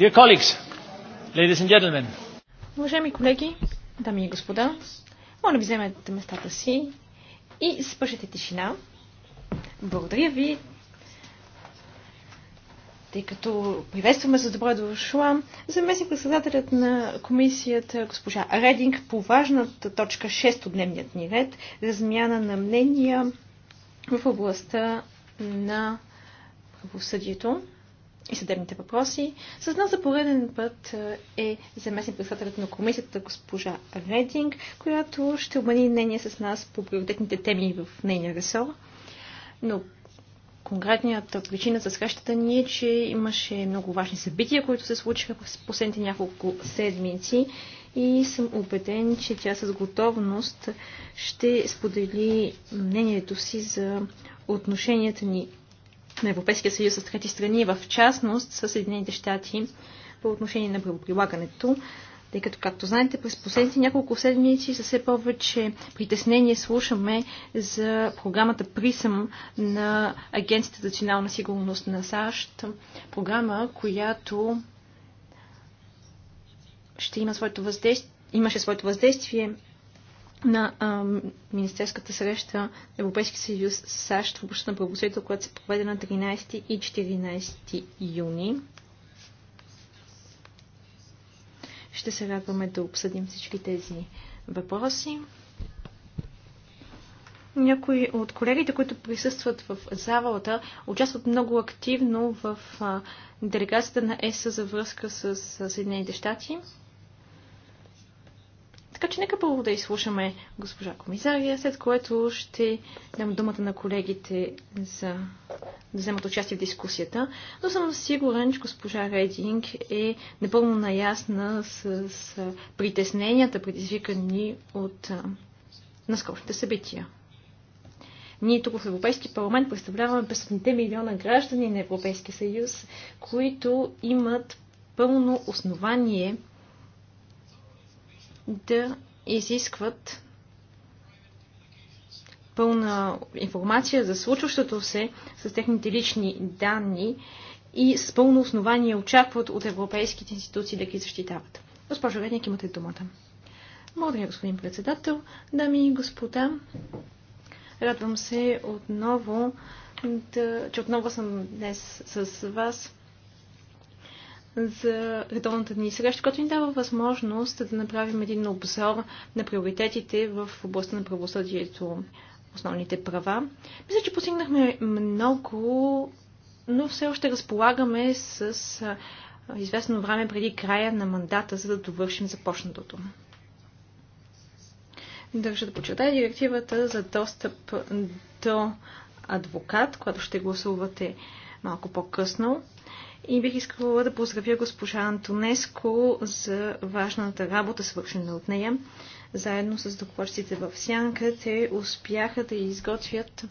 Dear colleagues, ladies and gentlemen. Уважаеми колеги, дами и господа, моля ви вземете местата си и спъшете тишина. Благодаря ви, тъй като приветстваме за добро дошла заместник председателят на комисията госпожа Рединг по важната точка 6 от дневният ни ред, размяна на мнения в областта на правосъдието и съдебните въпроси. С нас за пореден път е заместник председателят на комисията госпожа Рединг, която ще обмени мнение с нас по приоритетните теми в нейния ресор. Но конкретният причина за срещата ни е, че имаше много важни събития, които се случиха в последните няколко седмици и съм убеден, че тя с готовност ще сподели мнението си за отношенията ни на Европейския съюз с трети страни, в частност с Съединените щати по отношение на правоприлагането, тъй като, както знаете, през последните няколко седмици със все повече притеснение слушаме за програмата Присъм на Агенцията за национална сигурност на САЩ, програма, която ще има своето въздействие, имаше своето въздействие на а, министерската среща Европейски съюз САЩ в областта на правосъдието, която се проведе на 13 и 14 юни. Ще се радваме да обсъдим всички тези въпроси. Някои от колегите, които присъстват в залата, участват много активно в делегацията на ЕСА за връзка с Съединените щати. Така че нека първо да изслушаме госпожа комисария, след което ще дам думата на колегите за да вземат участие в дискусията. Но съм сигурен, че госпожа Рейдинг е напълно наясна с, с притесненията, предизвикани от а, събития. Ние тук в Европейски парламент представляваме 500 милиона граждани на Европейския съюз, които имат пълно основание да изискват пълна информация за случващото се с техните лични данни и с пълно основание очакват от европейските институции да ги защитават. Госпожо Ведник, имате думата. Благодаря, господин председател. Дами и господа, радвам се отново, да, че отново съм днес с вас за редовната ни среща, която ни дава възможност да направим един обзор на приоритетите в областта на правосъдието, основните права. Мисля, че постигнахме много, но все още разполагаме с известно време преди края на мандата, за да довършим започнатото. Държа да почертая директивата за достъп до адвокат, която ще гласувате малко по-късно и бих искала да поздравя госпожа Антонеско за важната работа, свършена от нея. Заедно с докладчиците в Сянка, те успяха да изготвят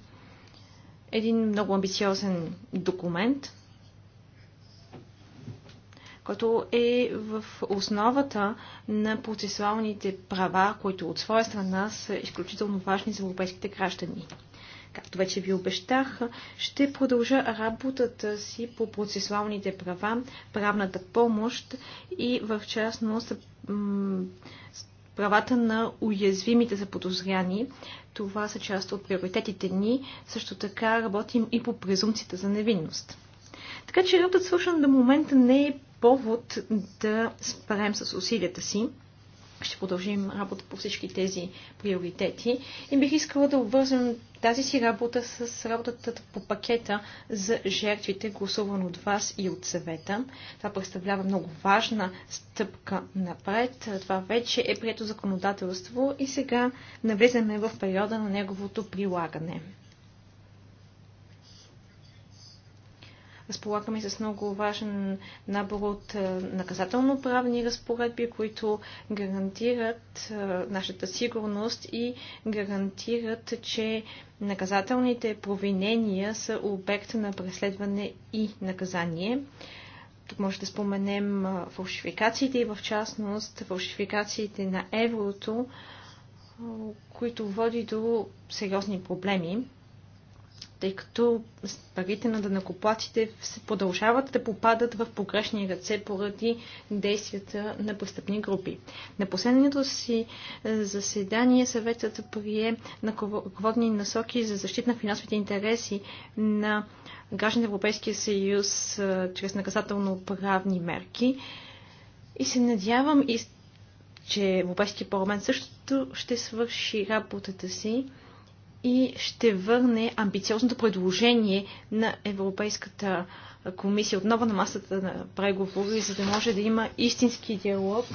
един много амбициозен документ, който е в основата на процесуалните права, които от своя страна са изключително важни за европейските граждани. Както вече ви обещах, ще продължа работата си по процесуалните права, правната помощ и в частност правата на уязвимите за подозряни. Това са част от приоритетите ни. Също така работим и по презумцията за невинност. Така че работът свършен до момента не е повод да спрем с усилията си ще продължим работа по всички тези приоритети. И бих искала да обвързвам тази си работа с работата по пакета за жертвите, гласуван от вас и от съвета. Това представлява много важна стъпка напред. Това вече е прието законодателство и сега навлизаме в периода на неговото прилагане. разполагаме с много важен набор от е, наказателно-правни разпоредби, които гарантират е, нашата сигурност и гарантират, че наказателните провинения са обект на преследване и наказание. Тук може да споменем е, фалшификациите и в частност фалшификациите на еврото, които води до сериозни проблеми тъй като парите на данакоплатите се продължават да попадат в погрешни ръце поради действията на престъпни групи. На последното си е, заседание съветът прие на ръководни насоки за защита на финансовите интереси на гражданите Европейския съюз е, чрез наказателно-правни мерки. И се надявам, че Европейския парламент също ще свърши работата си и ще върне амбициозното предложение на Европейската комисия отново на масата на преговори, за да може да има истински диалог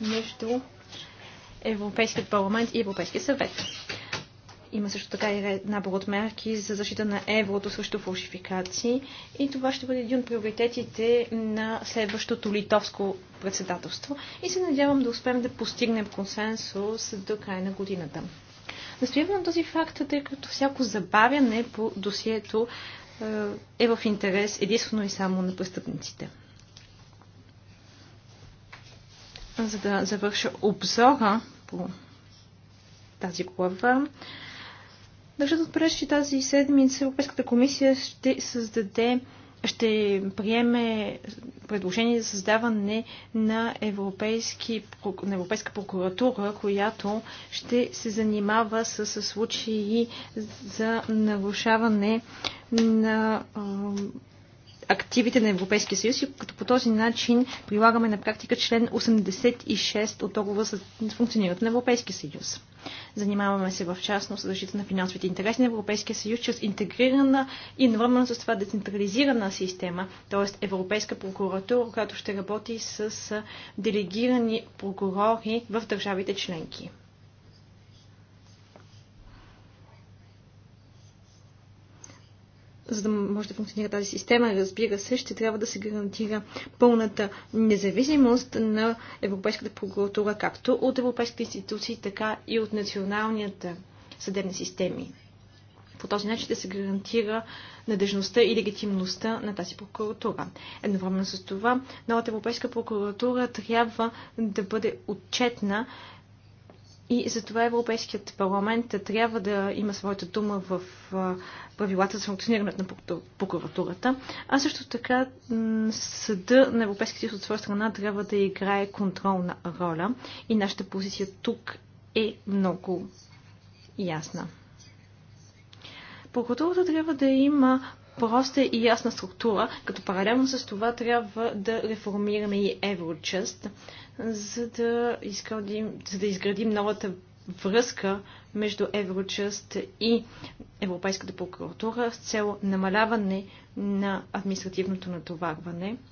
между Европейският парламент и Европейския съвет. Има също така и набор от мерки за защита на еврото срещу фалшификации и това ще бъде един от приоритетите на следващото литовско председателство и се надявам да успеем да постигнем консенсус до края на годината. Настоявам на този факт, тъй като всяко забавяне по досието е, е в интерес единствено и само на престъпниците. За да завърша обзора по тази глава, държа да отбележа, че тази седмица Европейската комисия ще създаде ще приеме предложение за създаване на, европейски, на Европейска прокуратура, която ще се занимава с, с случаи за нарушаване на активите на Европейския съюз и като по този начин прилагаме на практика член 86 от договора за функционирането на Европейския съюз. Занимаваме се в частност защита на финансовите интереси на Европейския съюз чрез интегрирана и едновременно с това децентрализирана система, т.е. Европейска прокуратура, която ще работи с делегирани прокурори в държавите членки. за да може да функционира тази система, разбира се, ще трябва да се гарантира пълната независимост на Европейската прокуратура, както от европейските институции, така и от националните съдебни системи. По този начин ще се гарантира надежността и легитимността на тази прокуратура. Едновременно с това, новата Европейска прокуратура трябва да бъде отчетна и затова Европейският парламент трябва да има своята дума в правилата за функционирането на прокуратурата. А също така съда на Европейския съюз от своя страна трябва да играе контролна роля. И нашата позиция тук е много ясна. Прокуратурата трябва да има проста и ясна структура, като паралелно с това трябва да реформираме и Еврочъст, за да изградим, за да изградим новата връзка между Еврочъст и Европейската прокуратура с цел намаляване на административното натоварване –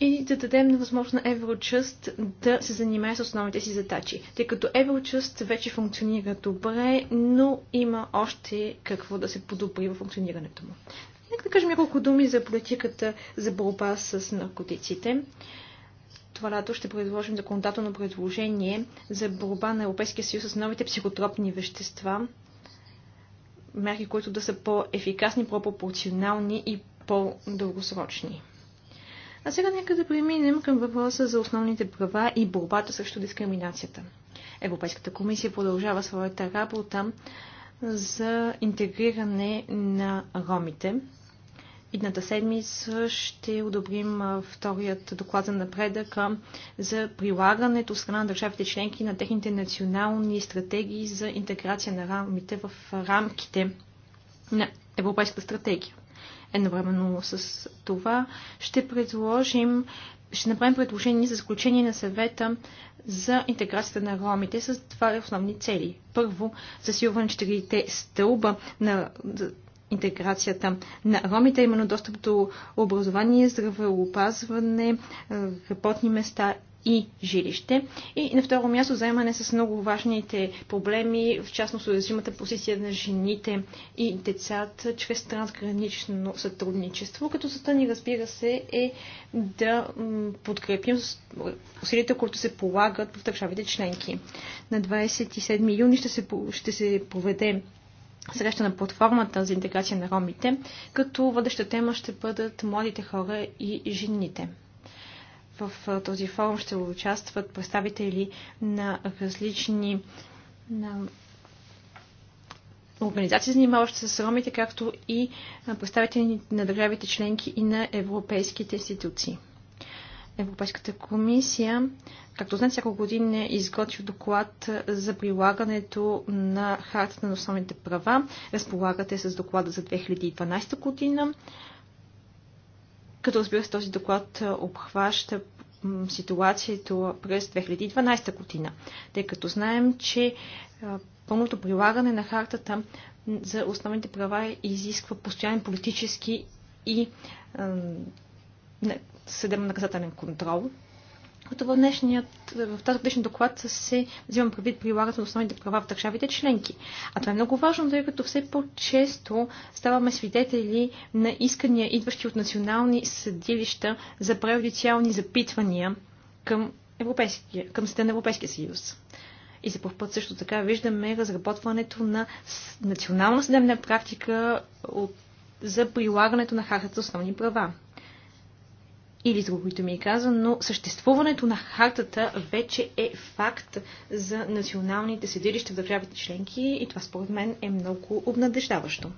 и да дадем възможно Еврочъст да се занимае с основните си задачи. Тъй като Еврочъст вече функционира добре, но има още какво да се подобри в функционирането му. Нека да кажем няколко думи за политиката за борба с наркотиците. Това лято ще предложим законодателно предложение за борба на Европейския съюз с новите психотропни вещества, мерки, които да са по-ефикасни, по-пропорционални и по-дългосрочни. А сега нека да преминем към въпроса за основните права и борбата срещу дискриминацията. Европейската комисия продължава своята работа за интегриране на ромите. Идната седмица ще одобрим вторият доклад за напредък за прилагането страна на държавите членки на техните национални стратегии за интеграция на рамите в рамките на Европейската стратегия. Едновременно с това ще предложим, ще направим предложение за заключение на съвета за интеграцията на ромите с два е основни цели. Първо, засилване четирите стълба на интеграцията на ромите, именно достъп до образование, здравеопазване, работни места и жилище. И на второ място заемане с много важните проблеми, в частност уязвимата позиция на жените и децата чрез трансгранично сътрудничество, като съста ни разбира се е да подкрепим усилията, които се полагат в държавите членки. На 27 юни ще се, ще се проведе среща на платформата за интеграция на ромите, като водеща тема ще бъдат младите хора и жените. В този форум ще участват представители на различни на организации, занимаващи се с ромите, както и представители на държавите членки и на европейските институции. Европейската комисия, както знаете, всяко година е доклад за прилагането на хартата на основните права. Разполагате с доклада за 2012 година като разбира се този доклад обхваща ситуацията през 2012 година, тъй като знаем, че пълното прилагане на хартата за основните права изисква постоянен политически и съдебно-наказателен контрол като в днешният, в тази годишна доклад се взимам предвид прилагането на основните права в държавите членки. А това е много важно, тъй като все по-често ставаме свидетели на искания, идващи от национални съдилища за преодициални запитвания към, към Съда на Европейския съюз. И за първ път също така виждаме разработването на национална съдебна практика от, за прилагането на хартата основни права или с които ми е но съществуването на хартата вече е факт за националните съдилища в държавите членки и това според мен е много обнадеждаващо.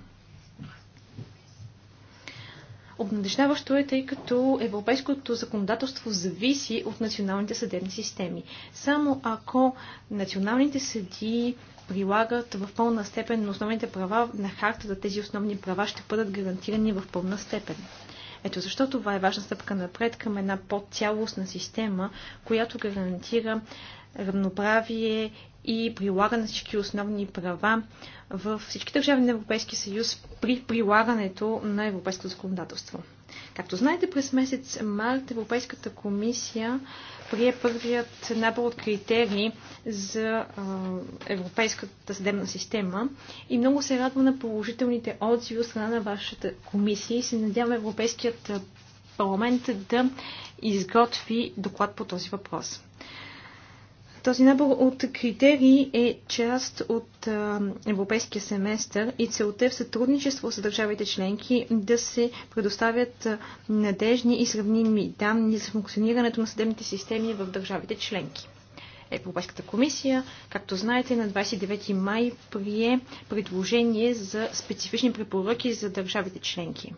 Обнадеждаващо е, тъй като европейското законодателство зависи от националните съдебни системи. Само ако националните съдии прилагат в пълна степен основните права на хартата, тези основни права ще бъдат гарантирани в пълна степен. Ето защо това е важна стъпка напред към една по-цялостна система, която гарантира равноправие и прилагане на всички основни права в всички държави на Европейския съюз при прилагането на европейското законодателство. Както знаете, през месец март Европейската комисия прие първият набор от критерии за европейската съдебна система и много се радва на положителните отзиви от страна на вашата комисия и се надява Европейският парламент да изготви доклад по този въпрос. Този набор от критерии е част от а, европейския семестър и целта е в сътрудничество с държавите членки да се предоставят надежни и сравними данни за функционирането на съдебните системи в държавите членки. Европейската комисия, както знаете, на 29 май прие предложение за специфични препоръки за държавите членки.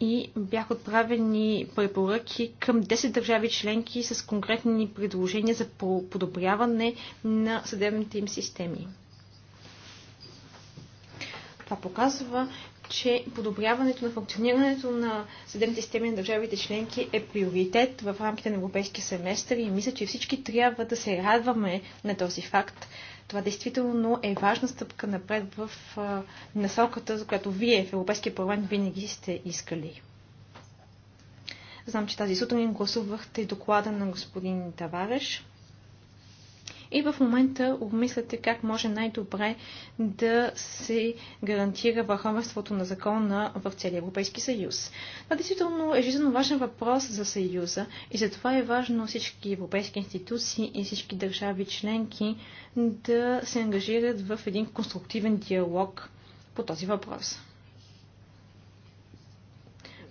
и бяха отправени препоръки към 10 държави членки с конкретни предложения за подобряване на съдебните им системи. Това показва, че подобряването на функционирането на съдебните системи на държавите членки е приоритет в рамките на европейския семестър и мисля, че всички трябва да се радваме на този факт, това действително е важна стъпка напред в насоката, за която вие в Европейския парламент винаги сте искали. Знам, че тази сутрин гласувахте доклада на господин Тавареш и в момента обмисляте как може най-добре да се гарантира върховенството на закона в целия Европейски съюз. Това действително е жизненно важен въпрос за съюза и затова е важно всички европейски институции и всички държави членки да се ангажират в един конструктивен диалог по този въпрос.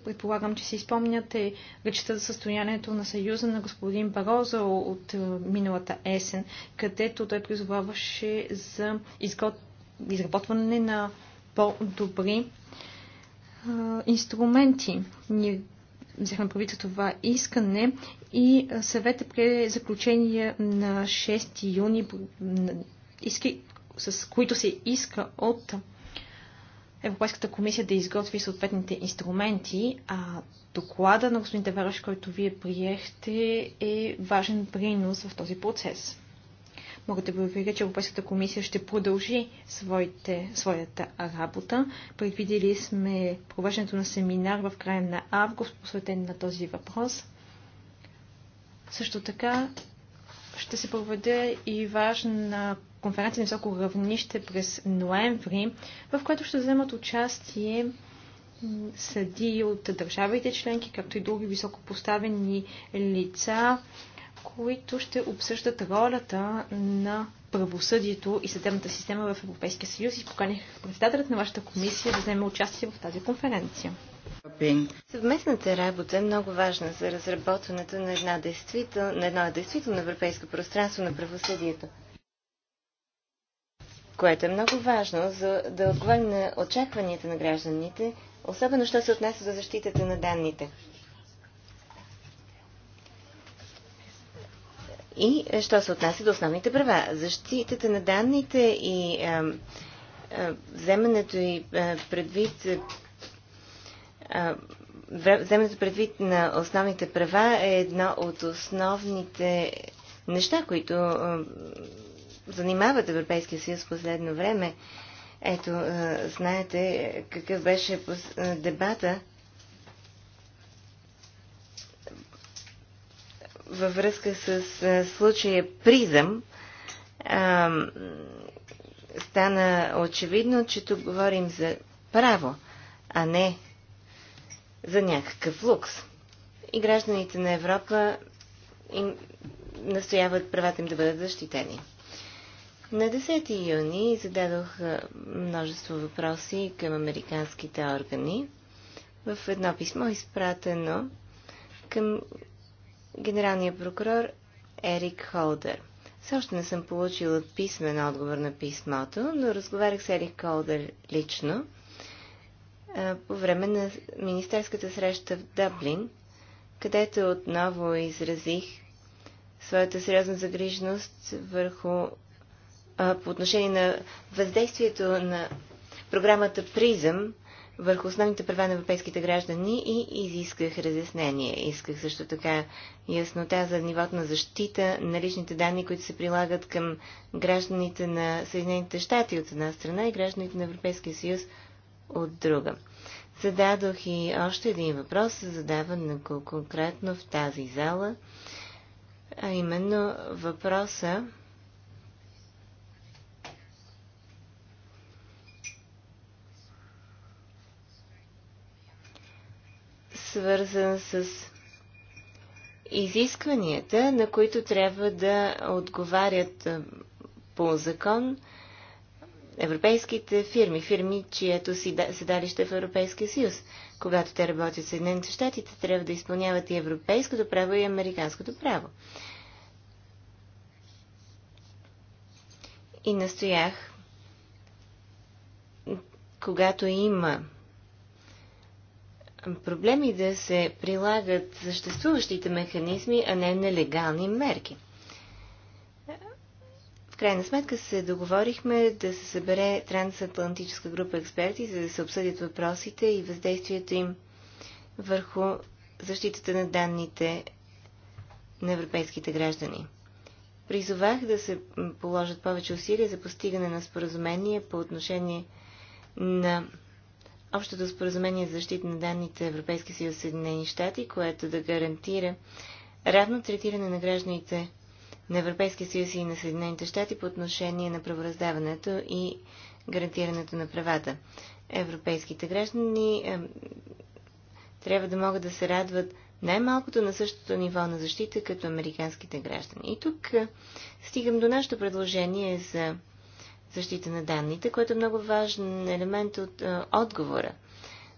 Предполагам, че си изпомняте речта за състоянието на съюза на господин Барозо от е, миналата есен, където той призоваваше за изработване на по-добри е, инструменти. Ние взехме правица това искане и е, съвета при заключение на 6 юни, с които се иска от Европейската комисия да изготви съответните инструменти, а доклада на господин Девараш, който вие приехте, е важен принос в този процес. Мога да ви уверя, че Европейската комисия ще продължи своите, своята работа. Предвидели сме провеждането на семинар в края на август, посветен на този въпрос. Също така ще се проведе и важна конференция на високо равнище през ноември, в което ще вземат участие съди от държавите членки, както и други високопоставени лица, които ще обсъждат ролята на правосъдието и съдебната система в Европейския съюз и поканих председателят на вашата комисия да вземе участие в тази конференция. Съвместната работа е много важна за разработването на, една действител... на едно действително европейско пространство на правосъдието което е много важно за да отговорим на очакванията на гражданите, особено що се отнася за защитата на данните. И е, що се отнася до основните права. Защитата на данните и а, е, а, е, вземането и а, предвид вземането предвид на основните права е едно от основните неща, които а, занимават Европейския съюз в последно време. Ето, знаете какъв беше дебата във връзка с случая Призъм. Стана очевидно, че тук говорим за право, а не за някакъв лукс. И гражданите на Европа им настояват правата им да бъдат защитени. На 10 юни зададох множество въпроси към американските органи в едно писмо, изпратено към генералния прокурор Ерик Холдер. Все още не съм получила писмен отговор на писмото, но разговарях с Ерик Холдер лично по време на министерската среща в Дъблин, където отново изразих своята сериозна загриженост върху по отношение на въздействието на програмата Призъм върху основните права на европейските граждани и изисках разяснение. Исках също така яснота за нивото на защита на личните данни, които се прилагат към гражданите на Съединените щати от една страна и гражданите на Европейския съюз от друга. Зададох и още един въпрос, задаван конкретно в тази зала, а именно въпроса свързан с изискванията, на които трябва да отговарят по закон европейските фирми, фирми, чието си седалище е в Европейския съюз. Когато те работят в Съединените щати, те трябва да изпълняват и европейското право, и американското право. И настоях, когато има проблеми да се прилагат съществуващите механизми, а не нелегални мерки. В крайна сметка се договорихме да се събере трансатлантическа група експерти, за да се обсъдят въпросите и въздействието им върху защитата на данните на европейските граждани. Призовах да се положат повече усилия за постигане на споразумение по отношение на общото споразумение за защита на данните Европейския съюз Съединени щати, което да гарантира равно третиране на гражданите на Европейския съюз и на Съединените щати по отношение на правораздаването и гарантирането на правата. Европейските граждани е, трябва да могат да се радват най-малкото на същото ниво на защита като американските граждани. И тук е, стигам до нашето предложение за защита на данните, което е много важен елемент от а, е, отговора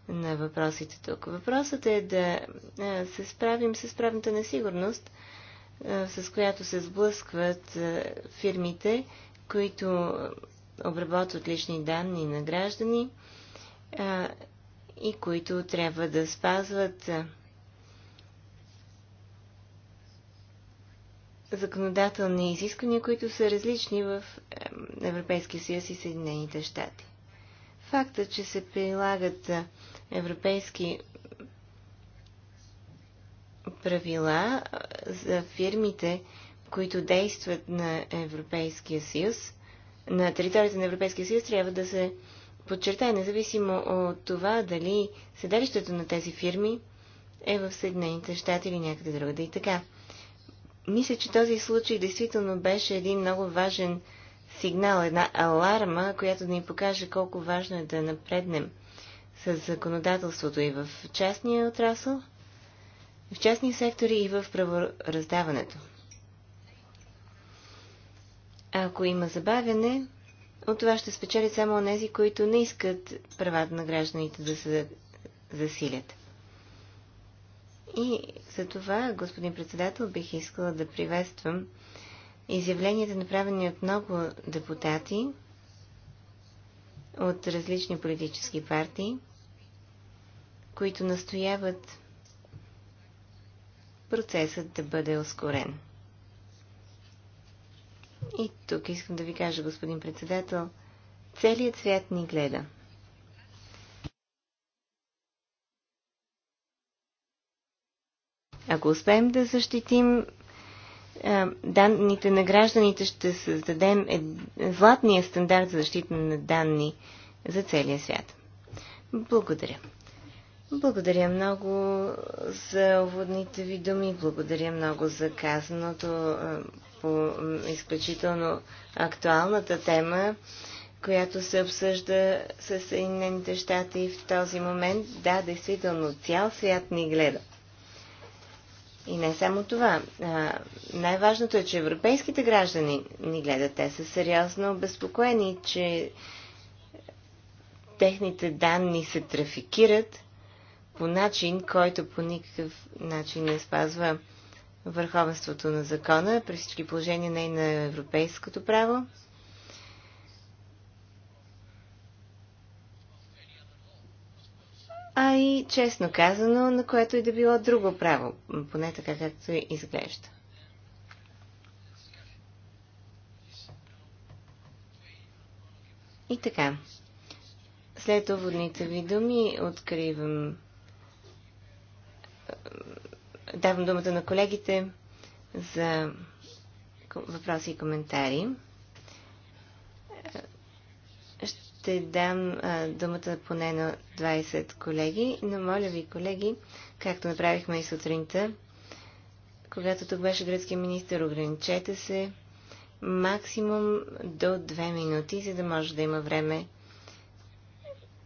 на въпросите тук. Въпросът е да а, е, се справим с правната несигурност, а, е, с която се сблъскват а, фирмите, които обработват лични данни на граждани а, и които трябва да спазват а, законодателни изисквания, които са различни в Европейския съюз и Съединените щати. Факта, че се прилагат е, европейски правила е, за фирмите, които действат на Европейския съюз, на територията на Европейския съюз трябва да се подчертае, независимо от това дали седалището на тези фирми е в Съединените щати или някъде другаде. И така, мисля, че този случай действително беше един много важен сигнал, една аларма, която да ни покаже колко важно е да напреднем с законодателството и в частния отрасъл, в частния сектори и в правораздаването. ако има забавяне, от това ще спечелят само тези, които не искат правата на гражданите да се засилят. И за това, господин председател, бих искала да приветствам изявленията, направени от много депутати от различни политически партии, които настояват процесът да бъде ускорен. И тук искам да ви кажа, господин председател, целият свят ни гледа. Ако успеем да защитим данните на гражданите, ще създадем златния стандарт за защита на данни за целия свят. Благодаря. Благодаря много за уводните ви думи, благодаря много за казаното по изключително актуалната тема, която се обсъжда с Съединените щати в този момент. Да, действително, цял свят ни гледа. И не само това. най-важното е, че европейските граждани ни гледат. Те са сериозно обезпокоени, че техните данни се трафикират по начин, който по никакъв начин не спазва върховенството на закона, при всички положения не и на европейското право. а и честно казано, на което и да било друго право, поне така както изглежда. И така. След уводните ви думи откривам. Давам думата на колегите за въпроси и коментари. ще дам а, думата поне на 20 колеги, но моля ви, колеги, както направихме и сутринта, когато тук беше гръцки министр, ограничете се максимум до 2 минути, за да може да има време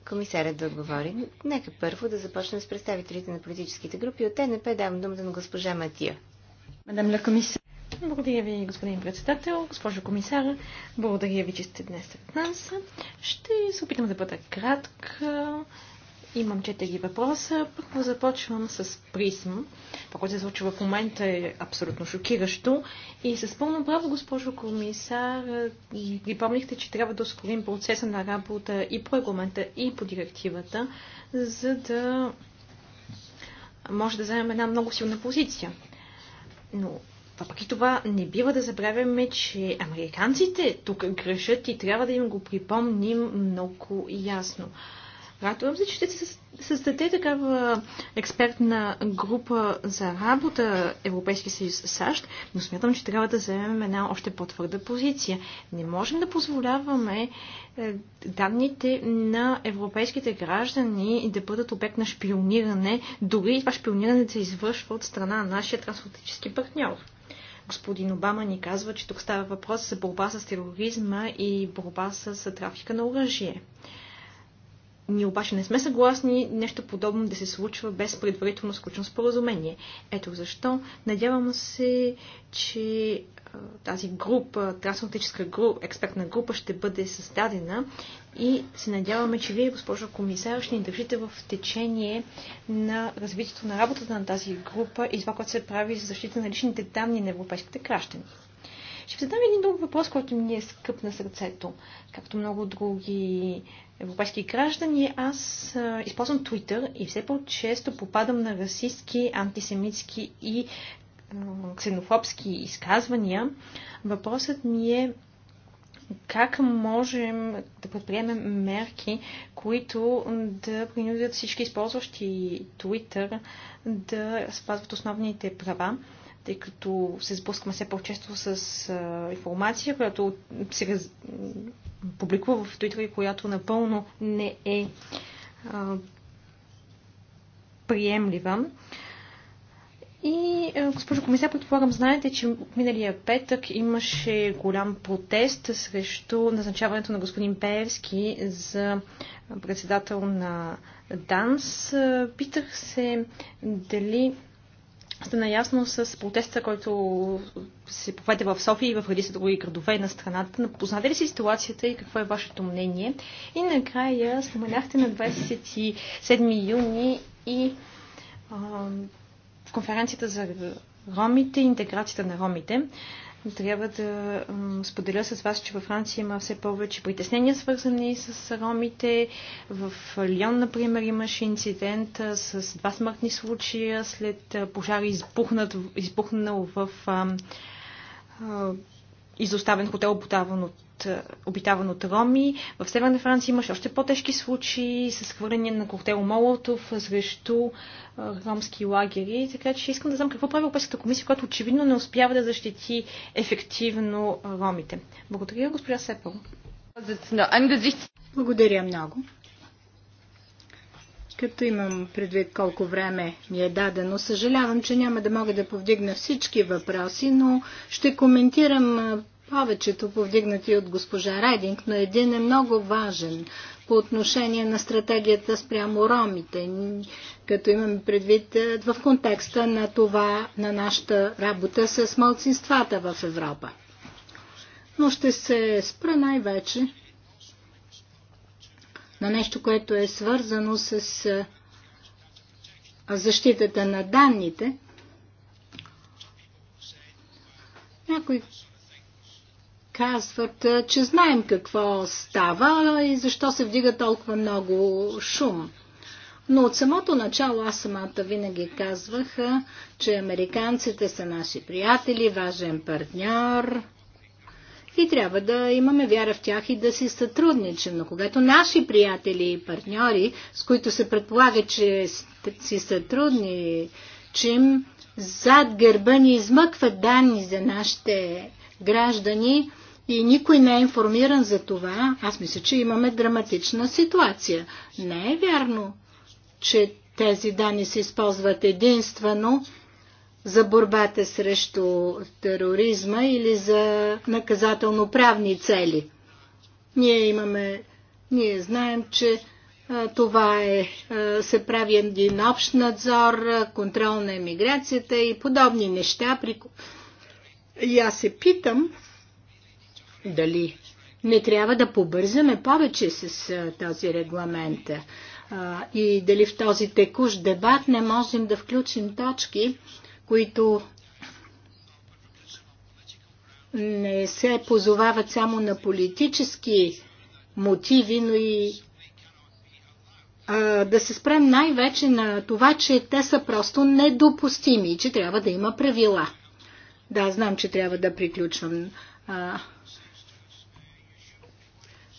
комисарят да отговори. Нека първо да започнем с представителите на политическите групи. От ТНП давам думата на госпожа Матия. Мадам ла комисар. Благодаря ви, господин председател, госпожо комисара. Благодаря ви, че сте днес сред нас. Ще се опитам да бъда крак. Имам четири въпроса. Първо започвам с призм. Това, което се случва в момента е абсолютно шокиращо. И с пълно право, госпожо комисар, припомнихте, че трябва да ускорим процеса на работа и по регламента, и по директивата, за да може да вземем една много силна позиция. Но въпреки това, не бива да забравяме, че американците тук грешат и трябва да им го припомним много ясно. Радвам се, че ще се създаде такава експертна група за работа Европейски съюз САЩ, но смятам, че трябва да вземем една още по-твърда позиция. Не можем да позволяваме е, данните на европейските граждани да бъдат обект на шпиониране, дори това шпиониране да се извършва от страна на нашия трансатлантически партньор. Господин Обама ни казва, че тук става въпрос за борба с тероризма и борба с трафика на оръжие. Ние обаче не сме съгласни нещо подобно да се случва без предварително сключено споразумение. Ето защо. Надявам се, че тази група, трансатлантическа група, експертна група ще бъде създадена и се надяваме, че вие, госпожо комисар, ще ни държите в течение на развитието на работата на тази група и това, което се прави за защита на личните данни на европейските граждани. Ще задам един друг въпрос, който ми е скъп на сърцето. Както много други европейски граждани, аз а, използвам Twitter и все по-често попадам на расистски, антисемитски и ксенофобски изказвания. Въпросът ми е как можем да предприемем мерки, които да принудят всички използващи Twitter да спазват основните права, тъй като се сблъскваме все по-често с информация, която се раз... публикува в Twitter и която напълно не е приемлива. И, е, госпожо комисар, предполагам, знаете, че миналия петък имаше голям протест срещу назначаването на господин Пеевски за председател на ДАНС. Питах се дали сте наясно с протеста, който се поведе в София и в редица други градове на страната. Познате ли си ситуацията и какво е вашето мнение? И накрая споменахте на 27 юни и конференцията за ромите и интеграцията на ромите. Трябва да споделя с вас, че във Франция има все повече притеснения, свързани с ромите. В Лион, например, имаше инцидент с два смъртни случая след пожар, избухнал в изоставен хотел, обитаван от, е, обитаван от роми. В Северна Франция имаше още по-тежки случаи с хвърляне на коктейл Молотов срещу е, ромски лагери. Така че искам да знам какво прави Европейската комисия, която очевидно не успява да защити ефективно е, ромите. Благодаря, госпожа Сепел. Благодаря много като имам предвид колко време ми е дадено. Съжалявам, че няма да мога да повдигна всички въпроси, но ще коментирам повечето повдигнати от госпожа Райдинг, но един е много важен по отношение на стратегията спрямо ромите, като имаме предвид в контекста на това, на нашата работа с малцинствата в Европа. Но ще се спра най-вече на нещо, което е свързано с защитата на данните. Някои казват, че знаем какво става и защо се вдига толкова много шум. Но от самото начало аз самата винаги казвах, че американците са наши приятели, важен партньор – и трябва да имаме вяра в тях и да си сътрудничим. Но когато наши приятели и партньори, с които се предполага, че си сътрудничим, зад гърба ни измъкват данни за нашите граждани и никой не е информиран за това, аз мисля, че имаме драматична ситуация. Не е вярно, че тези данни се използват единствено за борбата срещу тероризма или за наказателно-правни цели. Ние имаме, ние знаем, че това е, се прави един общ надзор, контрол на емиграцията и подобни неща. И аз се питам дали не трябва да побързаме повече с този регламент и дали в този текущ дебат не можем да включим точки, които не се позовават само на политически мотиви, но и а, да се спрем най-вече на това, че те са просто недопустими и че трябва да има правила. Да, знам, че трябва да приключвам. А,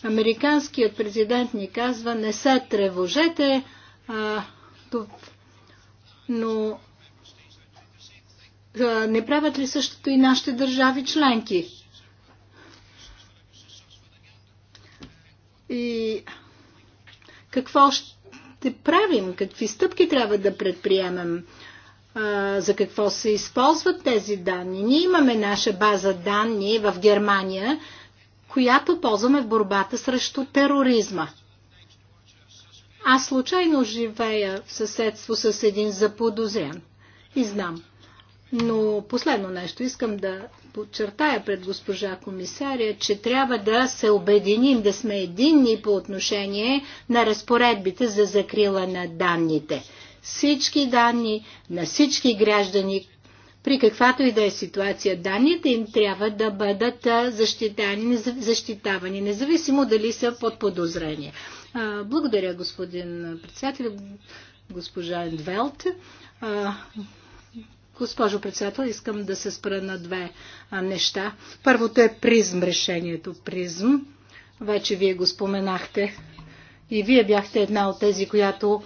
американският президент ни казва, не се тревожете, а, но не правят ли същото и нашите държави членки? И какво ще правим? Какви стъпки трябва да предприемем? за какво се използват тези данни. Ние имаме наша база данни в Германия, която ползваме в борбата срещу тероризма. Аз случайно живея в съседство с един заподозрен и знам, но последно нещо искам да подчертая пред госпожа комисаря, че трябва да се обединим, да сме единни по отношение на разпоредбите за закрила на данните. Всички данни на всички граждани, при каквато и да е ситуация, данните им трябва да бъдат защитавани, независимо дали са под подозрение. Благодаря, господин председател, госпожа Ендвелт. Госпожо председател, искам да се спра на две неща. Първото е призм решението. Призм. Вече вие го споменахте. И вие бяхте една от тези, която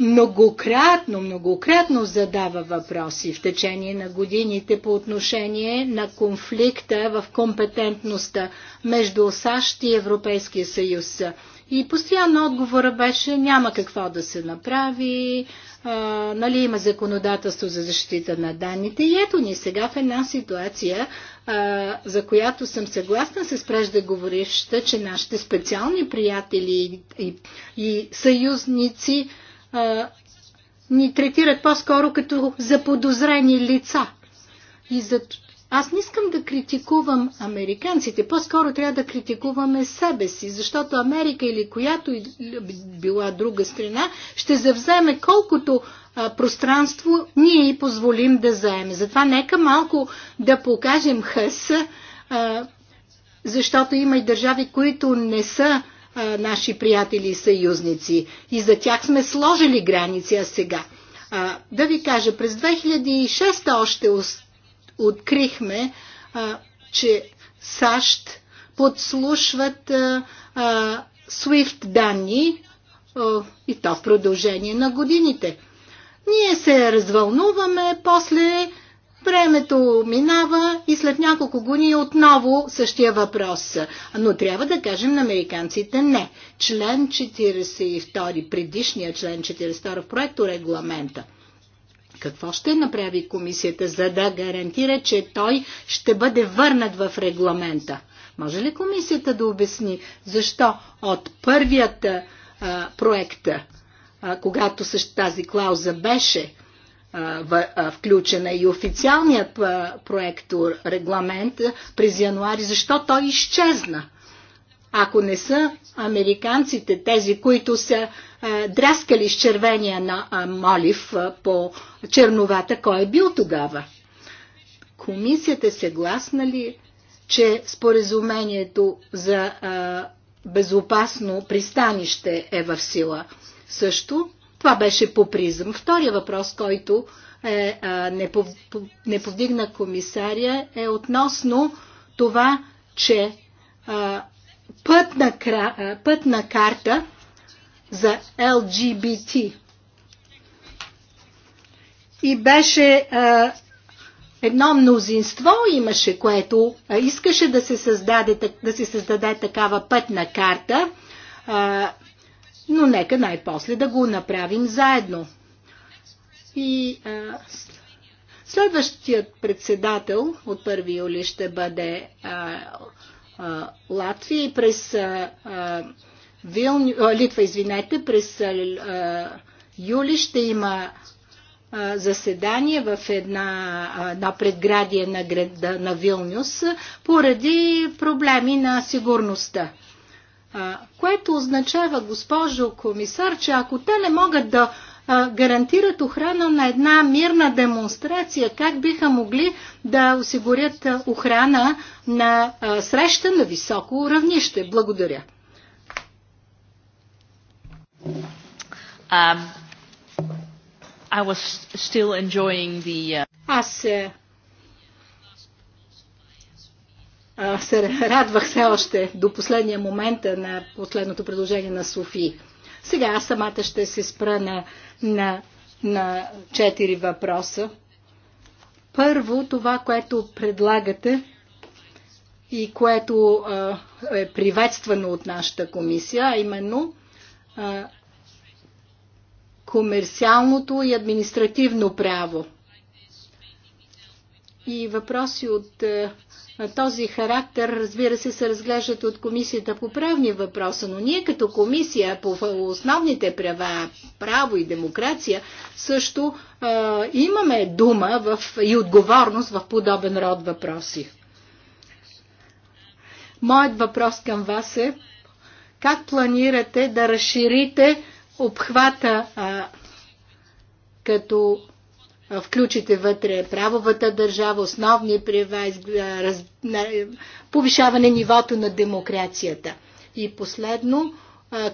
многократно, многократно задава въпроси в течение на годините по отношение на конфликта в компетентността между САЩ и Европейския съюз. И постоянно отговора беше няма какво да се направи, а, нали има законодателство за защита на данните. И ето ни сега в една ситуация, а, за която съм съгласна с преждеговорившата, че нашите специални приятели и, и, и съюзници а, ни третират по-скоро като заподозрени лица. И за аз не искам да критикувам американците, по-скоро трябва да критикуваме себе си, защото Америка или която била друга страна ще завземе колкото а, пространство ние и позволим да заеме. Затова нека малко да покажем хъс, а, защото има и държави, които не са а, наши приятели и съюзници. И за тях сме сложили граници, а сега. А, да ви кажа, през 2006 още открихме, а, че САЩ подслушват а, а, SWIFT данни а, и то в продължение на годините. Ние се развълнуваме, после времето минава и след няколко години е отново същия въпрос. Но трябва да кажем на американците не. Член 42, предишния член 42 в проекто регламента – какво ще направи комисията, за да гарантира, че той ще бъде върнат в регламента? Може ли комисията да обясни защо от първият а, проект, а, когато също тази клауза беше а, в, а, включена и официалният проект регламент през януари, защо той изчезна? Ако не са американците тези, които са е, драскали с червения на е, молив е, по черновата, кой е бил тогава? Комисията се съгласна ли, че споразумението за е, безопасно пристанище е в сила? Също това беше по призъм. Втория въпрос, който е, а, не, пов, не повдигна комисария, е относно това, че пътна, пътна карта за LGBT. И беше а, едно мнозинство имаше, което а, искаше да се, създаде, да се създаде такава пътна карта, а, но нека най-после да го направим заедно. И а, следващият председател от 1 юли ще бъде а, Латвия и през Вилню, Литва, извинете, през юли ще има заседание в една, на предградие на, града, на Вилнюс поради проблеми на сигурността. Което означава, госпожо комисар, че ако те не могат да гарантират охрана на една мирна демонстрация? Как биха могли да осигурят охрана на среща на високо равнище? Благодаря. Um, I was still enjoying the, uh... Аз се, се радвах все още до последния момент на последното предложение на Софи. Сега аз самата ще се спра на, на, на четири въпроса. Първо, това, което предлагате и което а, е приветствано от нашата комисия, а именно а, комерциалното и административно право. И въпроси от е, този характер, разбира се, се разглеждат от комисията по правни въпроса, но ние като комисия по основните права, право и демокрация също е, имаме дума в, и отговорност в подобен род въпроси. Моят въпрос към вас е как планирате да разширите обхвата а, като включите вътре правовата държава, основни права, раз... повишаване нивото на демокрацията. И последно,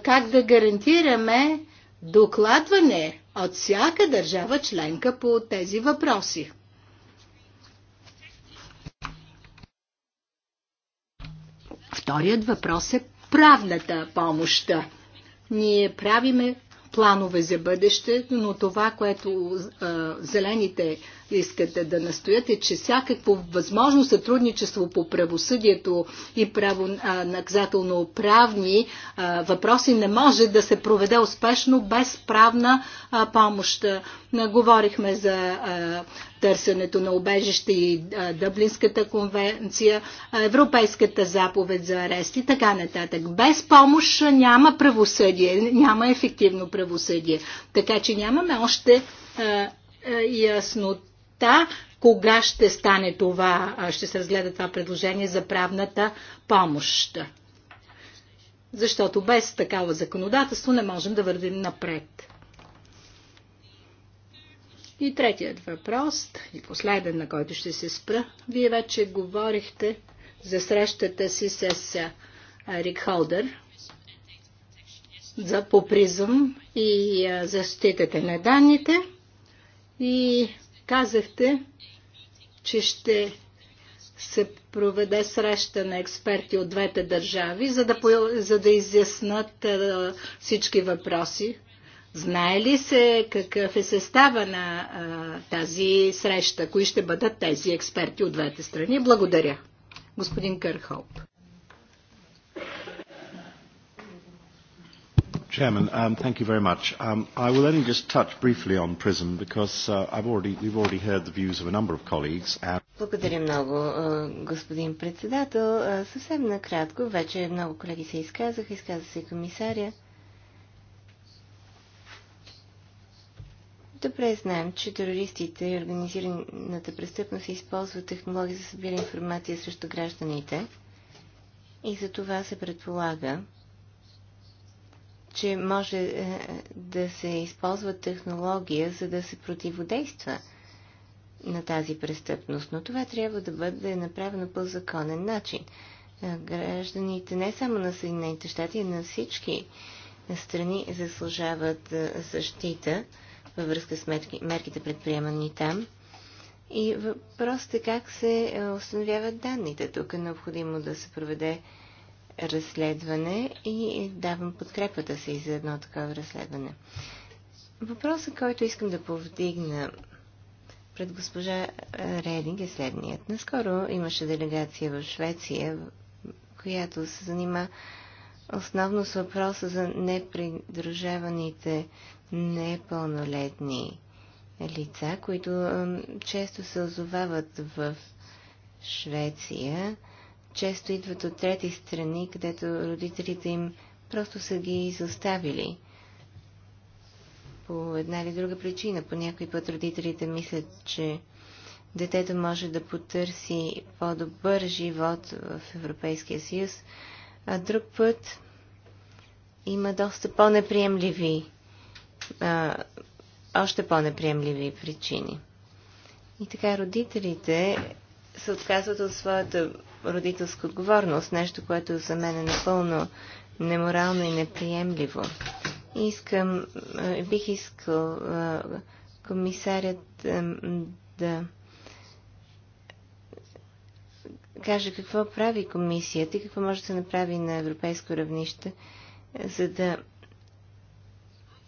как да гарантираме докладване от всяка държава членка по тези въпроси. Вторият въпрос е правната помощ. Ние правиме планове за бъдещето, но това, което а, зелените искате да настоят е, че всякакво възможно сътрудничество по правосъдието и право, наказателно-правни въпроси не може да се проведе успешно без правна а, помощ. Говорихме за а, търсенето на убежище и Дъблинската конвенция, Европейската заповед за арест и така нататък. Без помощ няма правосъдие, няма ефективно правосъдие. Така че нямаме още яснота кога ще стане това, ще се разгледа това предложение за правната помощ. Защото без такава законодателство не можем да вървим напред. И третият въпрос, и последен, на който ще се спра, вие вече говорихте за срещата си с Рик Холдър за попризъм и защитата на данните и казахте, че ще се проведе среща на експерти от двете държави, за да, за да изяснат всички въпроси, Знае ли се какъв е състава на а, тази среща? Кои ще бъдат тези експерти от двете страни? Благодаря. Господин Кърхолп. Chairman, um, thank you very much. Um, I will only just touch briefly on PRISM because uh, I've already, we've already heard the views of a number of colleagues. And... Благодаря много, uh, господин председател. Uh, съвсем накратко, вече много колеги се изказаха, изказа се и комисаря. Добре знаем, че терористите и организираната престъпност използват технологии за събиране информация срещу гражданите и за това се предполага, че може е, да се използва технология, за да се противодейства на тази престъпност. Но това трябва да бъде направено по законен начин. Е, гражданите не само на Съединените щати, а на всички страни заслужават е, защита във връзка с мерки, мерките предприемани там. И въпросът е как се е, установяват данните. Тук е необходимо да се проведе разследване и е, давам подкрепата си за едно такова разследване. Въпросът, който искам да повдигна пред госпожа Рединг е следният. Наскоро имаше делегация в Швеция, която се занима основно с въпроса за непридружаваните непълнолетни лица, които често се озовават в Швеция, често идват от трети страни, където родителите им просто са ги изоставили. По една или друга причина. По някой път родителите мислят, че детето може да потърси по-добър живот в Европейския съюз, а друг път има доста по-неприемливи а, още по-неприемливи причини. И така родителите се отказват от своята родителска отговорност, нещо, което за мен е напълно неморално и неприемливо. Искам, бих искал комисарят да каже какво прави комисията и какво може да се направи на европейско равнище, за да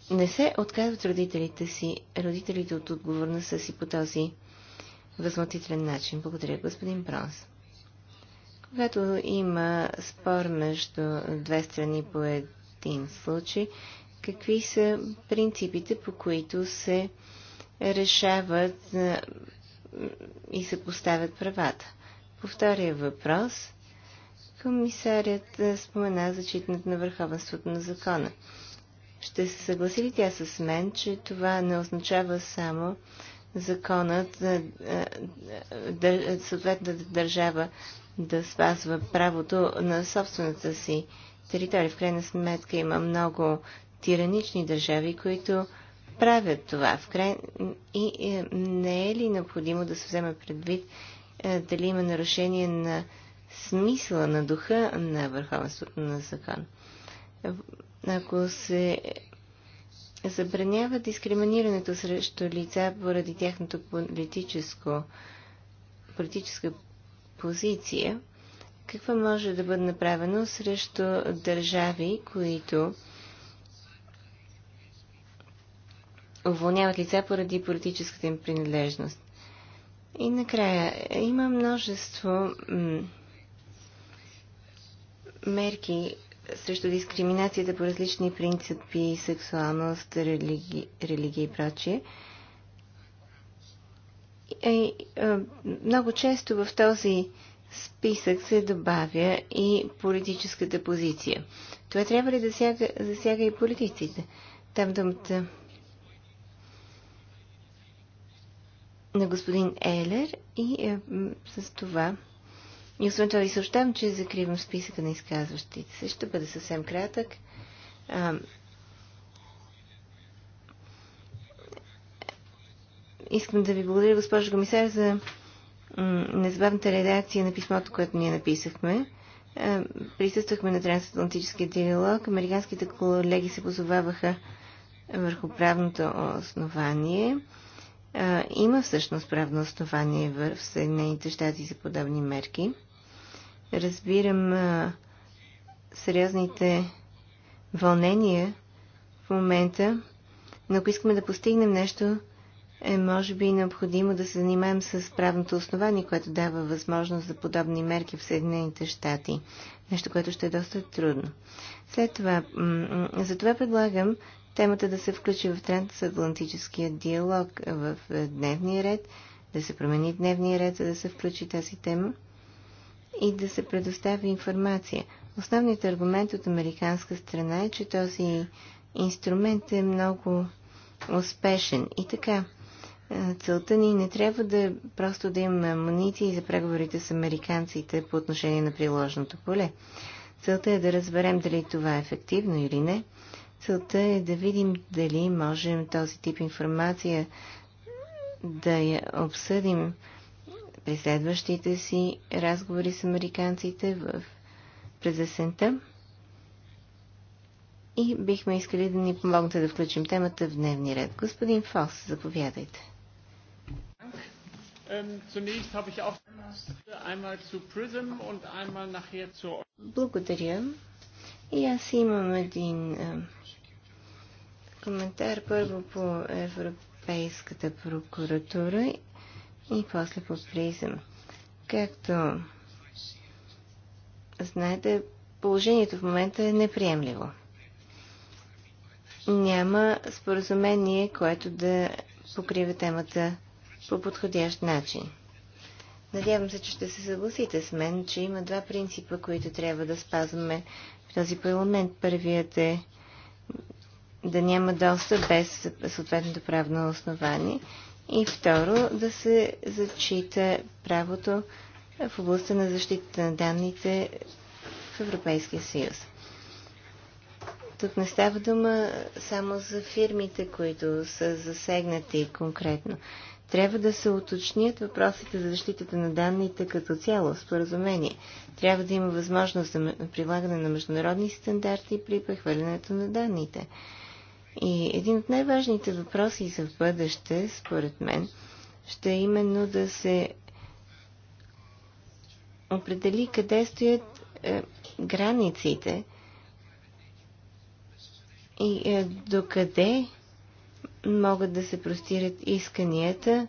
не се отказват родителите си, родителите от отговорността си по този възмутителен начин. Благодаря, господин Бронс. Когато има спор между две страни по един случай, какви са принципите, по които се решават и се поставят правата? По втория въпрос, комисарят спомена зачитането на върховенството на закона. Ще се съгласи ли тя с мен, че това не означава само законът за е, е, е, съответната държава да спазва правото на собствената си територия. В крайна сметка има много тиранични държави, които правят това. В край... И не е ли необходимо да се вземе предвид дали има нарушение на смисъла, на духа на върховенството на закон? Ако се забранява дискриминирането срещу лица поради тяхното политическо, политическа позиция, какво може да бъде направено срещу държави, които уволняват лица поради политическата им принадлежност. И накрая, има множество мерки, срещу дискриминацията по различни принципи, сексуалност, религи, религия и прочие. И, е, е, много често в този списък се добавя и политическата позиция. Това трябва ли да засяга, засяга и политиците? Там думата на господин Елер и е, с това и освен това ви съобщавам, че закривам списъка на изказващите се. Ще бъде съвсем кратък. А, искам да ви благодаря, госпожо комисар, за незабавната редакция на писмото, което ние написахме. Присъствахме на трансатлантическия диалог. Американските колеги се позоваваха върху правното основание. Има всъщност правно основание в Съединените щати за подобни мерки разбирам а, сериозните вълнения в момента, но ако искаме да постигнем нещо, е може би необходимо да се занимаем с правното основание, което дава възможност за подобни мерки в Съединените щати. Нещо, което ще е доста трудно. След това, затова предлагам темата да се включи в трансатлантическия диалог в дневния ред, да се промени дневния ред, за да се включи тази тема и да се предоставя информация. Основният аргумент от американска страна е, че този инструмент е много успешен. И така, целта ни не трябва да просто да имаме амуниции за преговорите с американците по отношение на приложното поле. Целта е да разберем дали това е ефективно или не. Целта е да видим дали можем този тип информация да я обсъдим при следващите си разговори с американците в през есента. И бихме искали да ни помогнете да включим темата в дневния ред. Господин Фос, заповядайте. Благодаря. И аз имам един коментар първо по Европейската прокуратура и после по призъм. Както знаете, положението в момента е неприемливо. Няма споразумение, което да покрива темата по подходящ начин. Надявам се, че ще се съгласите с мен, че има два принципа, които трябва да спазваме в този парламент. Първият е да няма доста без съответното правно основание. И второ, да се зачита правото в областта на защита на данните в Европейския съюз. Тук не става дума само за фирмите, които са засегнати конкретно. Трябва да се уточнят въпросите за защитата на данните като цяло, споразумение. Трябва да има възможност за прилагане на международни стандарти при прехвърлянето на данните. И един от най-важните въпроси за бъдеще, според мен, ще е именно да се определи къде стоят е, границите и е, докъде могат да се простират исканията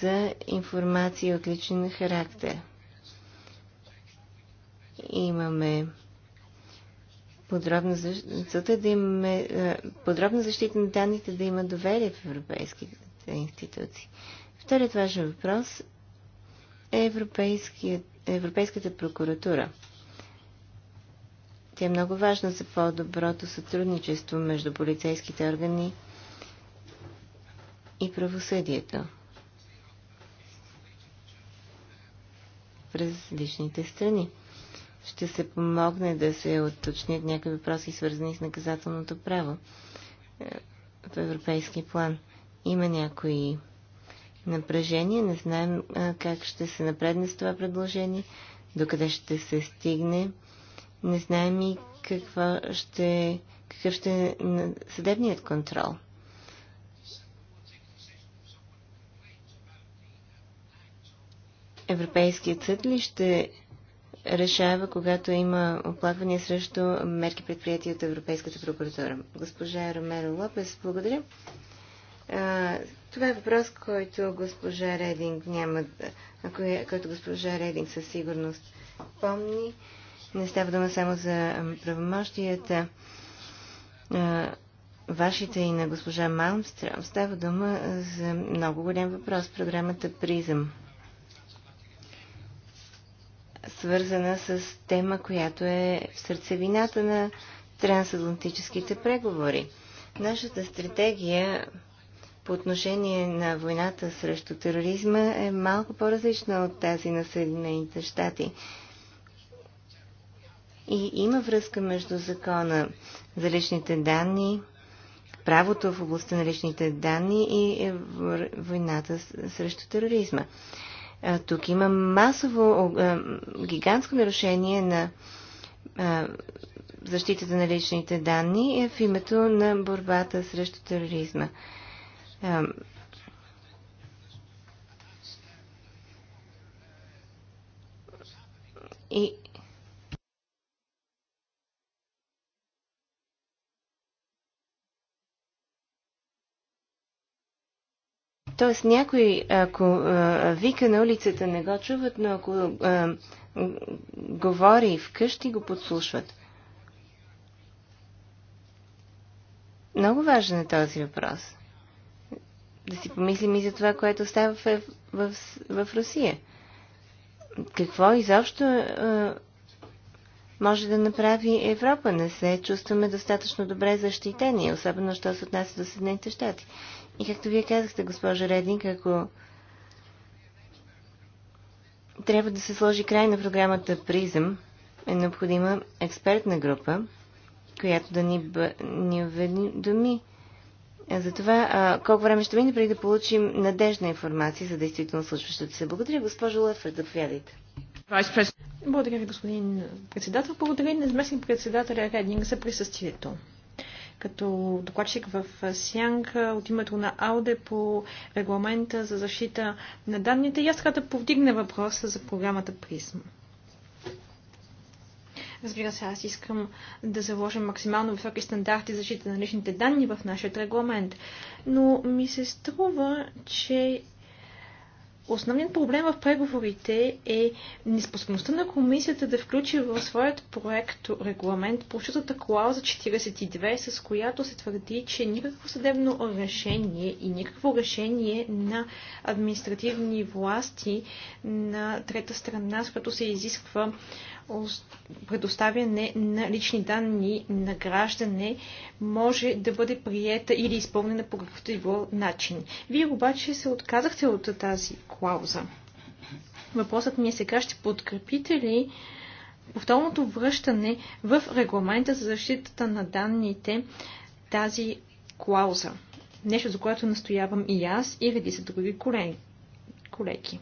за информация от личен характер. Имаме подробна защита, да имаме, подробна защита на данните да има доверие в европейските институции. Вторият важен въпрос е Европейската прокуратура. Тя е много важна за по-доброто сътрудничество между полицейските органи и правосъдието през различните страни ще се помогне да се отточнят някакви въпроси, свързани с наказателното право е, в европейски план. Има някои напрежения. не знаем е, как ще се напредне с това предложение, докъде ще се стигне, не знаем и каква ще, какъв ще е съдебният контрол. Европейският съд ли ще решава, когато има оплаквания срещу мерки предприятия от Европейската прокуратура. Госпожа Ромеро Лопес, благодаря. това е въпрос, който госпожа Рединг няма, който госпожа Рединг със сигурност помни. Не става дума само за правомощията вашите и на госпожа Малмстрам. Става дума за много голям въпрос. Програмата Призъм свързана с тема, която е в сърцевината на трансатлантическите преговори. Нашата стратегия по отношение на войната срещу тероризма е малко по-различна от тази на Съединените щати. И има връзка между закона за личните данни, правото в областта на личните данни и войната срещу тероризма. Тук има масово, гигантско нарушение на защитата на личните данни е, в името на борбата срещу тероризма. И Тоест някой, ако а, вика на улицата, не го чуват, но ако а, говори вкъщи, го подслушват. Много важен е този въпрос. Да си помислим и за това, което става в, в, в Русия. Какво изобщо а, може да направи Европа? Не се чувстваме достатъчно добре защитени, особено що се отнася до Съединените щати. И както вие казахте, госпожа Рединг, ако трябва да се сложи край на програмата Призъм, е необходима експертна група, която да ни, бъ... ни уведоми за това а, колко време ще мине преди да получим надежна информация за действително случващото се. Благодаря, госпожо Лефер, да повядайте. Благодаря ви, господин председател. Благодаря и на заместник председателя Рединг за присъствието като докладчик в Сянг от името на АУДЕ по регламента за защита на данните и аз да повдигна въпроса за програмата Призма. Разбира се, аз искам да заложим максимално високи стандарти за защита на личните данни в нашия регламент, но ми се струва, че Основният проблем в преговорите е неспособността на комисията да включи в своят проект регламент прочутата клауза 42, с която се твърди, че никакво съдебно решение и никакво решение на административни власти на трета страна, с което се изисква предоставяне на лични данни на граждане може да бъде приета или изпълнена по какъвто и било начин. Вие обаче се отказахте от тази клауза. Въпросът ми е сега ще подкрепите ли повторното връщане в регламента за защитата на данните тази клауза. Нещо, за което настоявам и аз и редица други колеги колеги.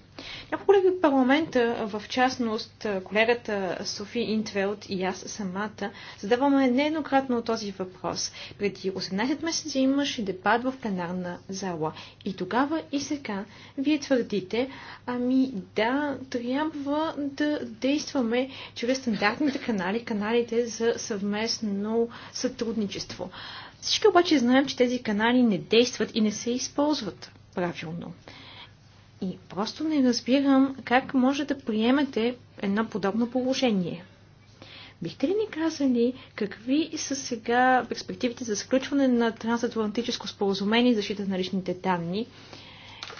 Няколко колеги от парламента, в частност колегата Софи Интвелт и аз самата, задаваме нееднократно този въпрос. Преди 18 месеца имаше дебат в пленарна зала. И тогава и сега вие твърдите, ами да, трябва да действаме чрез стандартните канали, каналите за съвместно сътрудничество. Всички обаче знаем, че тези канали не действат и не се използват правилно. И просто не разбирам как може да приемете едно подобно положение. Бихте ли ни казали какви са сега перспективите за сключване на трансатлантическо споразумение за защита на личните данни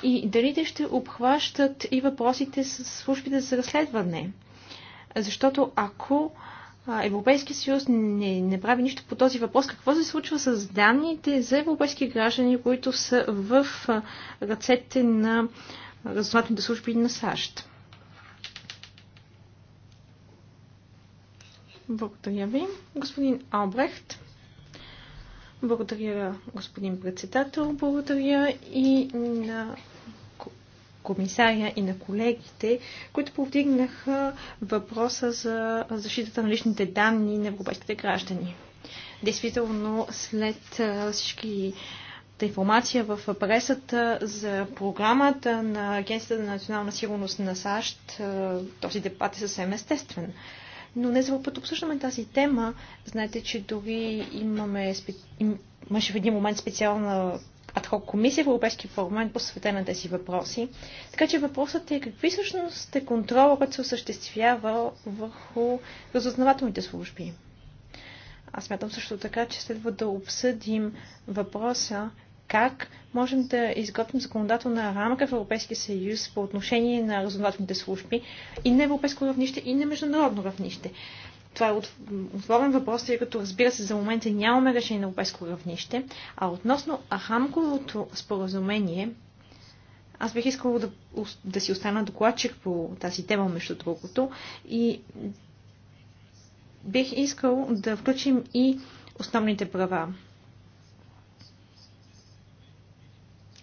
и дали те ще обхващат и въпросите с службите за разследване? Защото ако Европейския съюз не, не прави нищо по този въпрос. Какво се случва с данните за европейски граждани, които са в ръцете на разузнавателните служби на САЩ. Благодаря ви. Господин Албрехт. Благодаря, господин председател. Благодаря и на комисаря и на колегите, които повдигнаха въпроса за защитата на личните данни на европейските граждани. Действително, след всички цялата информация в пресата за програмата на Агенцията на национална сигурност на САЩ, е, този дебат е съвсем естествен. Но не за път обсъждаме тази тема. Знаете, че дори имаме, имаше в един момент специална адхок комисия в Европейския парламент посветена на тези въпроси. Така че въпросът е какви всъщност е контрола, който се осъществява върху разузнавателните служби. Аз мятам също така, че следва да обсъдим въпроса как можем да изготвим законодателна рамка в Европейския съюз по отношение на разузнавателните служби и на европейско равнище, и на международно равнище. Това е отворен въпрос, тъй като разбира се за момента нямаме решение на европейско равнище. А относно рамковото споразумение, аз бих искала да, да си остана докладчик по тази тема, между другото, и бих искал да включим и основните права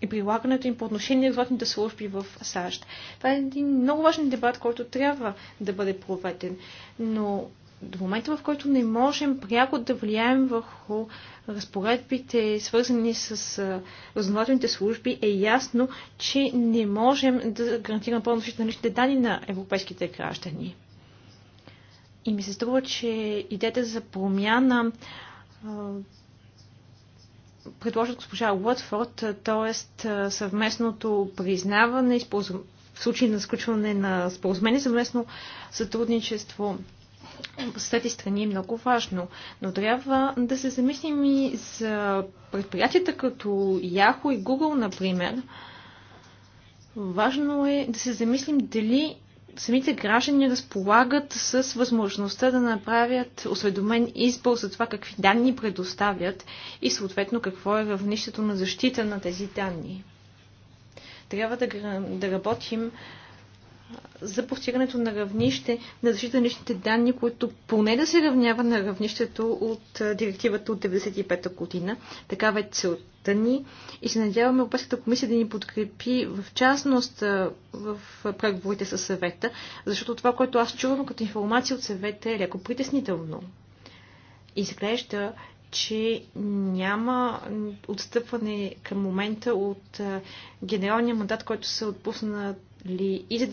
и прилагането им по отношение на разводните служби в САЩ. Това е един много важен дебат, който трябва да бъде проведен. Но до момента, в който не можем пряко да влияем върху разпоредбите, свързани с разнователните служби, е ясно, че не можем да гарантираме пълно защита на личните данни на европейските граждани. И ми се струва, че идеята за промяна предложат госпожа Уотфорд, т.е. Е, съвместното признаване в случай на сключване на споразумение, съвместно сътрудничество с тези страни е много важно. Но трябва да се замислим и за предприятията като Yahoo и Google, например. Важно е да се замислим дали самите граждани разполагат с възможността да направят осведомен избор за това какви данни предоставят и съответно какво е равнището на защита на тези данни. Трябва да, да работим за постигането на равнище на защита на личните данни, което поне да се равнява на равнището от директивата от 1995 година. Такава е целта ни и се надяваме Европейската комисия да ни подкрепи в частност в преговорите със съвета, защото това, което аз чувам като информация от съвета е леко притеснително. Изглежда, че няма отстъпване към момента от генералния мандат, който се отпусна ли и за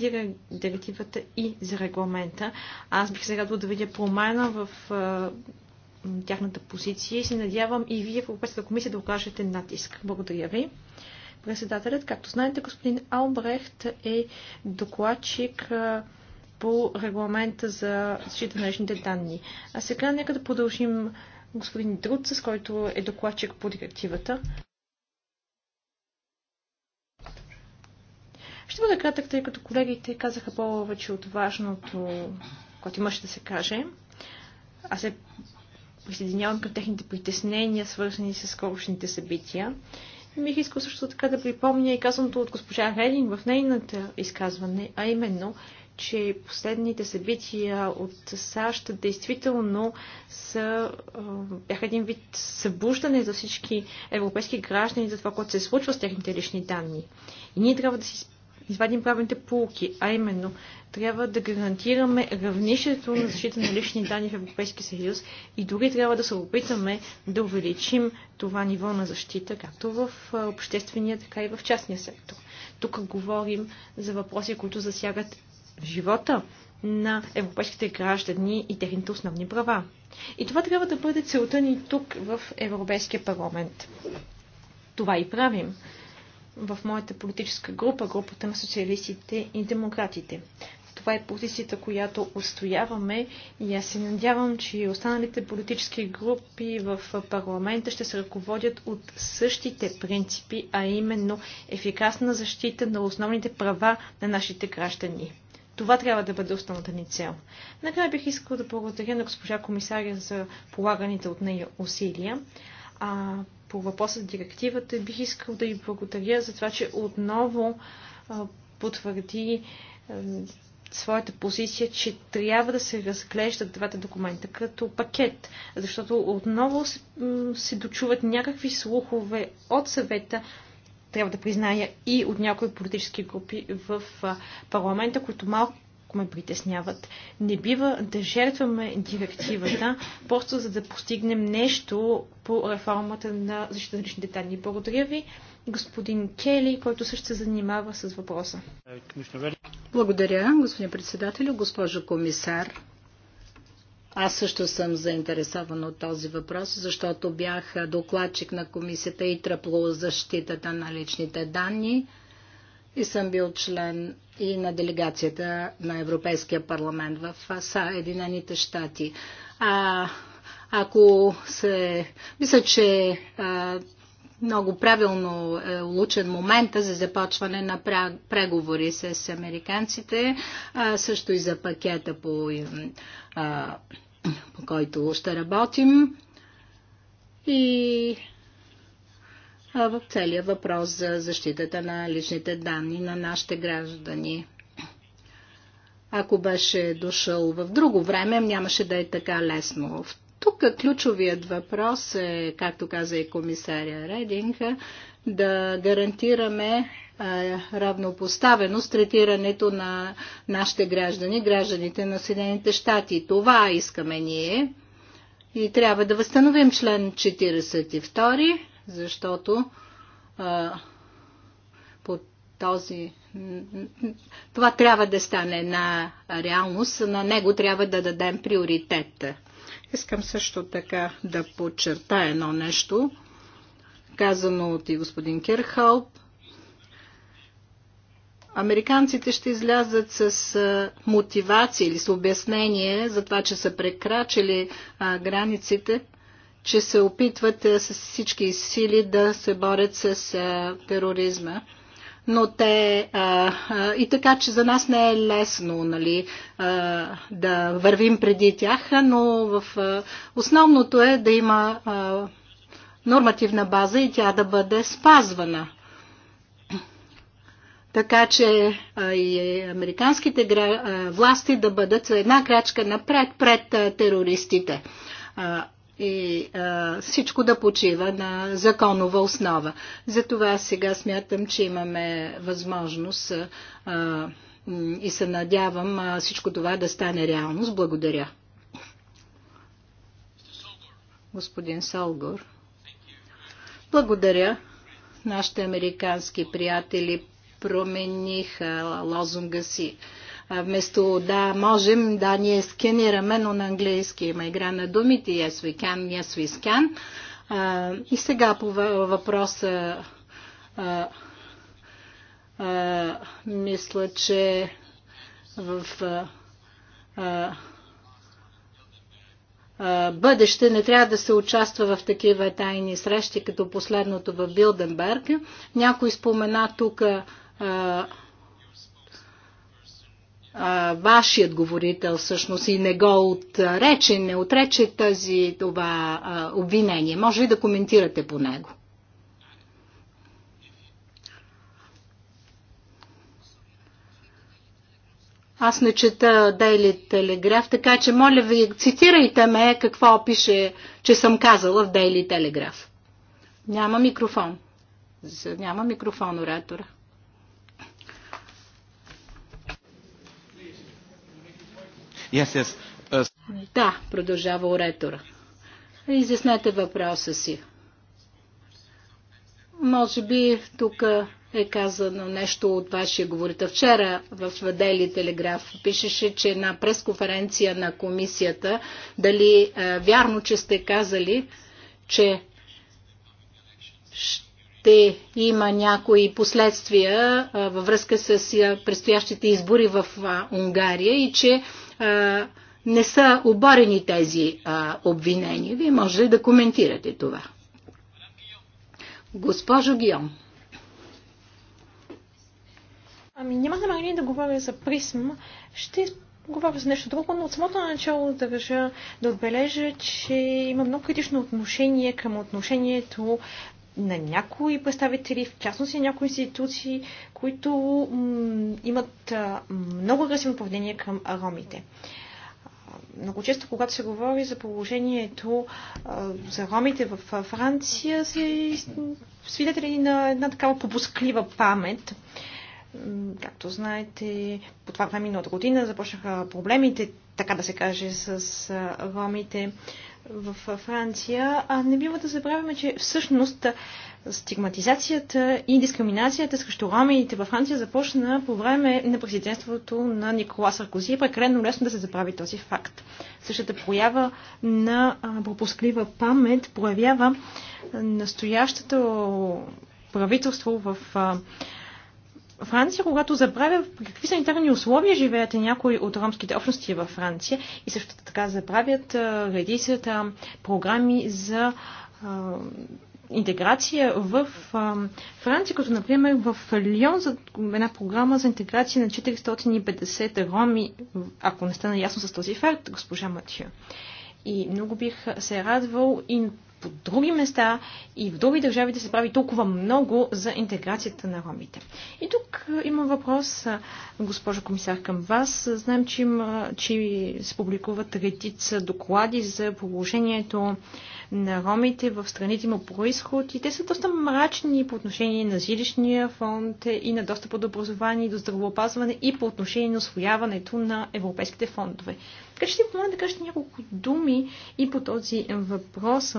директивата, и за регламента. Аз бих се радвала да видя промяна в тяхната позиция и се надявам и вие в Европейската комисия да окажете натиск. Благодаря ви. Председателят, както знаете, господин Албрехт е докладчик по регламента за защита на личните данни. А сега нека да продължим господин Друд, с който е докладчик по директивата. Ще бъда кратък, тъй като колегите казаха повече от важното, което имаше да се каже. Аз се присъединявам към техните притеснения, свързани с скорошните събития. Бих искал също така да припомня и казаното от госпожа Редин в нейната изказване, а именно, че последните събития от САЩ действително са, бяха един вид събуждане за всички европейски граждани за това, което се случва с техните лични данни. И ние трябва да си извадим правните полки, а именно трябва да гарантираме равнището на защита на лични данни в Европейския съюз и дори трябва да се опитаме да увеличим това ниво на защита, както в обществения, така и в частния сектор. Тук говорим за въпроси, които засягат живота на европейските граждани и техните основни права. И това трябва да бъде целта ни тук в Европейския парламент. Това и правим в моята политическа група, групата на социалистите и демократите. Това е позицията, която устояваме, и аз се надявам, че и останалите политически групи в парламента ще се ръководят от същите принципи, а именно ефикасна защита на основните права на нашите граждани. Това трябва да бъде основната ни цел. Накрая бих искала да благодаря на госпожа комисаря за полаганите от нея усилия. А по въпроса за директивата. Бих искал да ви благодаря за това, че отново потвърди своята позиция, че трябва да се разглеждат двата документа като пакет, защото отново се дочуват някакви слухове от съвета, трябва да призная и от някои политически групи в парламента, които малко ако ме притесняват. Не бива да жертваме директивата, просто за да постигнем нещо по реформата на защита на личните данни. Благодаря ви, господин Кели, който също се занимава с въпроса. Благодаря, господин председател, госпожо комисар. Аз също съм заинтересован от този въпрос, защото бях докладчик на комисията и тръпло защитата на личните данни и съм бил член и на делегацията на Европейския парламент в Съединените щати. А, ако се... Мисля, че а, много правилно е улучен момента за започване на преговори с американците, а, също и за пакета по, а, по който ще работим. И в целия въпрос за защитата на личните данни на нашите граждани. Ако беше дошъл в друго време, нямаше да е така лесно. Тук ключовият въпрос е, както каза и комисаря Рединг, да гарантираме равнопоставеност третирането на нашите граждани, гражданите на Съединените щати. Това искаме ние. И трябва да възстановим член 42 защото а, по този. Това трябва да стане на реалност, на него трябва да дадем приоритет. Искам също така да подчертая едно нещо, казано от и господин Керхалп. Американците ще излязат с мотивация или с обяснение за това, че са прекрачили границите че се опитват е, с всички сили да се борят с е, тероризма. Но те а, а, и така, че за нас не е лесно нали, а, да вървим преди тях, но в, а, основното е да има а, нормативна база и тя да бъде спазвана. Така че а, и американските гра, а, власти да бъдат една крачка напред пред а, терористите. А, и а, всичко да почива на законова основа. Затова сега смятам, че имаме възможност а, и се надявам а, всичко това да стане реалност. Благодаря. Господин Солгор. Благодаря. Нашите американски приятели промениха лозунга си вместо да можем, да ние скенираме, но на английски има игра на думите yes we can, yes we scan. И сега по въпроса мисля, че в бъдеще не трябва да се участва в такива тайни срещи, като последното в Билденберг. Някой спомена тук вашият говорител всъщност и не го отрече, не отрече тази, това обвинение. Може ли да коментирате по него? Аз не чета Daily Telegraph, така че моля ви, цитирайте ме какво пише, че съм казала в Daily Telegraph. Няма микрофон. Няма микрофон оратора. Yes, yes. Uh... Да, продължава оретора. Изяснете въпроса си. Може би тук е казано нещо от вашия говорител. Вчера в Дели Телеграф пишеше, че на пресконференция на комисията, дали е, вярно, че сте казали, че ще има някои последствия е, във връзка с е, предстоящите избори в е, Унгария и че не са оборени тези обвинения. Вие може да коментирате това? Госпожо Гион. Ами да намерение да говоря за призм. Ще говоря за нещо друго, но от самото начало държа да отбележа, че има много критично отношение към отношението на някои представители, в частност и някои институции, които имат много агресивно поведение към ромите. Много често, когато се говори за положението за ромите в Франция, се свидетели на една такава пропусклива памет. Както знаете, по това време миналата година започнаха проблемите, така да се каже, с ромите в Франция, а не бива да забравяме, че всъщност стигматизацията и дискриминацията срещу ромените във Франция започна по време на президентството на Никола Саркози и е прекалено лесно да се забрави този факт. Същата проява на пропусклива памет проявява настоящото правителство в Франция, когато забравя какви санитарни условия живеят някои от ромските общности във Франция и също така забравят редицата програми за интеграция в а, Франция, като например в Лион за една програма за интеграция на 450 роми, ако не стана ясно с този факт, госпожа Матия. И много бих се радвал и по други места и в други държави да се прави толкова много за интеграцията на ромите. И тук има въпрос, госпожо комисар, към вас. Знаем, че, има, че се публикуват редица доклади за положението на ромите в страните му происход и те са доста мрачни по отношение на жилищния фонд и на достъп до образование, до здравеопазване и по отношение на освояването на европейските фондове. Така че ще помоля да кажете няколко думи и по този въпрос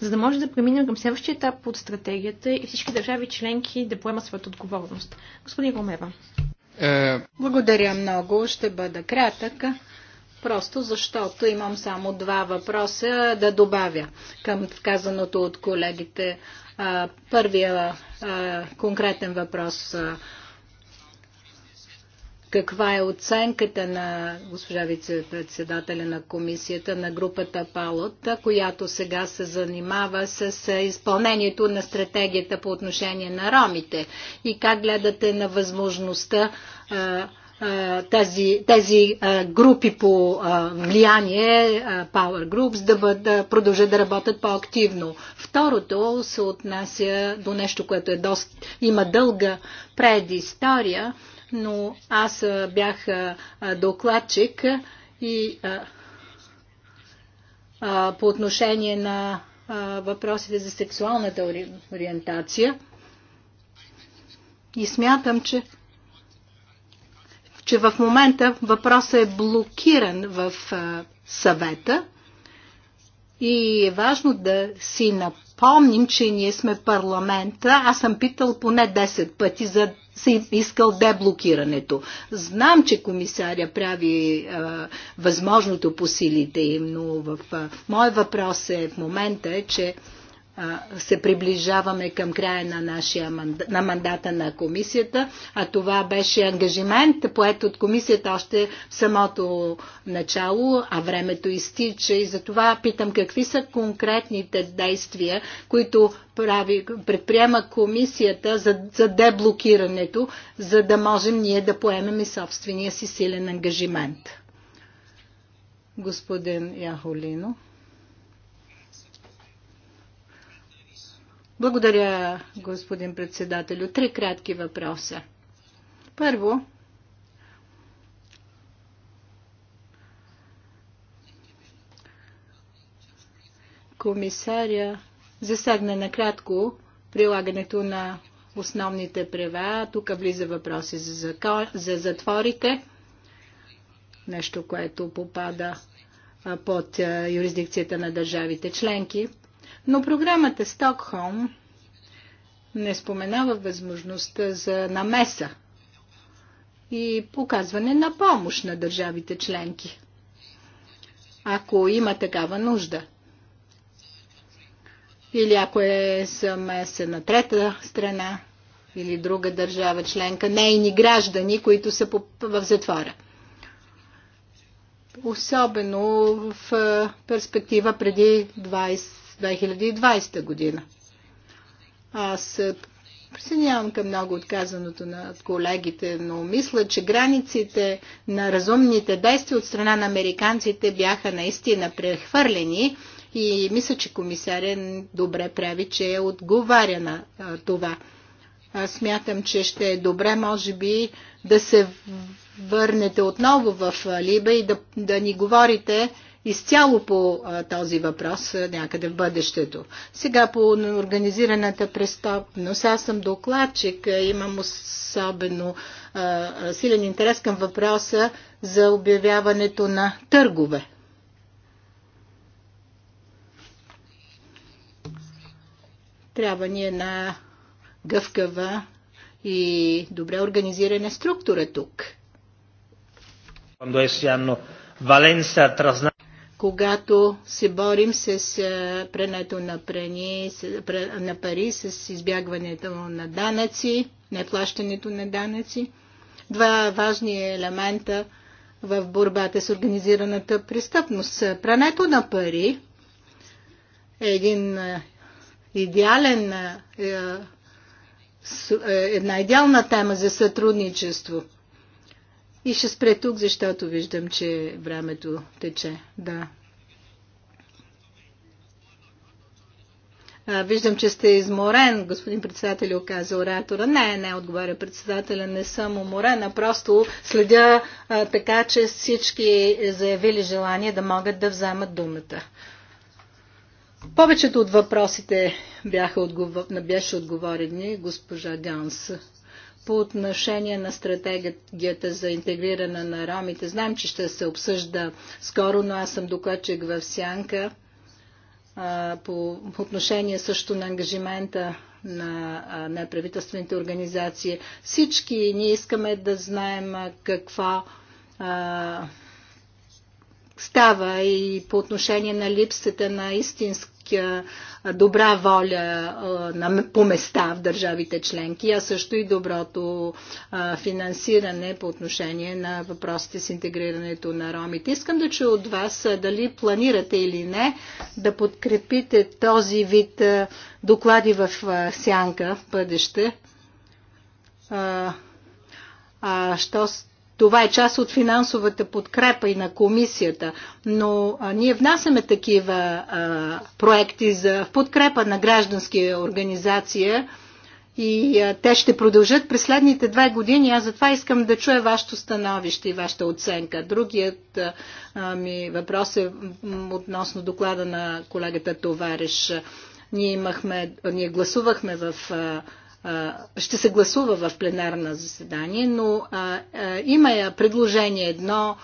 за да може да преминем към следващия етап от стратегията и всички държави членки да поемат своята отговорност. Господин Ромева. Е... Благодаря много. Ще бъда кратък. Просто защото имам само два въпроса да добавя към казаното от колегите. Първия конкретен въпрос каква е оценката на госпожа вице-председателя на комисията на групата Палот, която сега се занимава с изпълнението на стратегията по отношение на ромите и как гледате на възможността тези, тези групи по влияние, Power Groups, да, бъд, да продължат да работят по-активно. Второто се отнася до нещо, което е доста, има дълга предистория но аз бях докладчик и по отношение на въпросите за сексуалната ориентация. И смятам, че, че в момента въпросът е блокиран в съвета и е важно да си напомним, че ние сме парламента. Аз съм питал поне 10 пъти за си искал деблокирането. Знам, че комисаря прави а, възможното по силите им, но в а, моят въпрос е в момента е, че а, се приближаваме към края на, нашия, на мандата на комисията, а това беше ангажимент, поет от комисията още в самото начало, а времето изтича и затова питам какви са конкретните действия, които прави, предприема комисията за, за деблокирането, за да можем ние да поемем и собствения си силен ангажимент. Господин Яхолино. Благодаря, господин председателю. Три кратки въпроса. Първо, комисаря засегна накратко прилагането на основните права. Тук влиза въпроси за, за затворите, нещо, което попада под юрисдикцията на държавите членки. Но програмата Стокхолм не споменава възможността за намеса и показване на помощ на държавите членки, ако има такава нужда. Или ако е на трета страна или друга държава членка, нейни граждани, които са в затвора. Особено в перспектива преди 20 2020 година. Аз присъединявам към много отказаното на колегите, но мисля, че границите на разумните действия от страна на американците бяха наистина прехвърлени и мисля, че комисаря добре прави, че е отговаря на това. Аз смятам, че ще е добре, може би, да се върнете отново в Либа и да, да ни говорите изцяло по а, този въпрос а, някъде в бъдещето. Сега по организираната престъпност. Аз съм докладчик, а, имам особено а, силен интерес към въпроса за обявяването на търгове. Трябва ни една гъвкава и добре организирана структура тук когато се борим с прането на, прени, на пари, с избягването на данъци, неплащането на данъци. Два важни елемента в борбата с организираната престъпност. Прането на пари е един идеален, една идеална тема за сътрудничество – и ще спре тук, защото виждам, че времето тече. Да. А, виждам, че сте изморен, господин председател, каза оратора. Не, не, отговаря председателя, не съм уморен, а просто следя а, така, че всички заявили желание да могат да вземат думата. Повечето от въпросите бяха отговор... беше отговорени госпожа Ганс по отношение на стратегията за интегриране на ромите. Знам, че ще се обсъжда скоро, но аз съм докладчик в Сянка по отношение също на ангажимента на неправителствените организации. Всички ние искаме да знаем каква става и по отношение на липсата на истинско добра воля по места в държавите членки, а също и доброто финансиране по отношение на въпросите с интегрирането на ромите. Искам да чуя от вас дали планирате или не да подкрепите този вид доклади в сянка в бъдеще. А, що това е част от финансовата подкрепа и на комисията, но а, ние внасяме такива а, проекти за в подкрепа на граждански организация и а, те ще продължат през следните две години. Аз затова искам да чуя вашето становище и вашата оценка. Другият а, ми въпрос е относно доклада на колегата Товариш. Ние, имахме, ние гласувахме в а, ще се гласува в пленарна заседание, но има предложение едно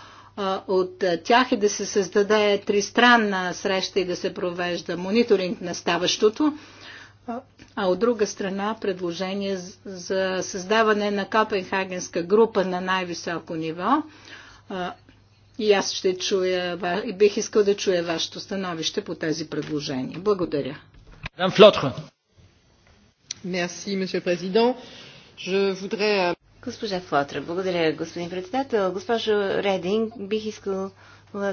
от тях е да се създаде тристранна среща и да се провежда мониторинг на ставащото, а от друга страна предложение за създаване на Копенхагенска група на най-високо ниво. И аз ще чуя, бих искал да чуя вашето становище по тези предложения. Благодаря. Merci, monsieur президент. Je voudrais... Euh, Госпожа Флотра, благодаря, господин председател. Госпожо Рединг, бих искала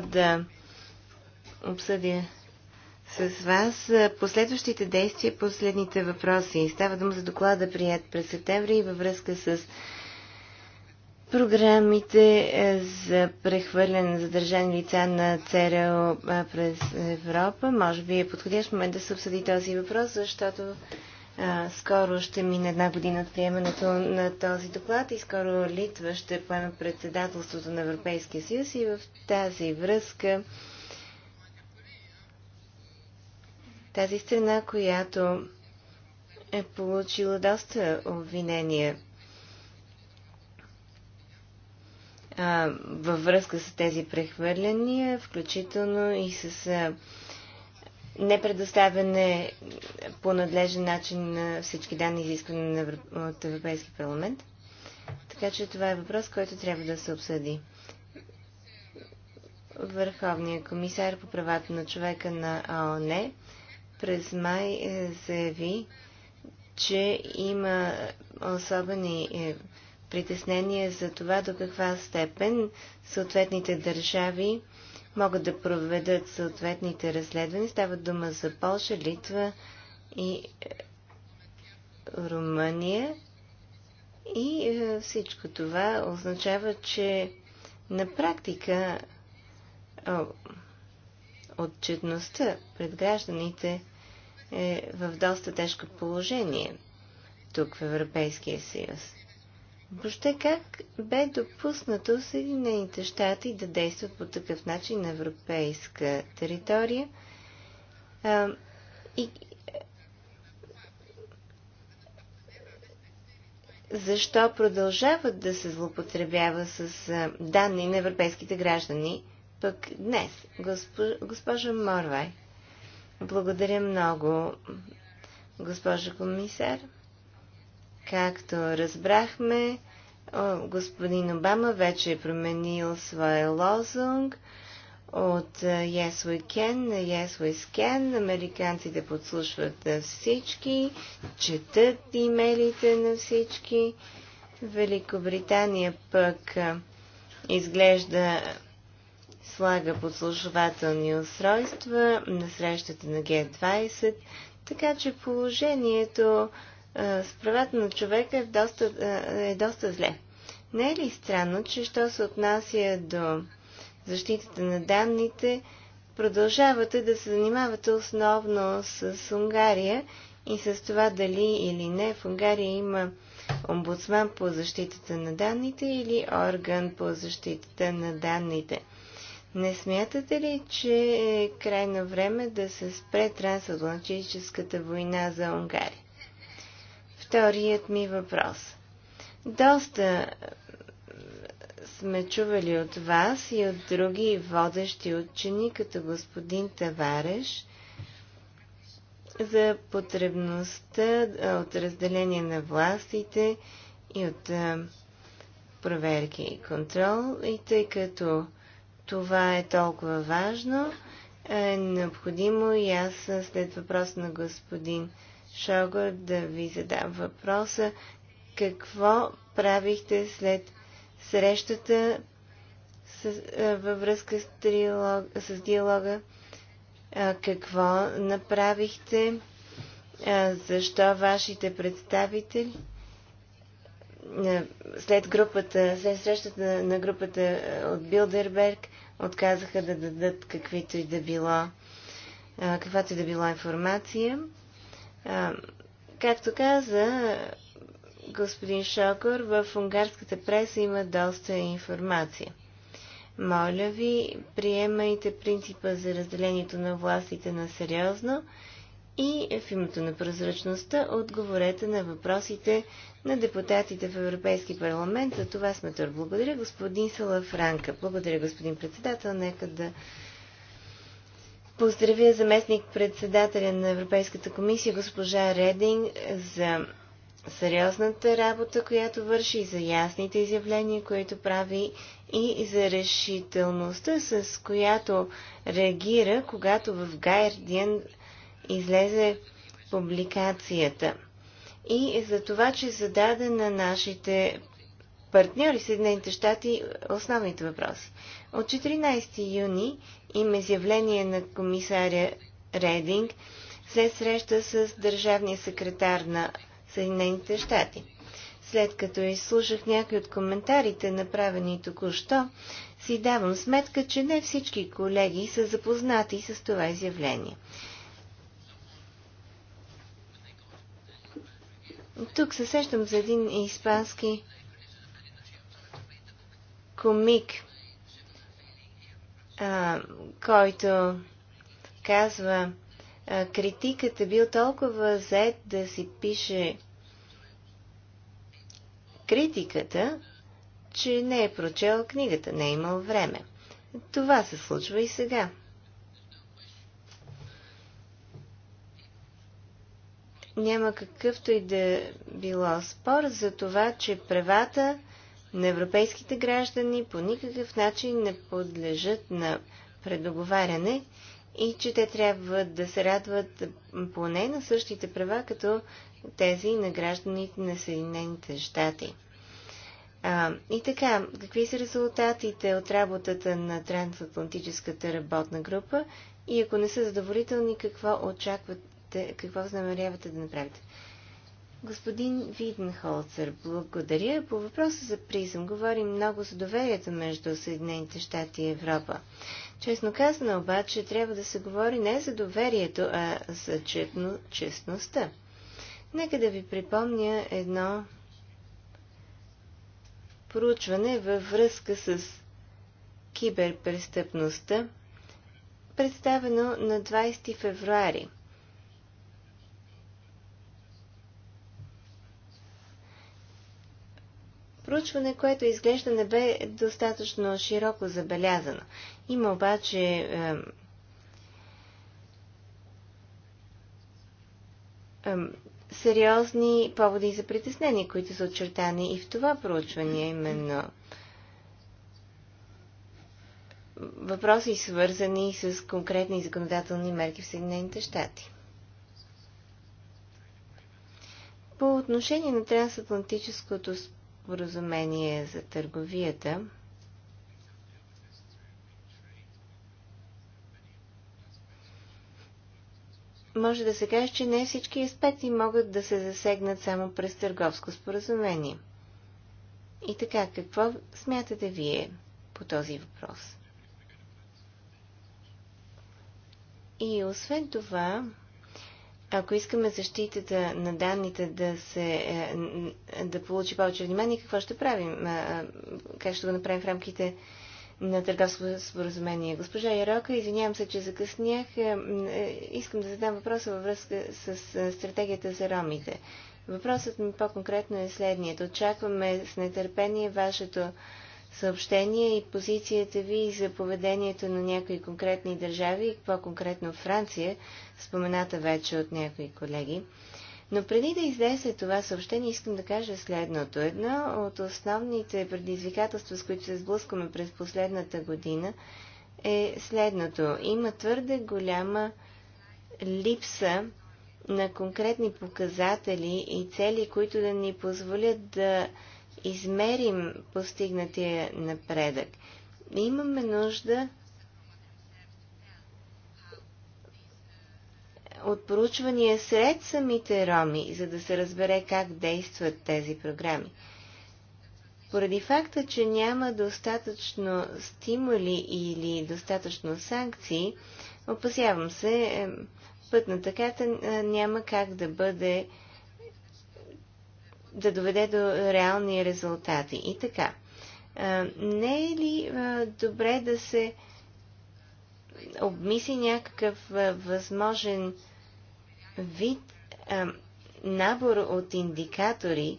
да обсъдя с вас последващите действия, последните въпроси. Става дума за доклада, прият през септември и във връзка с програмите е, за прехвърляне на задържани лица на ЦРО е, през Европа. Може би е подходящ момент да се обсъди този въпрос, защото а, скоро ще мине една година от приемането на този доклад и скоро Литва ще поеме председателството на Европейския съюз и в тази връзка тази страна, която е получила доста обвинения а, във връзка с тези прехвърляния, включително и с а, непредоставяне по надлежен начин на всички данни, изискване от Европейски парламент. Така че това е въпрос, който трябва да се обсъди. Върховният комисар по правата на човека на ООН през май е, заяви, че има особени е, притеснения за това до каква степен съответните държави могат да проведат съответните разследвания. Става дума за Польша, Литва и е, Румъния. И е, всичко това означава, че на практика отчетността пред гражданите е в доста тежко положение тук в Европейския съюз. Въобще как бе допуснато Съединените щати да действат по такъв начин на европейска територия? А, и, защо продължават да се злоупотребява с а, данни на европейските граждани пък днес? Госпо, госпожа Морвай, благодаря много, госпожа комисар. Както разбрахме, господин Обама вече е променил своя лозунг от е, Yes We Can на Yes We Scan. Американците подслушват на всички, четат имейлите на всички. Великобритания пък е, изглежда слага подслушвателни устройства на срещата на Г-20, така че положението с правата на човека е доста, е доста зле. Не е ли странно, че що се отнася до защитата на данните, продължавате да се занимавате основно с Унгария и с това дали или не в Унгария има омбудсман по защитата на данните или орган по защитата на данните. Не смятате ли, че е крайно време да се спре трансатлантическата война за Унгария? вторият ми въпрос. Доста сме чували от вас и от други водещи учени, като господин Тавареш, за потребността от разделение на властите и от проверки и контрол. И тъй като това е толкова важно, е необходимо и аз след въпрос на господин Шогор да ви задам въпроса какво правихте след срещата с, а, във връзка с, трилог, с диалога, а, какво направихте, а, защо вашите представители след групата, след срещата на групата от Билдерберг отказаха да дадат каквито и да било, каквато и да било информация. А, както каза господин Шокор, в унгарската преса има доста информация. Моля ви, приемайте принципа за разделението на властите на сериозно и в името на прозрачността отговорете на въпросите на депутатите в Европейски парламент. За това сме тър. Благодаря господин Салафранка. Благодаря господин председател. Нека да поздравя заместник председателя на Европейската комисия госпожа Рединг за сериозната работа, която върши, за ясните изявления, които прави и за решителността, с която реагира, когато в Гайрдиен излезе публикацията. И за това, че зададе на нашите партньори Съединените щати основните въпроси. От 14 юни им изявление на комисаря Рединг след среща с държавния секретар на Съединените щати. След като изслушах някои от коментарите, направени току-що, си давам сметка, че не всички колеги са запознати с това изявление. Тук се сещам за един испански комик – а, който казва, а, критикът е бил толкова зает да си пише критиката, че не е прочел книгата, не е имал време. Това се случва и сега. Няма какъвто и да било спор за това, че правата на европейските граждани по никакъв начин не подлежат на предоговаряне и че те трябва да се радват поне на същите права, като тези на гражданите на Съединените щати. А, и така, какви са резултатите от работата на трансатлантическата работна група и ако не са задоволителни, какво очаквате, какво намерявате да направите? Господин Виденхолцер, благодаря. По въпроса за призъм говорим много за доверието между Съединените щати и Европа. Честно казано обаче, трябва да се говори не за доверието, а за честно, честността. Нека да ви припомня едно проучване във връзка с киберпрестъпността, представено на 20 февруари – проучване, което изглежда не бе достатъчно широко забелязано. Има обаче е, е, сериозни поводи за притеснение, които са очертани и в това проучване, именно въпроси свързани с конкретни законодателни мерки в Съединените щати. По отношение на трансатлантическото споразумение за търговията. Може да се каже, че не всички аспекти могат да се засегнат само през търговско споразумение. И така, какво смятате вие по този въпрос? И освен това, ако искаме защитата на данните да, се, е, да получи повече внимание, какво ще правим? Как ще го направим в рамките на търговско споразумение? Госпожа Ярока, извинявам се, че закъснях. Е, е, искам да задам въпроса във връзка с стратегията за ромите. Въпросът ми по-конкретно е следният. Очакваме с нетърпение вашето съобщение и позицията ви за поведението на някои конкретни държави, по-конкретно Франция, спомената вече от някои колеги. Но преди да излезе това съобщение, искам да кажа следното. Едно от основните предизвикателства, с които се сблъскваме през последната година, е следното. Има твърде голяма липса на конкретни показатели и цели, които да ни позволят да измерим постигнатия напредък. Имаме нужда от проучвания сред самите роми, за да се разбере как действат тези програми. Поради факта, че няма достатъчно стимули или достатъчно санкции, опасявам се, е, пътната карта е, няма как да бъде да доведе до реални резултати. И така, не е ли добре да се обмисли някакъв възможен вид набор от индикатори,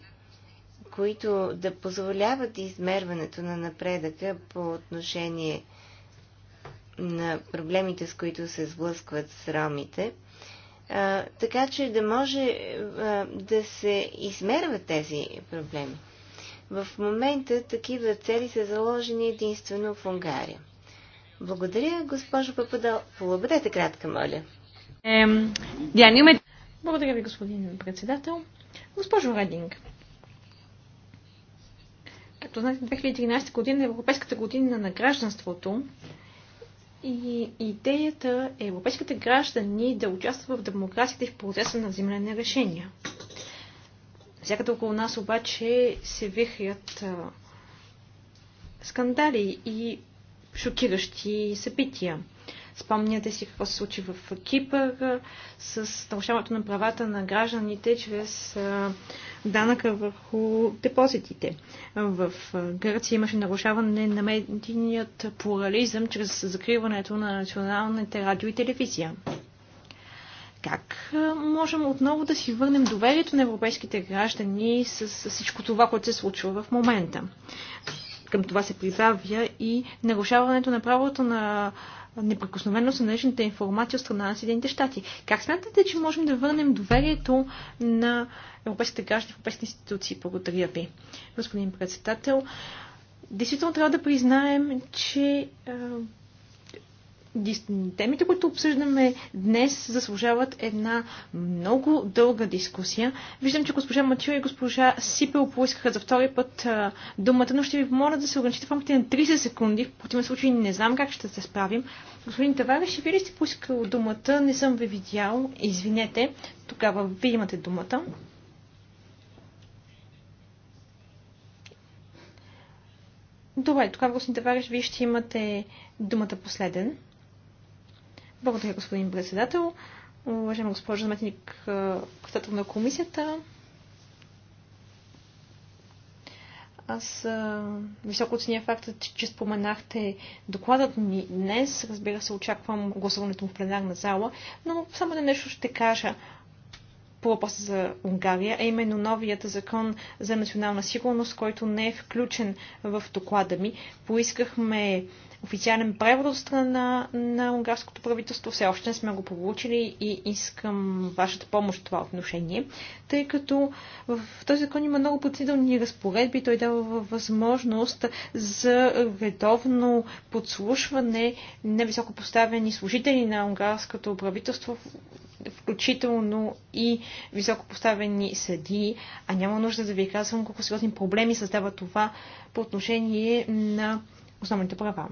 които да позволяват измерването на напредъка по отношение на проблемите, с които се сблъскват с ромите – а, така че да може а, да се измерват тези проблеми. В момента такива цели са заложени единствено в Унгария. Благодаря, госпожо Пападал. Бъдете кратка, моля. Ем, Благодаря ви, господин председател. Госпожо Радинг, както знаете, 2013 година е Европейската година на гражданството и идеята е европейските граждани да участват в демокрацията и в процеса на взимане на решения. Всякъде около нас обаче се вихрят скандали и шокиращи събития. Спомняте си какво се случи в Кипър с нарушаването на правата на гражданите чрез а, данъка върху депозитите. В Гърция имаше нарушаване на медийният плурализъм чрез закриването на националните радио и телевизия. Как можем отново да си върнем доверието на европейските граждани с, всичко това, което се случва в момента? Към това се прибавя и нарушаването на правото на неприкосновеност на личната информация от страна на Съединените щати. Как смятате, че можем да върнем доверието на европейските граждани в европейските институции? Благодаря ви, господин председател. Действително трябва да признаем, че е, темите, които обсъждаме днес, заслужават една много дълга дискусия. Виждам, че госпожа Матио и госпожа Сипел поискаха за втори път а, думата, но ще ви помоля да се ограничите в рамките на 30 секунди. В противен случай не знам как ще се справим. Господин Тавареш, вие ли сте поискал думата? Не съм ви видял. Извинете. Тогава вие имате думата. Добре, тогава, господин Тавареш, вие ще имате думата последен. Благодаря, господин председател. Уважаема госпожа заметник председател на комисията, Аз високо оценя факта, че, споменахте докладът ни днес. Разбира се, очаквам гласуването му в пленарна зала, но само на нещо ще кажа по въпроса за Унгария, а именно новият закон за национална сигурност, който не е включен в доклада ми. Поискахме официален превод от страна на унгарското правителство. Все още не сме го получили и искам вашата помощ в това отношение, тъй като в този закон има много подсидълни разпоредби. Той дава възможност за редовно подслушване на високопоставени служители на унгарското правителство включително и високо поставени съдии, а няма нужда да ви казвам колко сериозни проблеми създава това по отношение на основните права.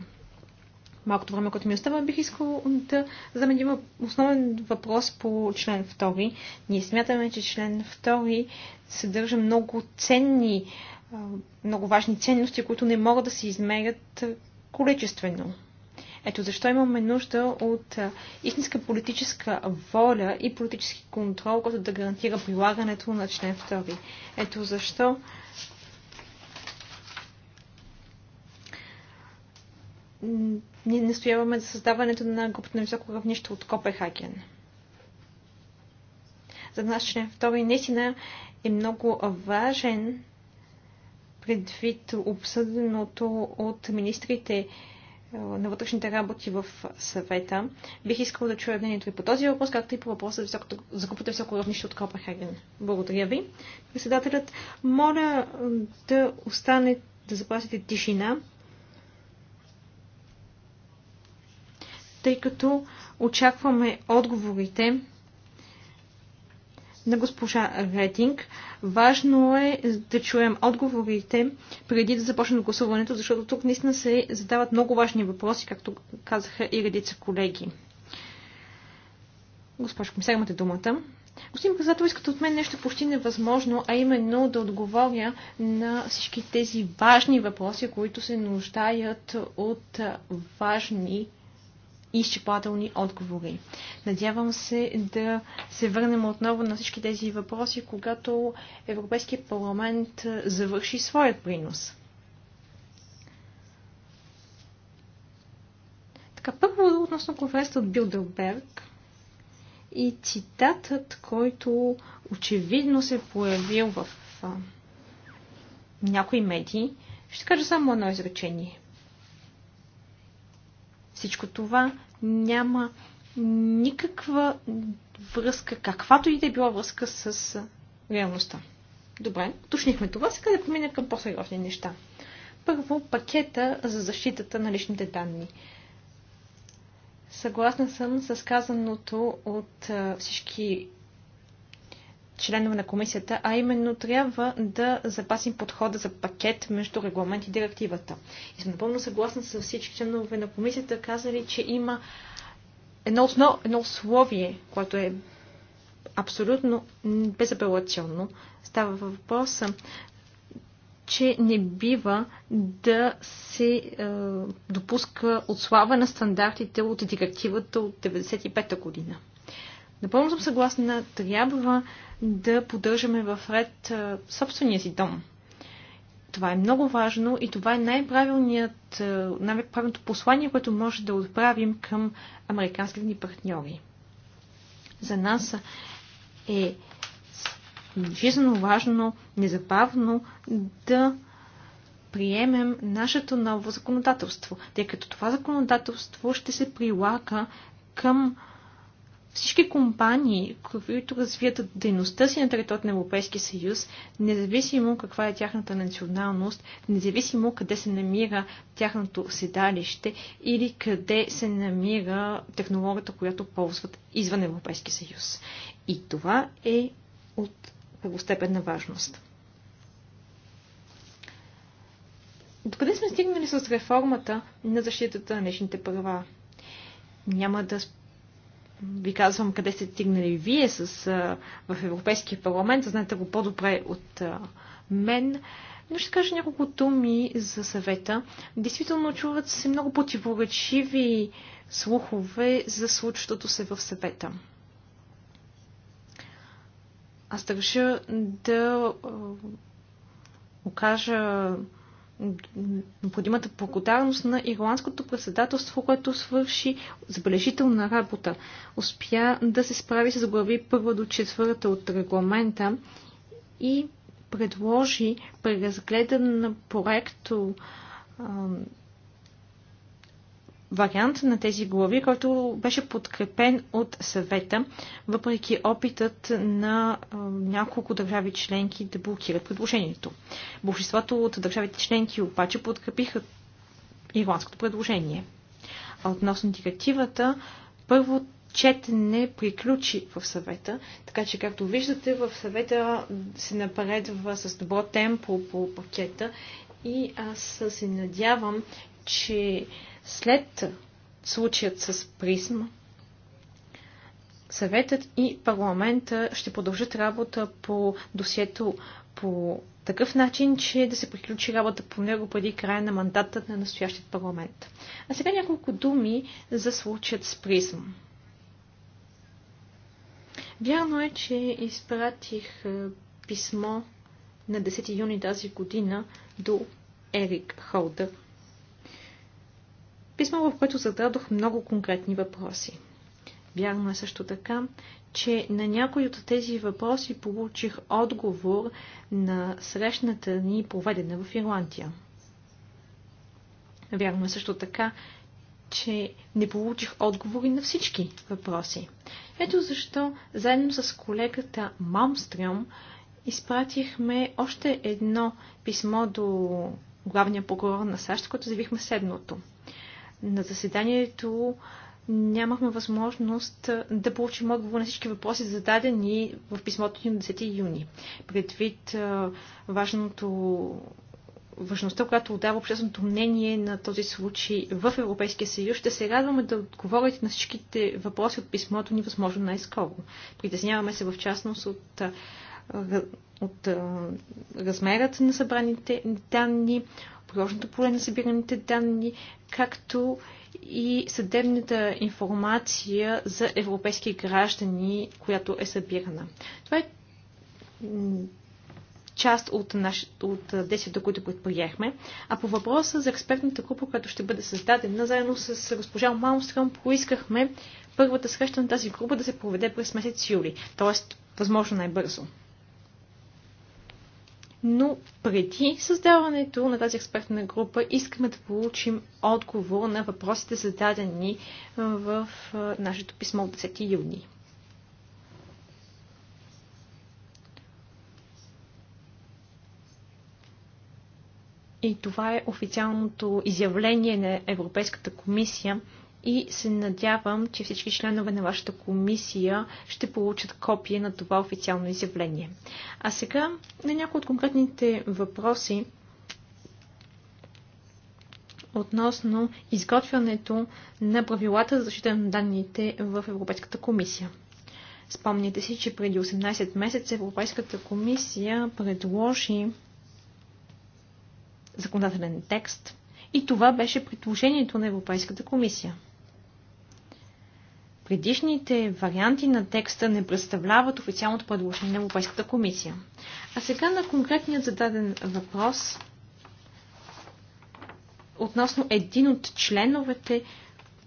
Малкото време, което ми остава, бих искал да задам един основен въпрос по член 2. Ние смятаме, че член 2 съдържа много ценни, много важни ценности, които не могат да се измерят количествено. Ето защо имаме нужда от истинска политическа воля и политически контрол, който да гарантира прилагането на член 2. Ето защо ние настояваме за създаването на групата на високо равнище от Копехаген. За нас член 2 наистина е много важен предвид обсъденото от министрите е, на вътрешните работи в съвета. Бих искал да чуя мнението ви по този въпрос, както и по въпроса за високото, закупата високо равнище от Копенхаген. Благодаря ви. Председателят, моля да остане да запазите тишина, тъй като очакваме отговорите на госпожа Рединг. Важно е да чуем отговорите преди да започне гласуването, защото тук наистина се задават много важни въпроси, както казаха и редица колеги. Госпожо комисар, имате думата. Господин казател, искате от мен нещо почти невъзможно, а именно да отговоря на всички тези важни въпроси, които се нуждаят от важни и изчепателни отговори. Надявам се да се върнем отново на всички тези въпроси, когато Европейския парламент завърши своят принос. Така, първо относно конференцията от Билдерберг и цитатът, който очевидно се появил в някои медии, ще кажа само едно изречение. Всичко това няма никаква връзка, каквато и да е била връзка с реалността. Добре, уточнихме това, сега да поминем към по-сериозни неща. Първо, пакета за защитата на личните данни. Съгласна съм с казаното от всички членове на комисията, а именно трябва да запасим подхода за пакет между регламент и директивата. И съм напълно съгласна с всички членове на комисията, казали, че има едно, основ, едно условие, което е абсолютно безапелационно. Става въпрос, че не бива да се е, допуска отслава на стандартите от директивата от 1995 година. Напълно съм съгласна, трябва да поддържаме в ред собствения си дом. Това е много важно и това е най-правилният, най-правилното послание, което може да отправим към американските ни партньори. За нас е жизненно важно незабавно да приемем нашето ново законодателство, тъй като това законодателство ще се прилага към всички компании, които развият дейността си на територията на Европейския съюз, независимо каква е тяхната националност, независимо къде се намира тяхното седалище или къде се намира технологията, която ползват извън Европейския съюз. И това е от първостепенна важност. Докъде сме стигнали с реформата на защитата на личните права? Няма да ви казвам къде сте стигнали вие с, а, в Европейския парламент, знаете го по-добре от а, мен. Но ще кажа няколко думи за съвета. Действително чуват се много противоречиви слухове за случващото се в съвета. Аз държа да окажа необходимата благодарност на ирландското председателство, което свърши забележителна работа. Успя да се справи с глави първа до четвърта от регламента и предложи преразгледан проект вариант на тези глави, който беше подкрепен от съвета, въпреки опитът на няколко държави членки да блокират предложението. Большинството от държавите членки обаче подкрепиха ирландското предложение. А относно директивата, първо четене приключи в съвета, така че както виждате в съвета се напредва с добро темпо по пакета и аз се надявам, че след случаят с призм, съветът и парламента ще продължат работа по досието по такъв начин, че да се приключи работа по него преди края на мандата на настоящия парламент. А сега няколко думи за случаят с призм. Вярно е, че изпратих писмо на 10 юни тази година до Ерик Холдър, писмо, в което зададох много конкретни въпроси. Вярно е също така, че на някои от тези въпроси получих отговор на срещната ни, проведена в Ирландия. Вярно е също така, че не получих отговори на всички въпроси. Ето защо, заедно с колегата Малмстрем, изпратихме още едно писмо до главния прокурор на САЩ, което заявихме следното – на заседанието нямахме възможност да получим отговор на всички въпроси, зададени в писмото ни на 10 юни. Предвид важното важността, която отдава общественото мнение на този случай в Европейския съюз, ще се радваме да отговорите на всичките въпроси от писмото ни възможно най-скоро. Притесняваме се в частност от, от, от размерът на събраните данни, приложното поле на събираните данни, както и съдебната информация за европейски граждани, която е събирана. Това е част от, наш, от действията, които предприехме. А по въпроса за експертната група, която ще бъде създадена, заедно с госпожа Малмстрън, поискахме първата среща на тази група да се проведе през месец юли, т.е. възможно най-бързо но преди създаването на тази експертна група искаме да получим отговор на въпросите зададени е, в е, нашето писмо от 10 юни. И това е официалното изявление на Европейската комисия и се надявам, че всички членове на вашата комисия ще получат копие на това официално изявление. А сега на някои от конкретните въпроси относно изготвянето на правилата за защита на данните в Европейската комисия. Спомняте си, че преди 18 месеца Европейската комисия предложи законодателен текст и това беше предложението на Европейската комисия. Предишните варианти на текста не представляват официалното предложение на Европейската комисия. А сега на конкретният зададен въпрос относно един от членовете,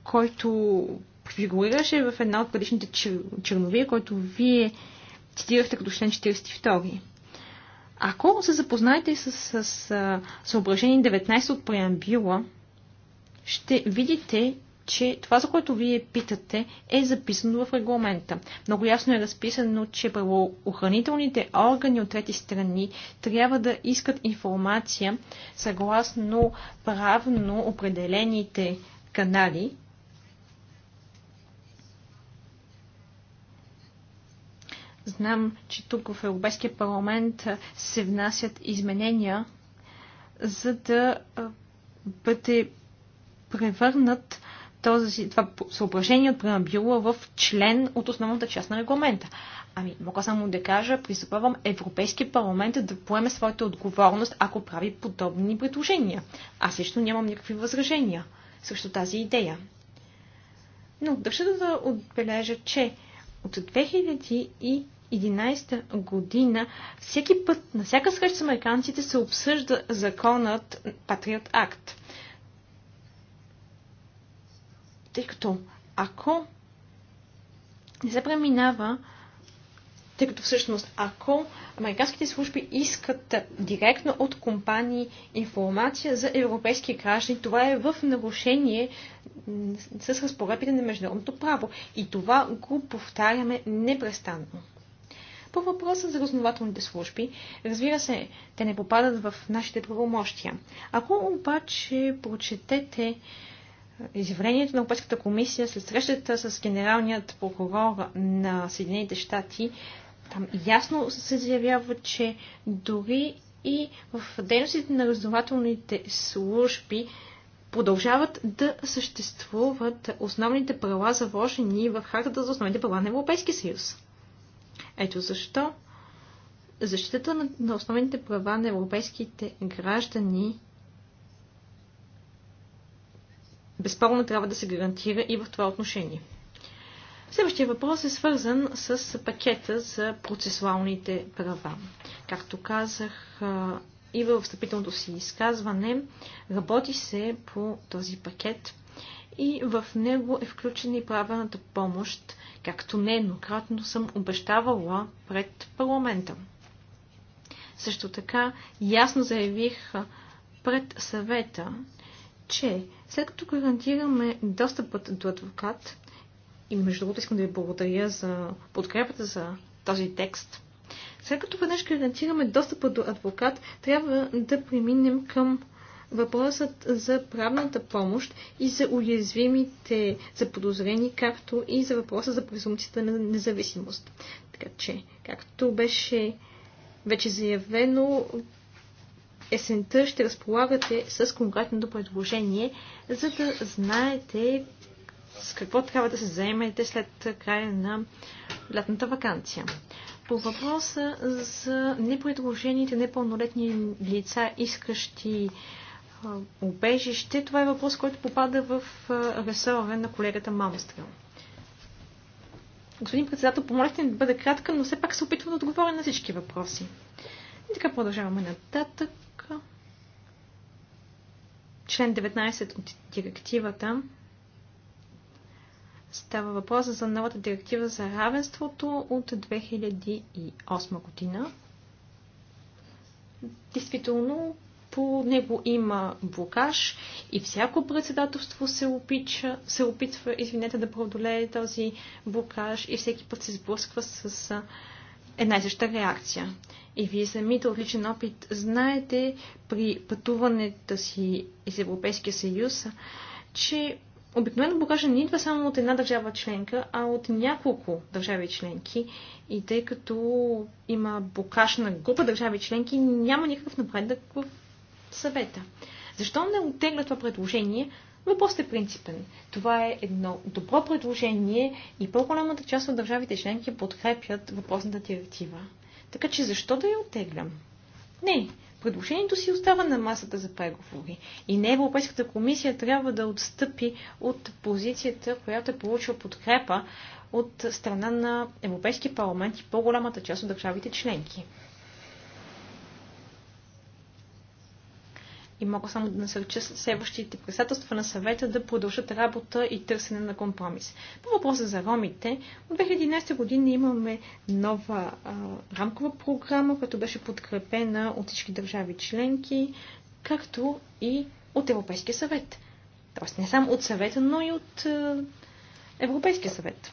който фигурираше в една от предишните черновия, който вие цитирахте като член 42. Ако се запознаете с, с, с съображение 19 от преамбюла, ще видите, че това, за което вие питате, е записано в регламента. Много ясно е разписано, че правоохранителните органи от трети страни трябва да искат информация съгласно правно определените канали, Знам, че тук в Европейския парламент се внасят изменения, за да бъде превърнат този, това съображение от преамбюла в член от основната част на регламента. Ами, мога само да кажа, призовавам Европейски парламент да поеме своята отговорност, ако прави подобни предложения. Аз лично нямам никакви възражения срещу тази идея. Но държа да отбележа, че от 2011 година всеки път, на всяка среща с американците се обсъжда законът Патриот Акт. тъй като ако не се преминава, тъй като всъщност ако американските служби искат директно от компании информация за европейски граждани, това е в нарушение с разпоредбите на международното право. И това го повтаряме непрестанно. По въпроса за разнователните служби, разбира се, те не попадат в нашите правомощия. Ако обаче прочетете изявлението на Европейската комисия след срещата с генералният прокурор на Съединените щати, там ясно се заявява, че дори и в дейностите на разнователните служби продължават да съществуват основните права, заложени в Хартата за основните права на Европейския съюз. Ето защо защитата на, на основните права на европейските граждани безспорно трябва да се гарантира и в това отношение. Следващия въпрос е свързан с пакета за процесуалните права. Както казах и във встъпителното си изказване, работи се по този пакет и в него е включена и правената помощ, както нееднократно съм обещавала пред парламента. Също така ясно заявих пред съвета, че след като гарантираме достъпът до адвокат, и между другото искам да ви благодаря за подкрепата за този текст, след като веднъж гарантираме достъпа до адвокат, трябва да преминем към въпросът за правната помощ и за уязвимите за подозрени, както и за въпроса за презумцията на независимост. Така че, както беше вече заявено, есента ще разполагате с конкретното предложение, за да знаете с какво трябва да се заемете след края на лятната вакансия. По въпроса за непредложените непълнолетни лица, искащи убежище, това е въпрос, който попада в ресора на колегата Мамстрел. Господин председател, помолете ми да бъда кратка, но все пак се опитвам да отговоря на всички въпроси. И така продължаваме нататък член 19 от директивата става въпрос за новата директива за равенството от 2008 година. Действително, по него има блокаж и всяко председателство се, опича, се опитва извинете, да преодолее този блокаж и всеки път се сблъсква с една и съща реакция. И вие самите от личен опит знаете при пътуването си из Европейския съюз, че обикновено багажа не идва само от една държава членка, а от няколко държави членки. И тъй като има бокашна група държави членки, няма никакъв напредък в съвета. Защо не оттегля това предложение? Въпросът е принципен. Това е едно добро предложение и по-голямата част от държавите членки подкрепят въпросната директива. Така че защо да я оттеглям? Не, предложението си остава на масата за преговори. И не Европейската комисия трябва да отстъпи от позицията, която е получила подкрепа от страна на Европейския парламент и по-голямата част от държавите членки. и мога само да насърча следващите председателства на съвета да продължат работа и търсене на компромис. По въпроса за ромите, от 2011 година имаме нова а, рамкова програма, която беше подкрепена от всички държави членки, както и от Европейския съвет. Тоест не само от съвета, но и от а, Европейския съвет.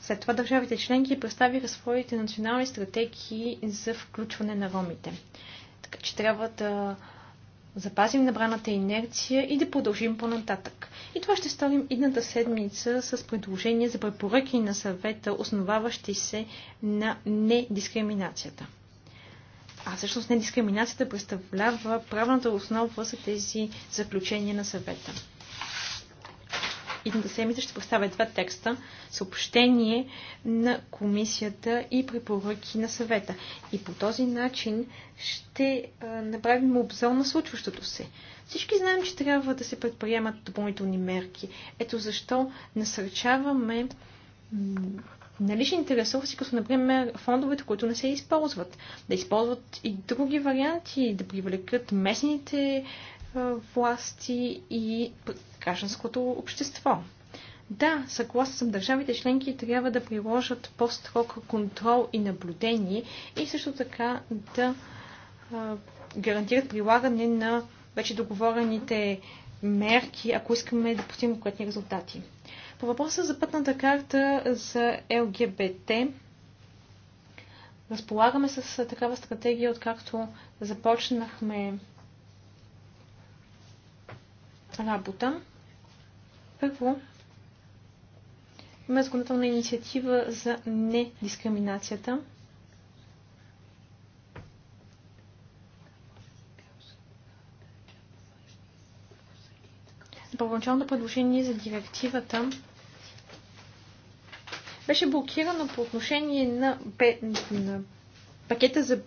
След това държавите членки представиха своите национални стратегии за включване на ромите. Така че трябва да запазим набраната инерция и да продължим по-нататък. И това ще сторим едната седмица с предложение за препоръки на съвета, основаващи се на недискриминацията. А всъщност недискриминацията представлява правната основа за тези заключения на съвета идната седмица ще представя два текста, съобщение на комисията и препоръки на съвета. И по този начин ще направим обзор на случващото се. Всички знаем, че трябва да се предприемат допълнителни мерки. Ето защо насърчаваме наличните ресурси, като например фондовете, които не се използват. Да използват и други варианти, да привлекат местните власти и гражданското общество. Да, съгласен съм, държавите членки трябва да приложат по-строг контрол и наблюдение и също така да а, гарантират прилагане на вече договорените мерки, ако искаме да постигнем конкретни резултати. По въпроса за пътната карта за ЛГБТ, разполагаме с такава стратегия, откакто започнахме работа. Първо, има законодателна инициатива за недискриминацията. Първоначалното предложение за директивата беше блокирано по отношение на, бе, на пакета за,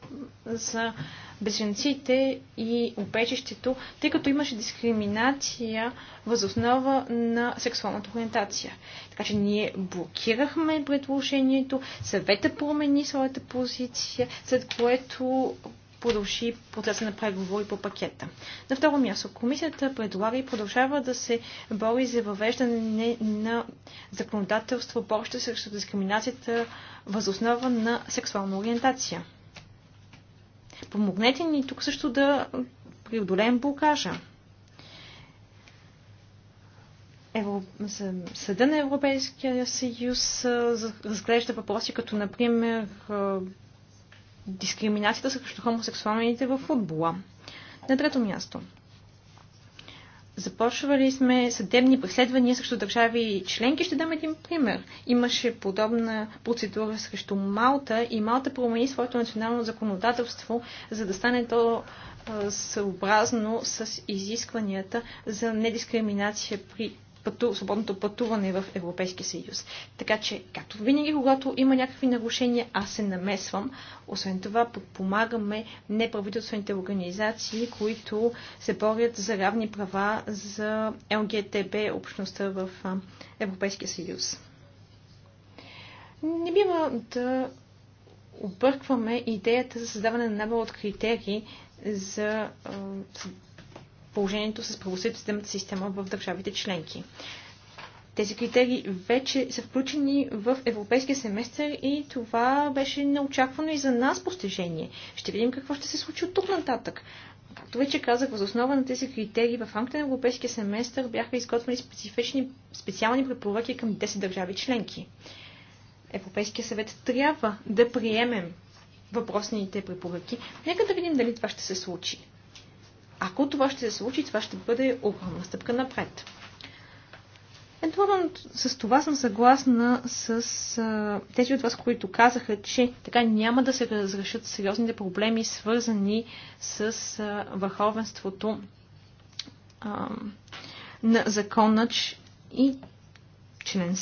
за беженците и обечището, тъй като имаше дискриминация възоснова на сексуалната ориентация. Така че ние блокирахме предложението, съвета промени своята позиция, след което продължи процеса на преговори по пакета. На второ място, комисията предлага и продължава да се бори за въвеждане на законодателство, борща срещу дискриминацията възоснова на сексуална ориентация. Помогнете ни тук също да преодолеем блокажа. Евро... Съда на Европейския съюз разглежда въпроси като, например, дискриминацията срещу хомосексуалните в футбола. На трето място. Започвали сме съдебни преследвания срещу държави и членки. Ще дам един пример. Имаше подобна процедура срещу Малта и Малта промени своето национално законодателство, за да стане то съобразно с изискванията за недискриминация при пъту, свободното пътуване в Европейския съюз. Така че, както винаги, когато има някакви нарушения, аз се намесвам. Освен това, подпомагаме неправителствените организации, които се борят за равни права за ЛГТБ общността в Европейския съюз. Не бива да объркваме идеята за създаване на набор от критерии за положението с правосъдната система в държавите членки. Тези критерии вече са включени в европейския семестър и това беше неочаквано и за нас постижение. Ще видим какво ще се случи от тук нататък. Както вече казах, въз основа на тези критерии в рамките на европейския семестър бяха изготвени специфични, специални препоръки към 10 държави членки. Европейския съвет трябва да приемем въпросните препоръки. Нека да видим дали това ще се случи. Ако това ще се случи, това ще бъде огромна стъпка напред. Едновременно с това съм съгласна с а, тези от вас, които казаха, че така няма да се разрешат сериозните проблеми, свързани с а, върховенството а, на законът и член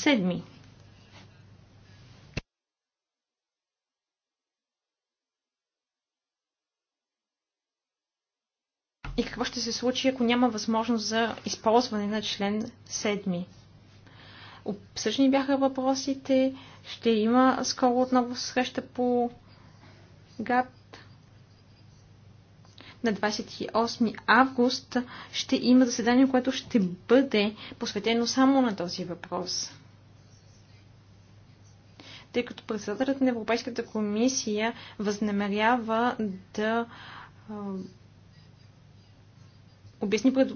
и какво ще се случи, ако няма възможност за използване на член 7. Обсъждани бяха въпросите, ще има скоро отново среща по ГАТ. На 28 август ще има заседание, което ще бъде посветено само на този въпрос тъй като председателят на Европейската комисия възнамерява да обясни пред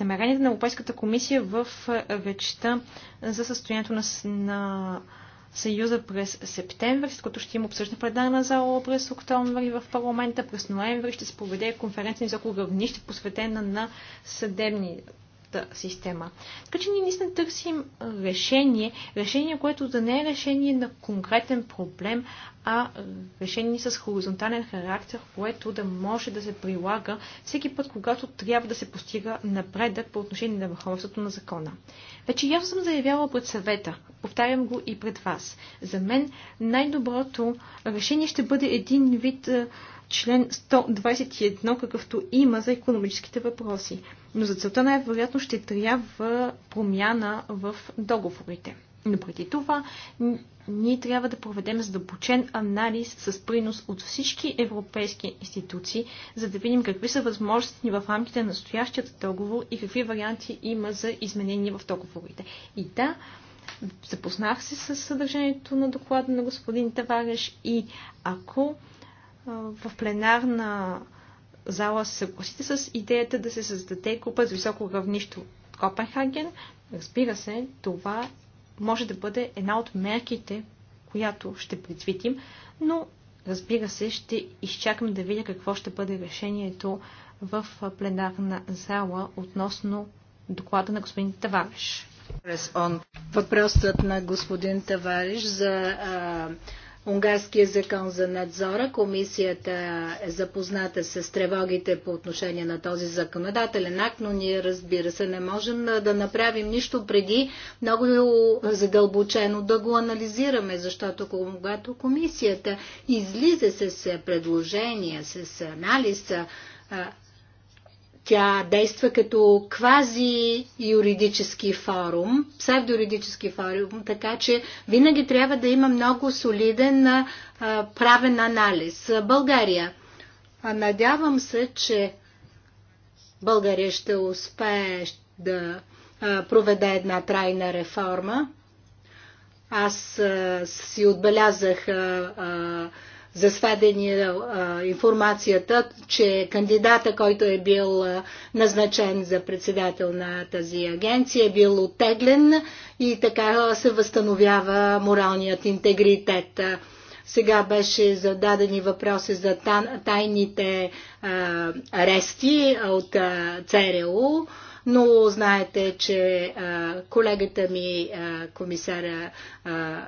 намеренията на Европейската комисия в речта за състоянието на, на Съюза през септември, с което ще има обсъждане пленарна зала през октомври в парламента. През ноември ще се проведе конференция на високо равнище, посветена на съдебни, съдебната система. Така че ние наистина търсим решение, решение, което да не е решение на конкретен проблем, а решение с хоризонтален характер, което да може да се прилага всеки път, когато трябва да се постига напредък по отношение на върховството на закона. Вече я съм заявяла пред съвета, повтарям го и пред вас. За мен най-доброто решение ще бъде един вид член 121, какъвто има за економическите въпроси. Но за целта най-вероятно ще трябва промяна в договорите. Но преди това ние трябва да проведем задълбочен анализ с принос от всички европейски институции, за да видим какви са възможности ни в рамките на настоящият договор и какви варианти има за изменения в договорите. И да, запознах се с съдържанието на доклада на господин Тавареш и ако в пленарна зала се съгласите с идеята да се създаде група с високо равнище от Копенхаген. Разбира се, това може да бъде една от мерките, която ще предвидим, но разбира се, ще изчакам да видя какво ще бъде решението в пленарна зала относно доклада на господин Тавариш. Въпросът на господин Тавариш за а, унгарския закон за надзора. Комисията е запозната с тревогите по отношение на този законодателен акт, но ние разбира се не можем да направим нищо преди много задълбочено да го анализираме, защото когато комисията излиза с предложения, с анализа, тя действа като квази юридически форум, псевдоюридически форум, така че винаги трябва да има много солиден а, правен анализ. България. а Надявам се, че България ще успее да проведе една трайна реформа. Аз си отбелязах за а, информацията, че кандидата, който е бил назначен за председател на тази агенция, е бил оттеглен и така се възстановява моралният интегритет. Сега беше зададени въпроси за тайните арести от ЦРУ но знаете, че а, колегата ми, а, комисара а,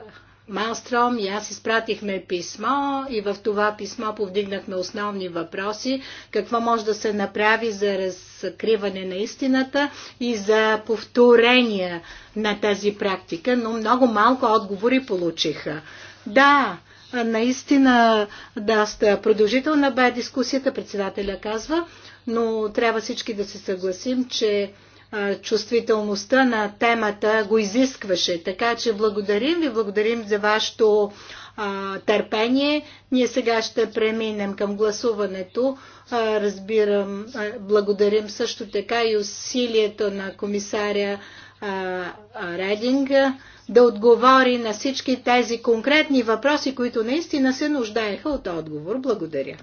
Малстром и аз изпратихме писмо и в това писмо повдигнахме основни въпроси, какво може да се направи за разкриване на истината и за повторение на тази практика, но много малко отговори получиха. Да, наистина доста продължителна бе дискусията, председателя казва, но трябва всички да се съгласим, че чувствителността на темата го изискваше. Така че благодарим ви, благодарим за вашето а, търпение. Ние сега ще преминем към гласуването. А, разбирам, а, благодарим също така и усилието на комисаря а, Рединг да отговори на всички тези конкретни въпроси, които наистина се нуждаеха от отговор. Благодаря.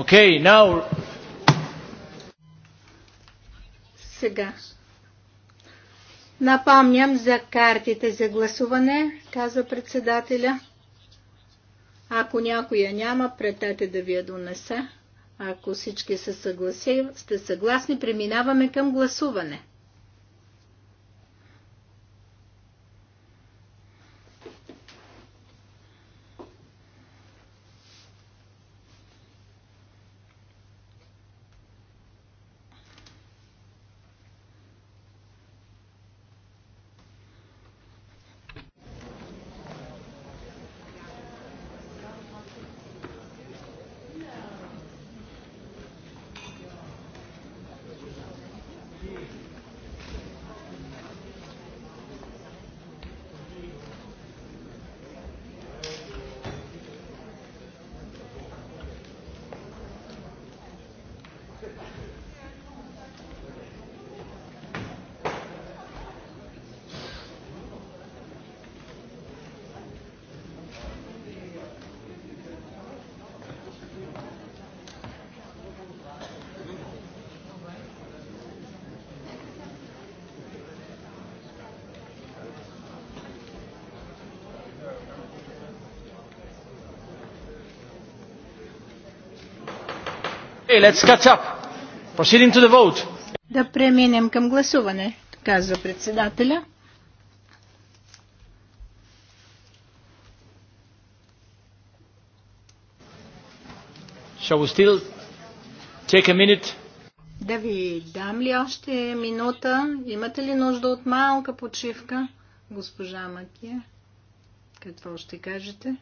Okay, now... Сега. Напомням за картите за гласуване, каза председателя. Ако някоя няма, претете да ви я донеса. Ако всички са съгласи, сте съгласни, преминаваме към гласуване. Okay, let's catch up. Proceeding to the vote. Да преминем към гласуване, казва председателя. Shall we still take a minute? Да ви дам ли още минута? Имате ли нужда от малка почивка, госпожа Макия? Какво ще кажете?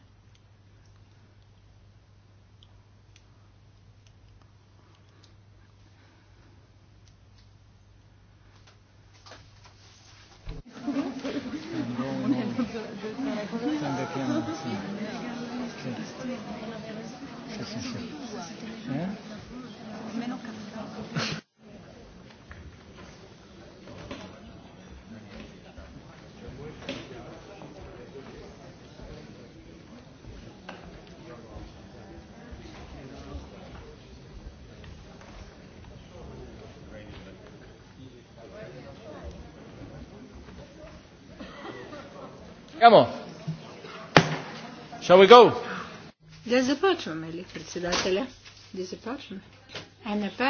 Sempre piano, sì. Sì, sì, sì. sì. Eh? Come on. Shall we go? Да започваме ли, председателя? Да започваме. Е, НП,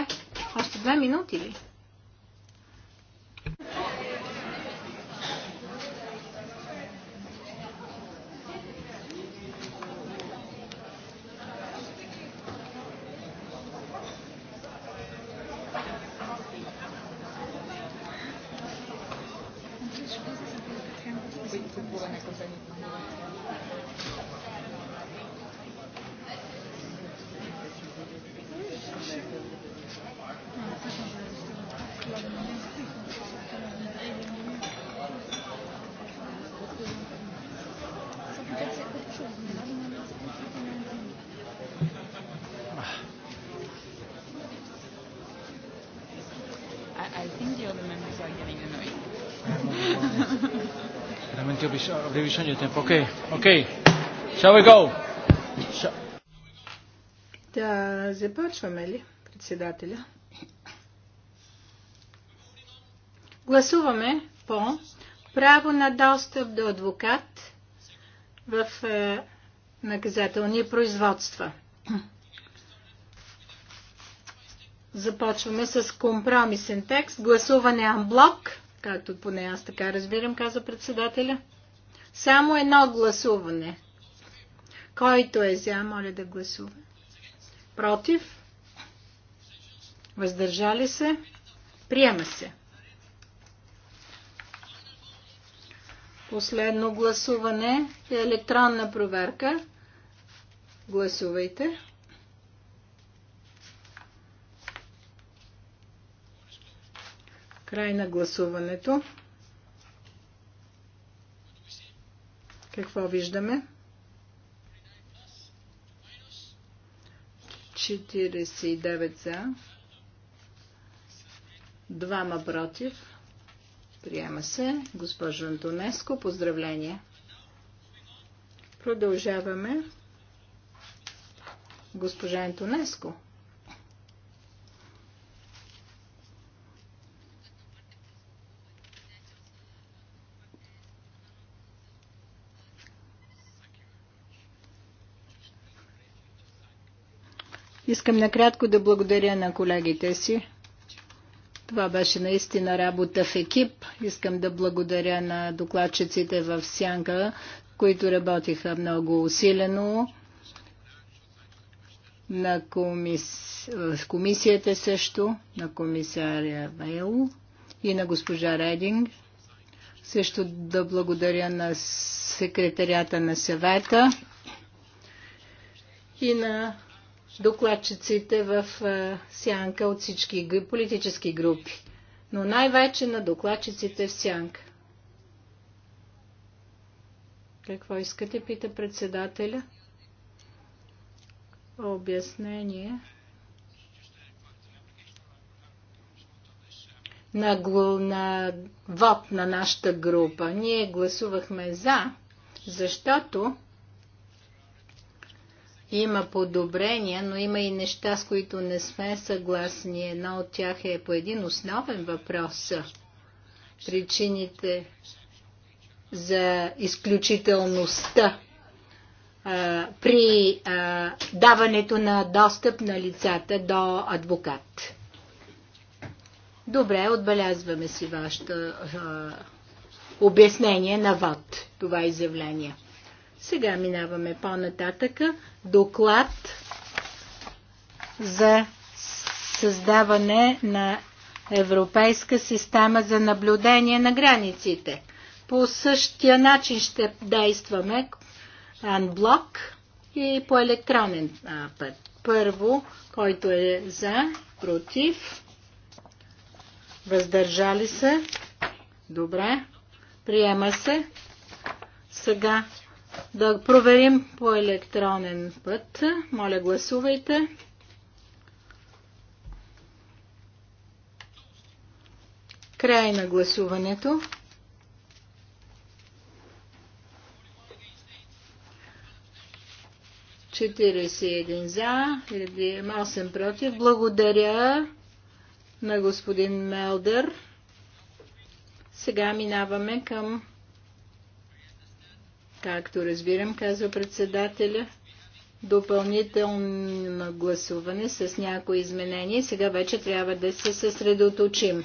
още две минути ли? revision tempo. Okay, okay. Shall we go? Да започваме ли, председателя? Гласуваме по право на достъп до адвокат в е, наказателни производства. Започваме с компромисен текст. Гласуване амблок, както поне аз така разбирам, каза председателя. Само едно гласуване. Който е за, моля да гласува. Против? Въздържали се? Приема се. Последно гласуване е електронна проверка. Гласувайте. Край на гласуването. Какво виждаме? 49 за, Двама против. Приема се. Госпожо Антонеско, поздравление. Продължаваме. Госпожа Антонеско. Искам накратко да благодаря на колегите си. Това беше наистина работа в екип. Искам да благодаря на докладчиците в Сянка, които работиха много усилено. На комис... комисията също, на комисаря Вейл и на госпожа Рединг. Също да благодаря на секретарята на съвета и на докладчиците в сянка от всички политически групи, но най-вече на докладчиците в сянка. Какво искате, пита председателя? Обяснение. На, гл... на вод на нашата група. Ние гласувахме за, защото има подобрения, но има и неща, с които не сме съгласни. Едно от тях е по един основен въпрос. Причините за изключителността а, при а, даването на достъп на лицата до адвокат. Добре, отбелязваме си вашето обяснение на ВОД, това изявление. Сега минаваме по-нататъка. Доклад за създаване на Европейска система за наблюдение на границите. По същия начин ще действаме анблок и по електронен път. Първо, който е за, против, въздържали се, добре, приема се. Сега да проверим по електронен път. Моля, гласувайте. Край на гласуването. Четиридесет един за, 8 против. Благодаря на господин Мелдър. Сега минаваме към Както разбирам, казва председателя, допълнително гласуване с някои изменения. Сега вече трябва да се съсредоточим.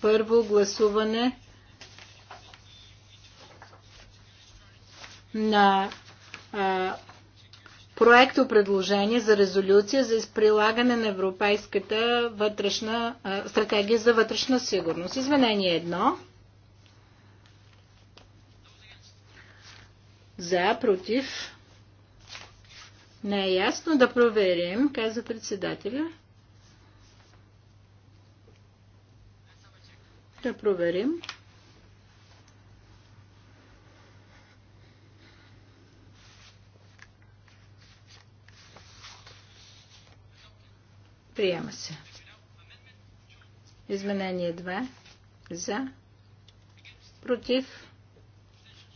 Първо гласуване на а, проекто предложение за резолюция за прилагане на Европейската вътрешна, а, стратегия за вътрешна сигурност. Изменение едно. За, против. Не е ясно да проверим, каза председателя. Да проверим. Приема се. Изменение 2. За. Против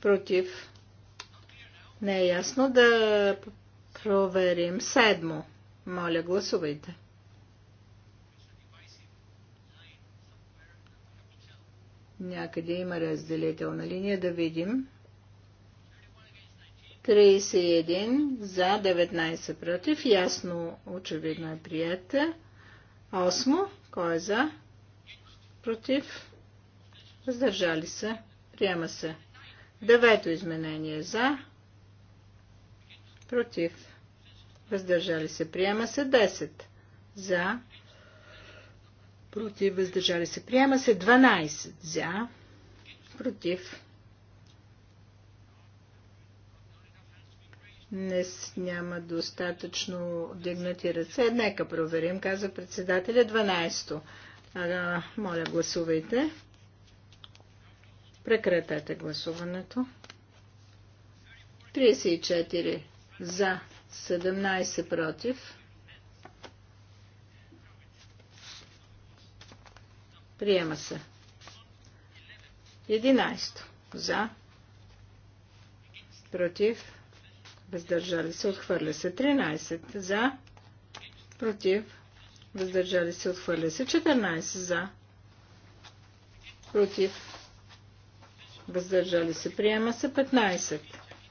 против. Не е ясно да проверим. Седмо. Моля, гласувайте. Някъде има разделителна линия, да видим. 31 за 19 против. Ясно, очевидно е прията. Осмо, Кой е за? Против? Въздържали се. Приема се. Девето изменение за. Против. Въздържали се. Приема се 10. За. Против. Въздържали се. Приема се 12. За. Против. не няма достатъчно дигнати ръце. Нека проверим, каза председателя. 12. А, моля, гласувайте. Прекратете гласуването. 34 за, 17 против. Приема се. 11 за, против, въздържали се, отхвърля се. 13 за, против, въздържали се, отхвърля се. 14 за, против, Въздържали се. Приема се 15.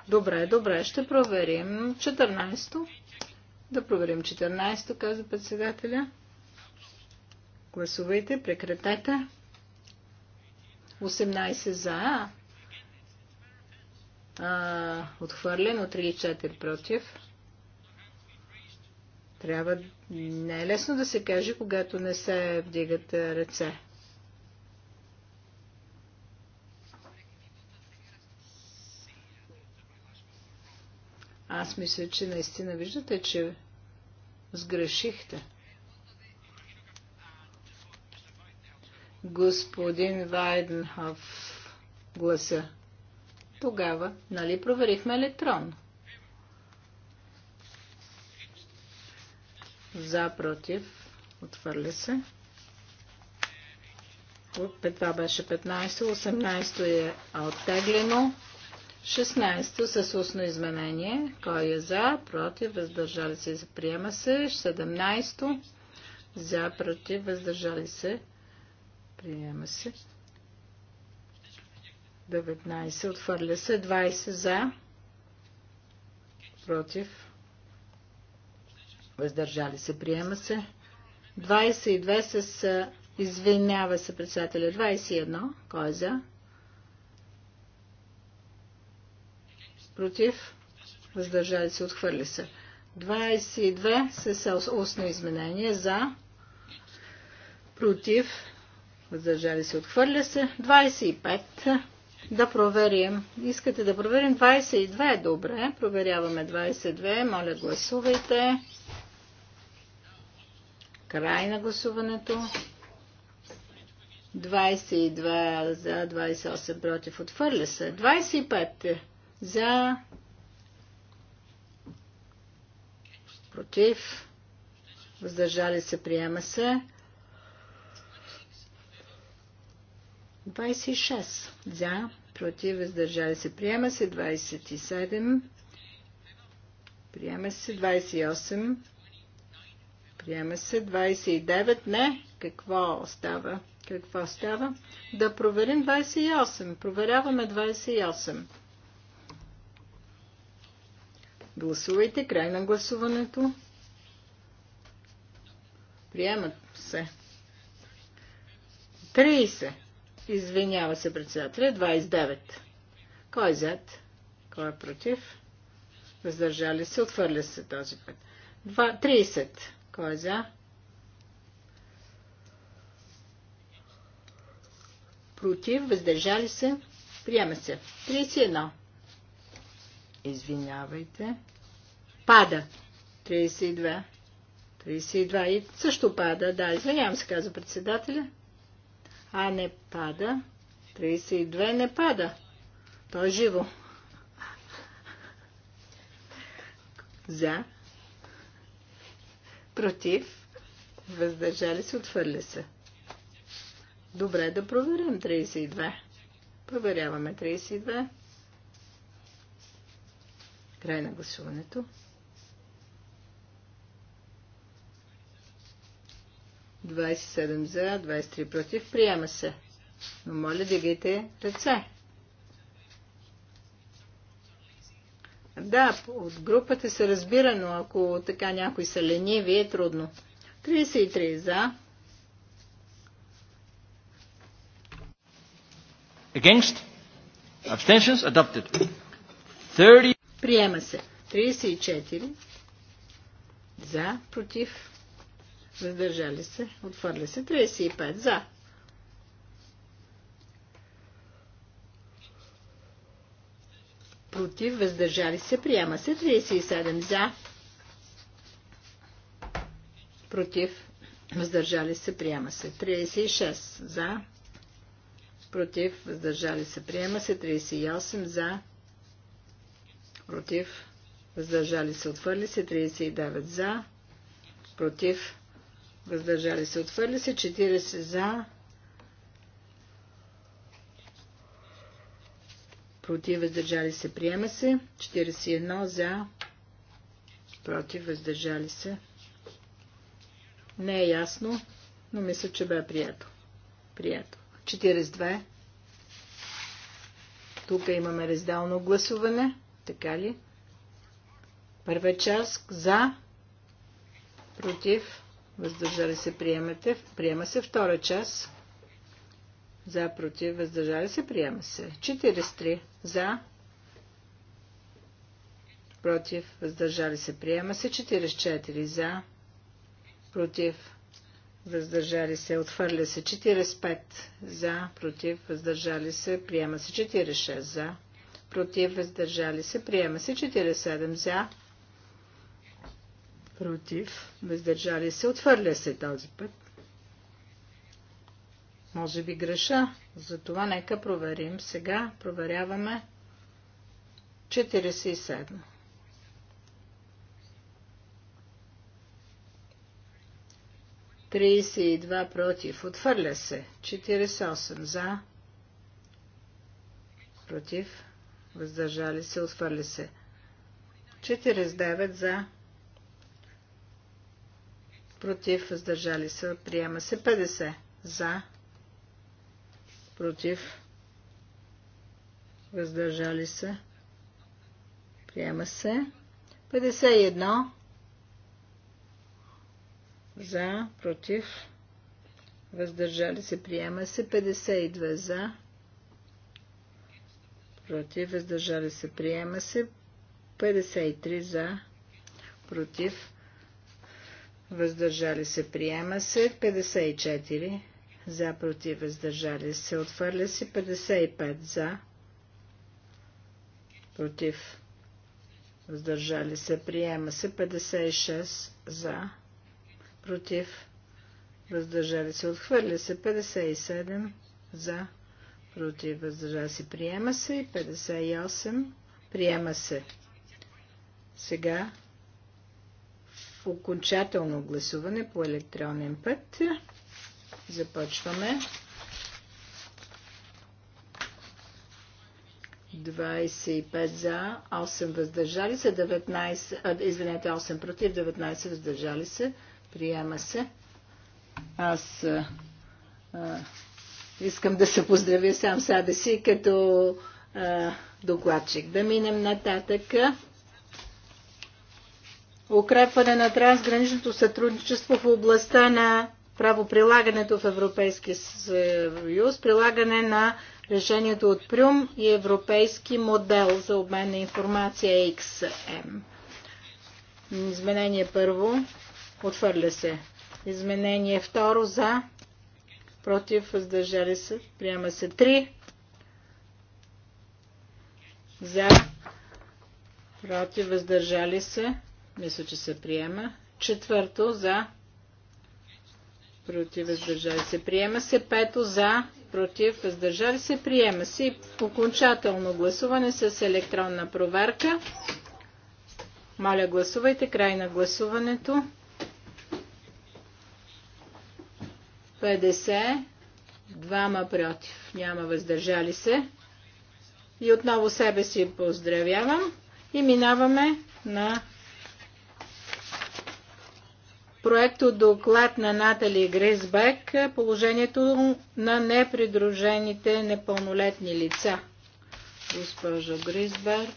Добре, добре. Ще проверим 14-то. Да проверим 14-то, каза председателя. Гласувайте, прекратете. 18 за. А, отхвърлено 3-4 против. Трябва не е лесно да се каже, когато не се вдигат ръце. Аз мисля, че наистина виждате, че сгрешихте. Господин Вайденхоф гласа. Тогава, нали проверихме електрон? За, против, отвърля се. Това беше 15, 18 е оттеглено. 16 с устно изменение. Кой е за, против, въздържали се, приема се. 17 за, против, въздържали се, приема се. 19 отхвърля се. 20 за, против, въздържали се, приема се. 22 с, извинява се председателя, 21, кой е за? против, въздържали се, отхвърли се. 22 със устно изменение за, против, въздържали се, отхвърля се. 25 да проверим. Искате да проверим 22? Е добре, проверяваме 22. Моля, гласувайте. Край на гласуването. 22 за 28 против. отхвърля се. 25 за, против, въздържали се, приема се. 26 за, против, въздържали се, приема се. 27 приема се. 28 приема се. 29 не. Какво става? Какво става? Да проверим 28. Проверяваме 28. Гласувайте. Край на гласуването. Приемат се. 30. Извинява се председателя. 29. Кой е зад? Кой е против? Въздържали се. Отвърля се този път. 30. Кой е за? Против. Въздържали се. Приема се. 31. Извинявайте. Пада. 32. 32. И също пада. Да, извинявам се, каза председателя. А не пада. 32 не пада. Той е живо. За. Против. Въздържали се, отвърли се. Добре да проверим 32. Проверяваме 32. Край на гласуването. 27 за, 23 против. Приема се. Но моля, дигайте ръце. Да, от групата се разбира, но ако така някои са лениви, е трудно. 33 за. Against? Abstentions adopted. 30... Приема се. 34 за, против, Задържали се, отвърля се. 35 за. Против, въздържали се, приема се. 37 за. Против, въздържали се, приема се. 36 за. Против, въздържали се, приема се. 38 за против, въздържали се, отвърли се, 39 за, против, въздържали се, отвърли се, 40 за, против, въздържали се, приема се, 41 за, против, въздържали се. Не е ясно, но мисля, че бе прието. Прието. 42. Тук имаме разделно гласуване. Така ли? Първа част за, против, въздържали се, приемате. Приема се втора част. За, против, въздържали се, приема се. 43. За, против, въздържали се, приема се. 44. За, против, въздържали се, отхвърля се. 45. За, против, въздържали се, приема се. 46. За, против, въздържали се, приема се 47 за, против, въздържали се, отвърля се този път. Може би греша, затова нека проверим. Сега проверяваме 47. Тридесет и два против. Отвърля се. Четиридесет осем за. Против въздържали се, отвърли се. 49 за, против, въздържали се, приема се. 50 за, против, въздържали се, приема се. 51 за, против, въздържали се, приема се. 52 за, против, въздържали се, приема се. 53 за, против, въздържали се, приема се. 54 за, против, въздържали се, отвърля се. 55 за, против, въздържали се, приема се. 56 за, против, въздържали се, отхвърля се. 57 за, против против въздържа се, приема се. 58, приема се. Сега в окончателно гласуване по електронен път започваме. 25 за, 8 въздържали се, 19, извинете, 8 против, 19 въздържали се. Приема се. Аз а, Искам да се поздравя сам себе си като а, докладчик. Да минем нататък. Укрепване на трансграничното сътрудничество в областта на правоприлагането в Европейския съюз, прилагане на решението от Прюм и европейски модел за обмен на информация XM. Изменение първо. Отвърля се. Изменение второ за против, въздържали се, приема се 3, за, против, въздържали се, мисля, че се приема, четвърто, за, против, въздържали се, приема се, пето, за, против, въздържали се, приема се и окончателно гласуване с електронна проверка. Моля, гласувайте край на гласуването. 50, двама против, няма въздържали се. И отново себе си поздравявам и минаваме на проекто доклад на Натали Гризбек положението на непридружените непълнолетни лица. Госпожо Гризбек,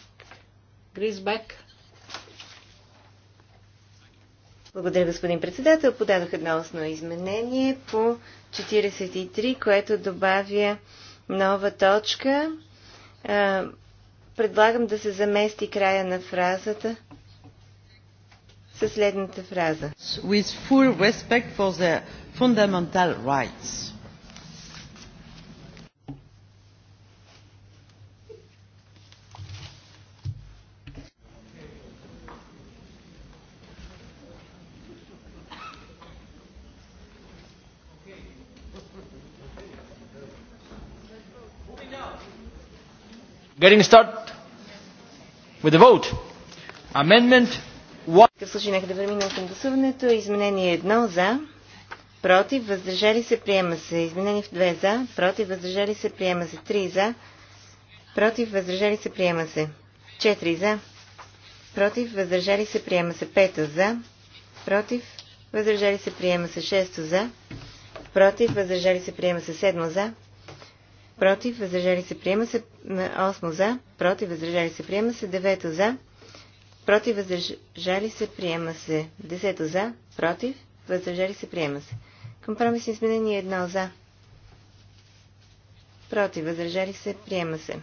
Гризбек. Благодаря, господин председател. Подадох едно основно изменение по 43, което добавя нова точка. Предлагам да се замести края на фразата със следната фраза. With full respect for their fundamental rights. Getting start with the vote. Amendment 1. В случай нека да преминем към гласуването. Изменение 1 за, против, въздържали се, приема се. Изменение 2 за, против, въздържали се, приема се. 3 за, против, въздържали се, приема се. 4 за, против, въздържали се, приема се. 5 за, против, въздържали се, приема се. 6 за, против, въздържали се, приема се. 7 за, против, въздържали се, приема се. 8 за, против, въздържали се, приема се. 9 за, против, въздържали се, приема се. 10 за, против, въздържали се, приема се. Компромисни изменения 1 за, против, въздържали се, приема се.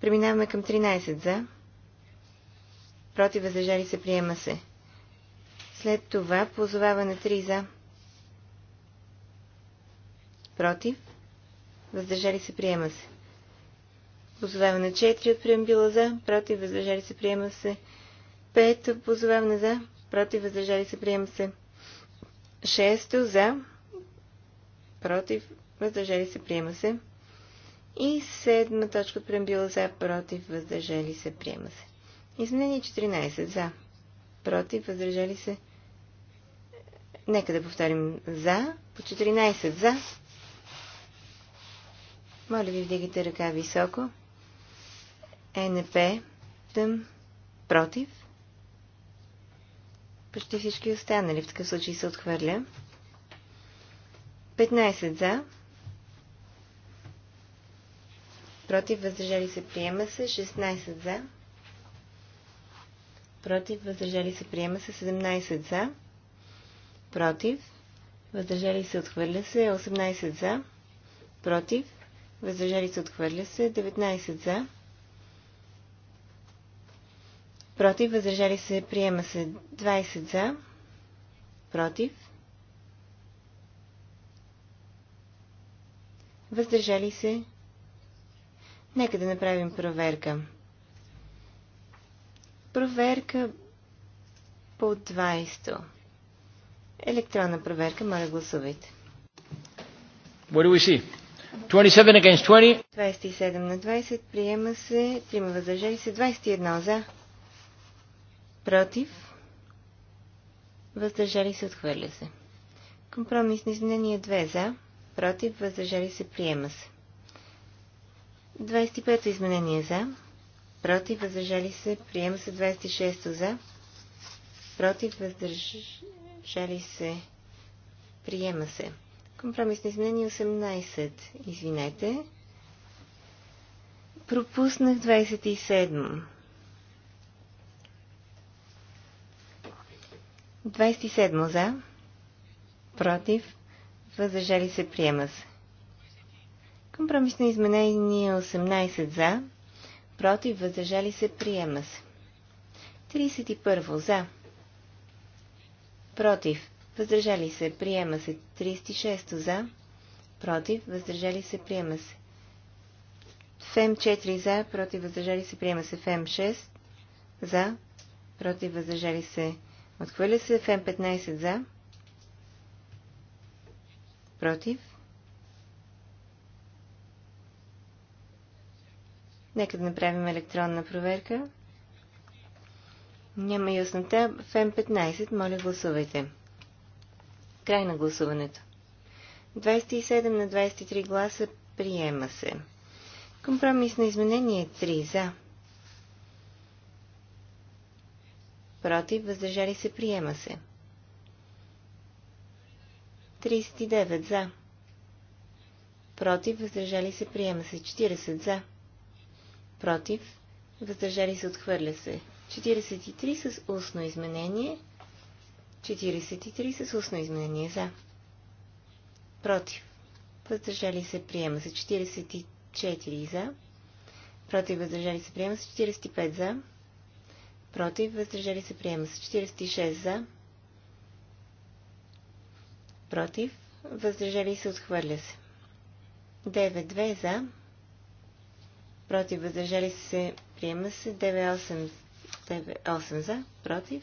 Преминаваме към 13 за, против, въздържали се, приема се. След това позовава на 3 за, против, въздържали се, приема се. Позоваване 4 от преамбила за, против, въздържали се, приема се. 5 позоваване за, против, въздържали се, приема се. 6 за, против, въздържали се, приема се. И седма точка от преамбила за, против, въздържали се, приема се. Изменение 14 за, против, въздържали се. Нека да повторим за, по 14 за, моля ви, вдигате ръка високо. Е НП, тъм, против. Почти всички останали. В такъв случай се отхвърля. 15 за. Против, въздържали се, приема се. 16 за. Против, въздържали се, приема се. 17 за. Против, въздържали се, отхвърля се. 18 за. Против, въздържали се, отхвърля се, 19 за, против, въздържали се, приема се, 20 за, против, въздържали се, нека да направим проверка. Проверка по 20. Електронна проверка, моля гласувайте. What do we see? 27 against 20. 27 на 20. Приема се. Трима въздържали се. 21 за. Против. Въздържали се. Отхвърля се. Компромисни изменения 2 за. Против. Въздържали се. Приема се. 25 изменение за. Против. Въздържали се. Приема се. 26 за. Против. Въздържали се. Приема се. Компромисно изменение 18. Извинете. Пропуснах 27. 27 за. Против. Въздържали се приема се. Компромисно изменение 18 за. Против. Въздържали се приема се. 31 за. Против въздържали се, приема се. 36 за, против, въздържали се, приема се. ФЕМ 4 за, против, въздържали се, приема се. ФЕМ 6 за, против, въздържали се, отхвърля се. ФЕМ 15 за, против. Нека да направим електронна проверка. Няма яснота. ФЕМ 15, моля гласувайте. Край на гласуването. 27 на 23 гласа приема се. Компромис на изменение 3 за. Против, въздържали се, приема се. 39 за. Против, въздържали се, приема се. 40 за. Против, въздържали се, отхвърля се. 43 с устно изменение – 43 с устно изменение за. Против. Въздържали се приема се 44 за. Против въздържали се приема се 45 за. Против въздържали се приема се 46 за. Против въздържали се отхвърля се. 9-2 за. Против въздържали се приема се 9-8 за. Против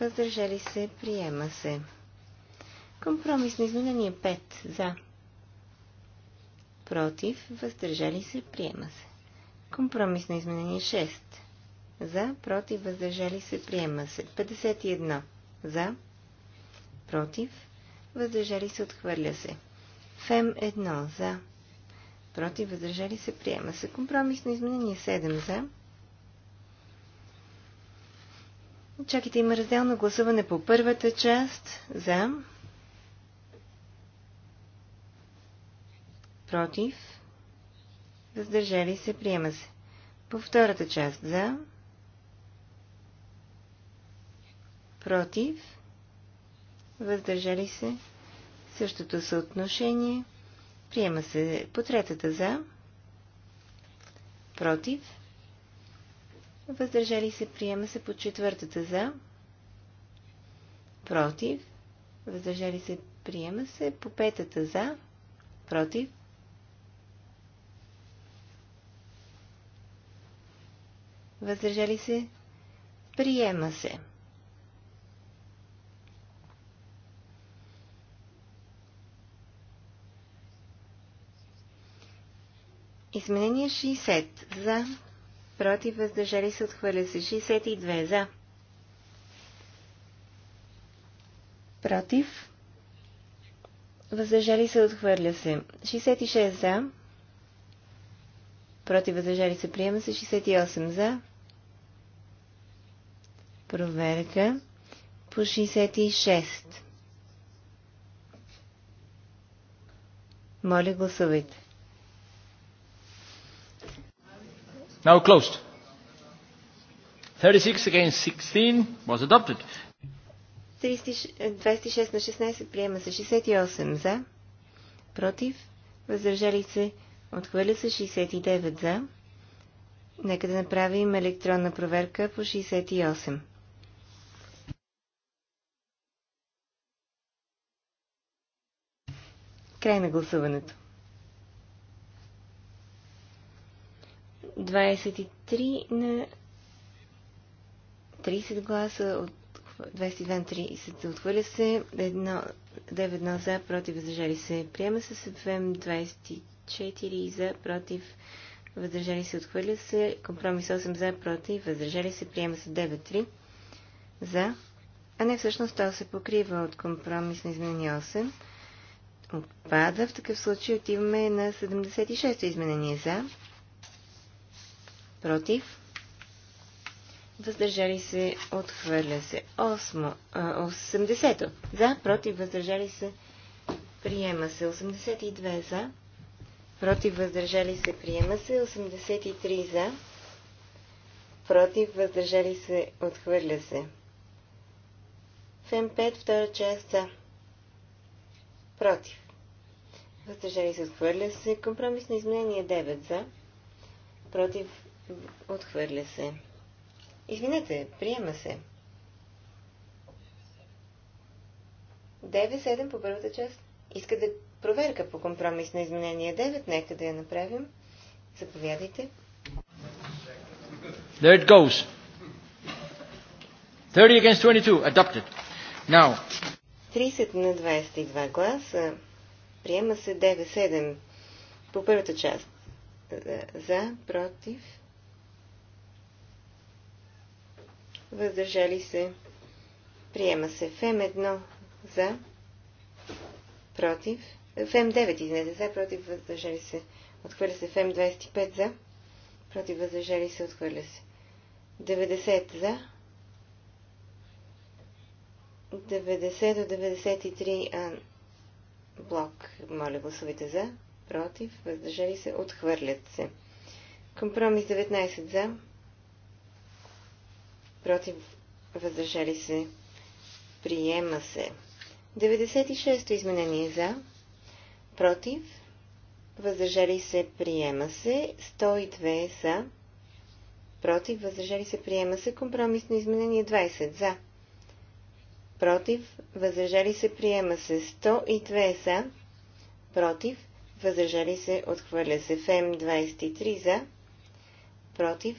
въздържали се, приема се. Компромисно изменение 5 за, против, въздържали се, приема се. на изменение 6 за, против, въздържали се, приема се. 51 за, против, въздържали се, отхвърля се. Фем 1 за, против, въздържали се, приема се. Компромисно изменение 7 за, Чакайте, има разделно гласуване по първата част. За. Против. Въздържали се. Приема се. По втората част. За. Против. Въздържали се. Същото съотношение. Приема се по третата за. Против. Въздържали се, приема се по четвъртата за. Против. Въздържали се, приема се по петата за. Против. Въздържали се, приема се. Изменение 60 за против, въздържали се, отхвърля се. 62 за, против, въздържали се, отхвърля се. 66 за, против, въздържали се, приема се. 68 за, проверка по 66. Моля, гласувайте. Now closed. 36 against 16 was adopted. 26 е, на 16 приема се 68 за, против, въздържали се, отхвърля се 69 за. Нека да направим електронна проверка по 68. Край на гласуването. 23 на 30 гласа, от 22 на 30 отхвърля се, 1, 9 за, против, въздържали се, приема се, 2 24 за, против, въздържали се, отхвърля се, компромис 8 за, против, въздържали се, приема се, 9, 3 за, а не всъщност то се покрива от компромис на изменение 8. Отпада. В такъв случай отиваме на 76-то изменение за против, въздържали се, отхвърля се. 8, 80 за, против, въздържали се, приема се. 82 за, против, въздържали се, приема се. 83 за, против, въздържали се, отхвърля се. Фем 5, втора част за, против. Въздържали се, отхвърля се. Компромисно изменение 9 за, против, Отхвърля се. Извинете, приема се. 9-7 по първата част. Иска да проверка по компромис на изменение 9. Нека да я направим. Заповядайте. There it goes. 30 against 22. Adopted. Now. 30 на 22 гласа. Приема се 9-7 по първата част. За, против, въздържали се, приема се. ФЕМ 1 за, против, ФЕМ 9 изнесе за, против, въздържали се, отхвърля се. ФЕМ 25 за, против, въздържали се, отхвърля се. 90 за, 90 до 93 а, блок. Моля гласовете за, против, въздържали се, отхвърлят се. Компромис 19 за, против, въздържали се, приема се. 96-то изменение за, против, въздържали се, приема се. 102 за, против, въздържали се, приема се. Компромисно изменение 20 за, против, въздържали се, приема се. 102 за, против, въздържали се, отхвърля се. ФМ 23 за, против,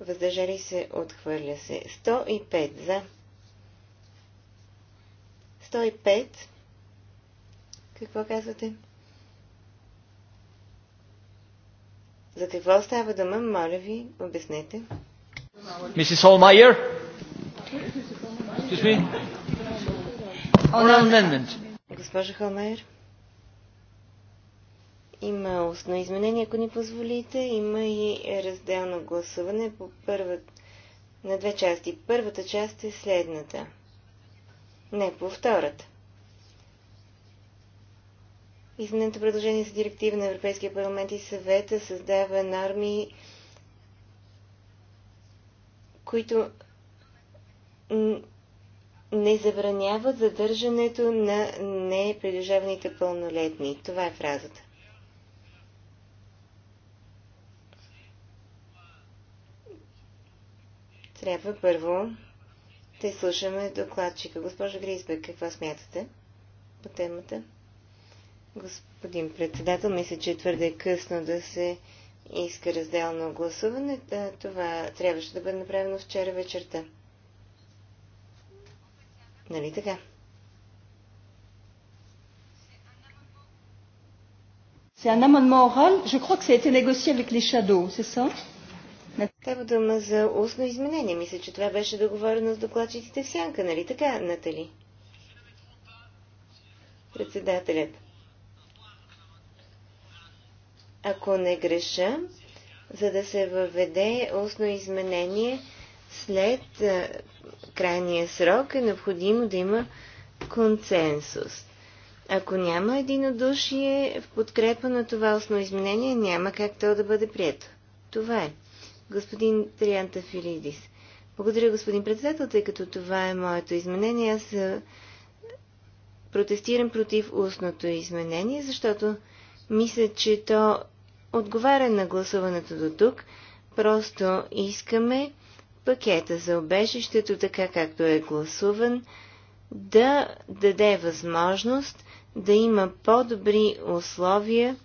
въздържали се, отхвърля се. 105 за. 105. Какво казвате? За какво става дума, моля ви, обяснете. Мисис Холмайер. Excuse me? amendment. Госпожа Холмайер. Има устно изменение, ако ни позволите. Има и разделно гласуване по първа... на две части. Първата част е следната. Не, по втората. Измененото предложение за директива на Европейския парламент и съвета създава норми, които не забраняват задържането на неприлежаваните пълнолетни. Това е фразата. трябва първо да изслушаме докладчика. Госпожа Гризбек, какво смятате по темата? Господин председател, мисля, че е твърде късно да се иска разделно гласуване. Това трябваше да бъде направено вчера вечерта. Нали така? C'est un amendement oral. Je crois que ça a été négocié avec les shadows, c'est ça Става дума за устно изменение. Мисля, че това беше договорено с докладчиците в сянка, нали така, Натали? Председателят. Ако не греша, за да се въведе устно изменение след крайния срок е необходимо да има консенсус. Ако няма единодушие в подкрепа на това устно изменение, няма как то да бъде прието. Това е господин Трианта Филидис. Благодаря, господин председател, тъй като това е моето изменение. Аз е, протестирам против устното изменение, защото мисля, че то отговаря на гласуването до тук. Просто искаме пакета за обежището, така както е гласуван, да даде възможност да има по-добри условия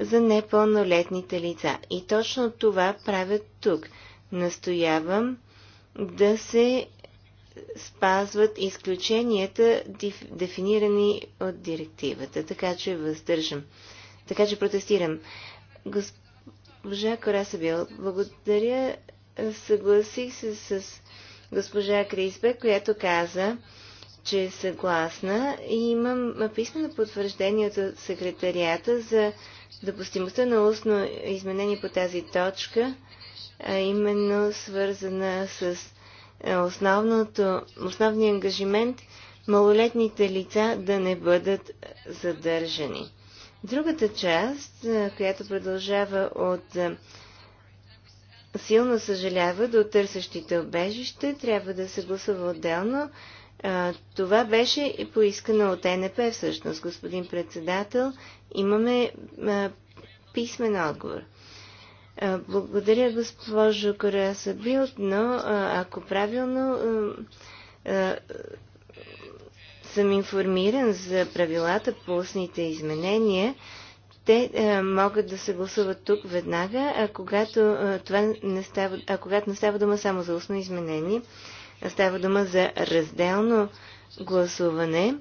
за непълнолетните лица. И точно това правят тук. Настоявам да се спазват изключенията, дефинирани от директивата. Така че въздържам. Така че протестирам. Госпожа Корасабил, благодаря. Съгласих се с госпожа Крисбе, която каза, че е съгласна и имам писмено потвърждение от секретарията за допустимостта на устно изменение по тази точка, а именно свързана с е, основното, основния ангажимент малолетните лица да не бъдат задържани. Другата част, е, която продължава от е, силно съжалява до търсещите обежище, трябва да се гласува отделно, а, това беше поискано от НП всъщност, господин председател. Имаме а, писмен отговор. А, благодаря, госпожо Кораса Билт, но ако правилно съм информиран за правилата по устните изменения, те а, могат да се гласуват тук веднага, а когато, а, това не става, а когато не става дума само за устно изменение, става дума за разделно гласуване,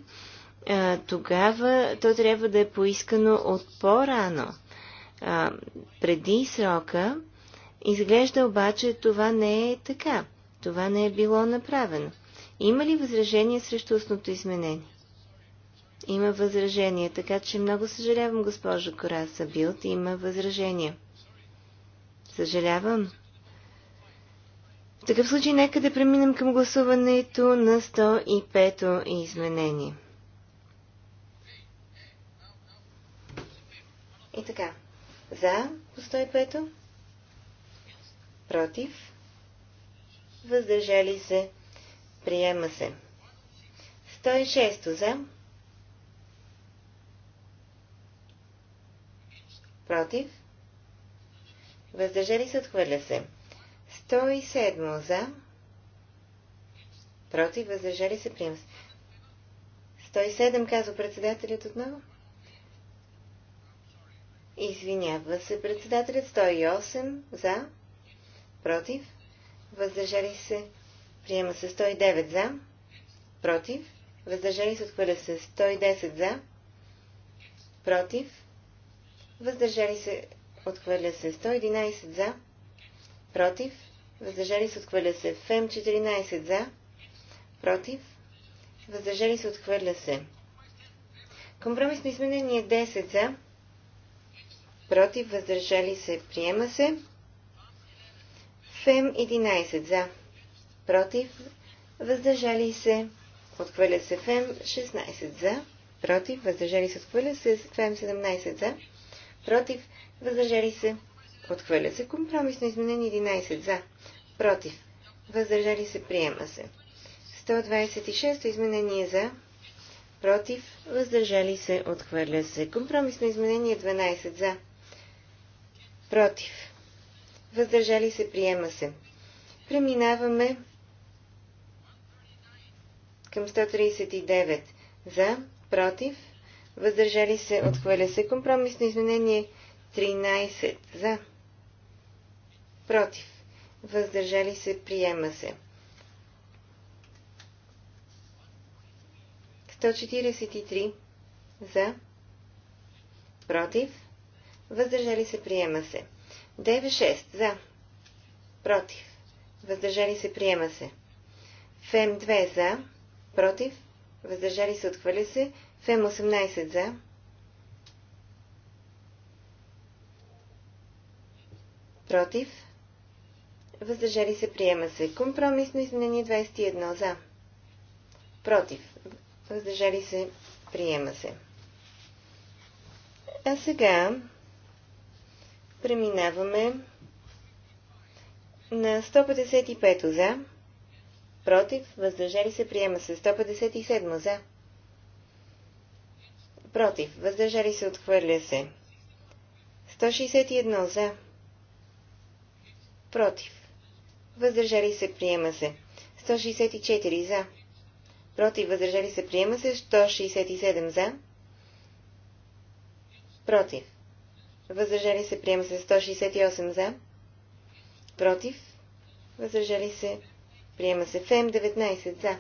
тогава то трябва да е поискано от по-рано, преди срока. Изглежда обаче това не е така. Това не е било направено. Има ли възражение срещу устното изменение? Има възражение, така че много съжалявам, госпожо Кораса Билт, има възражение. Съжалявам такъв случай нека да преминем към гласуването на 105-то изменение. И така. За 105-то? Против? Въздържали се? Приема се. 106-то за? Против? Въздържали се? Отхвърля се. 107 за. Против, въздържали се, приема се. 107, казва председателят отново. Извинява се председателят. 108 за. Против. Въздържали се. Приема се 109 за. Против. Въздържали се. Отхвърля се 110 за. Против. Въздържали се. Отхвърля се 111 за. Против въздържали се, отхвърля се. ФЕМ 14 за, против, въздържали се, отхвърля се. Компромисно изменение 10 за, против, въздържали се, приема се. ФЕМ 11 за, против, въздържали се, отхвърля се. ФЕМ 16 за, против, въздържали се, отхвърля се. ФЕМ 17 за, против, въздържали се, Отхвърля се компромисно изменение 11 за. Против. Въздържали се. Приема се. 126 изменение за. Против. Въздържали се. Отхвърля се. Компромисно изменение 12 за. Против. Въздържали се. Приема се. Преминаваме към 139 за. Против. Въздържали се. Отхвърля се. Компромисно изменение 13 за против, въздържали се, приема се. 143 за, против, въздържали се, приема се. 96 за, против, въздържали се, приема се. ФЕМ 2 за, против, въздържали се, отхвърля се. ФЕМ 18 за, против, въздържали се, приема се. Компромисно изменение 21 за, против, въздържали се, приема се. А сега преминаваме на 155 за, против, въздържали се, приема се. 157 за, против, въздържали се, отхвърля се. 161 за, против, въздържали се, приема се. 164 за, против, въздържали се, приема се. 167 за, против, въздържали се, приема се. 168 за, против, въздържали се, приема се. ФМ 19 за,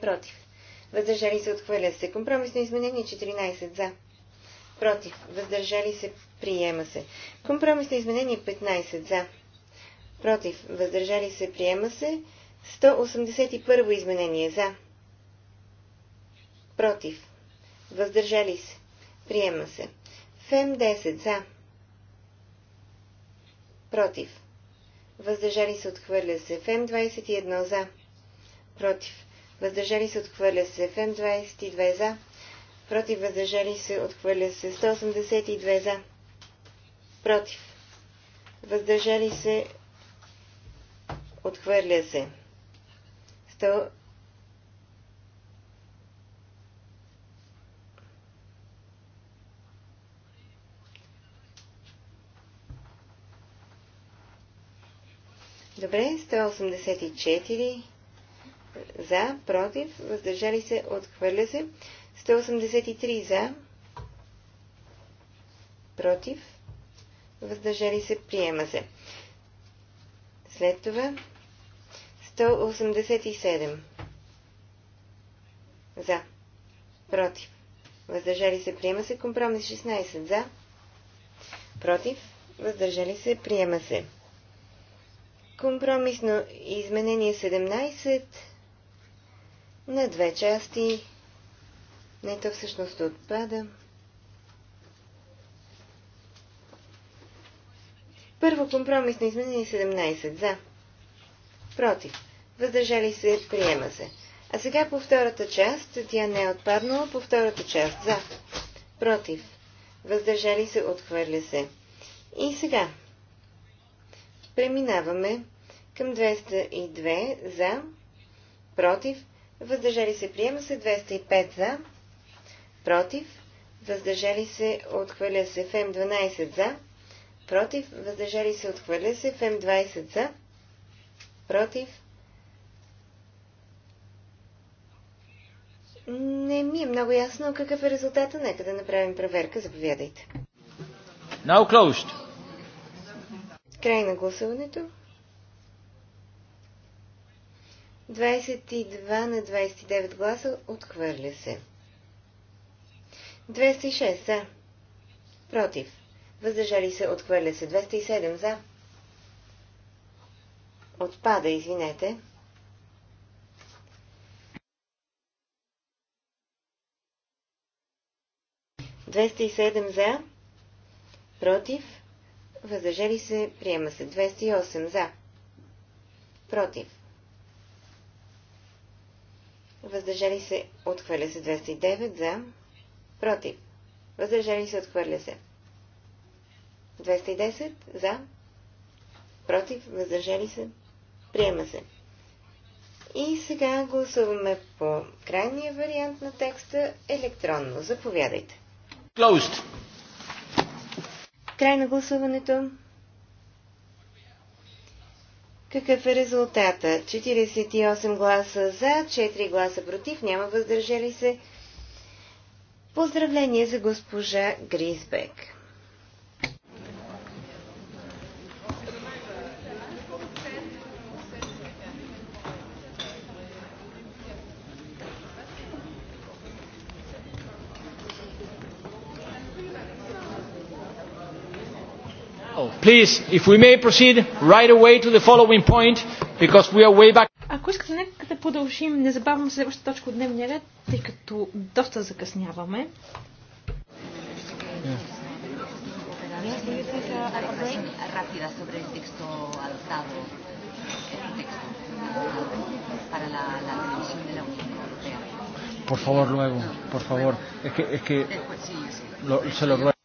против. Въздържали се отхвърля се. Компромисно изменение 14 за. Против. Въздържали се. Приема се. Компромисно изменение 15 за против, въздържали се, приема се. 181 изменение за, против, въздържали се, приема се. ФЕМ 10 за, против, въздържали се, отхвърля се. ФЕМ 21 за, против, въздържали се, отхвърля се. ФЕМ 22 за, против, въздържали се, отхвърля се. 182 за, против, въздържали се, Отхвърля се. 100... Добре, 184 за, против, въздържали се, отхвърля се. 183 за, против, въздържали се, приема се. След това 187. За. Против. Въздържали се. Приема се. Компромис 16. За. Против. Въздържали се. Приема се. Компромисно изменение 17 на две части. Не, то всъщност отпада. Първо компромисно изменение 17. За. Против въздържали се, приема се. А сега по втората част, тя не е отпаднала, по втората част, за, против, въздържали се, отхвърля се. И сега преминаваме към 202 за, против, въздържали се, приема се, 205 за, против, въздържали се, отхвърля се, ФМ 12 за, против, въздържали се, отхвърля се, ФМ 20 за, против, Не ми е много ясно какъв е резултата. Нека да направим проверка. Заповядайте. Now closed. Край на гласуването. 22 на 29 гласа отхвърля се. 206 за. Против. Въздържали се отхвърля се. 207 за. Отпада, извинете. 207 за, против, въздържали се, приема се. 208 за, против, въздържали се, отхвърля се. 209 за, против, въздържали се, отхвърля се. 210 за, против, въздържали се, приема се. И сега гласуваме по крайния вариант на текста електронно. Заповядайте. Closed. Край на гласуването. Какъв е резултата? 48 гласа за, 4 гласа против, няма въздържали се. Поздравление за госпожа Гризбек. Please, if we may proceed right away to the following point, because we are way back. Ако искате, нека да продължим незабавно следващата точка от дневния ред, тъй като доста закъсняваме. Yeah. Yes, do you take a, a break rápida sobre el texto adoptado, el texto para la, la televisión de la Unión Europea? Por favor, luego, por favor. Es que, es que lo, se lo ruego.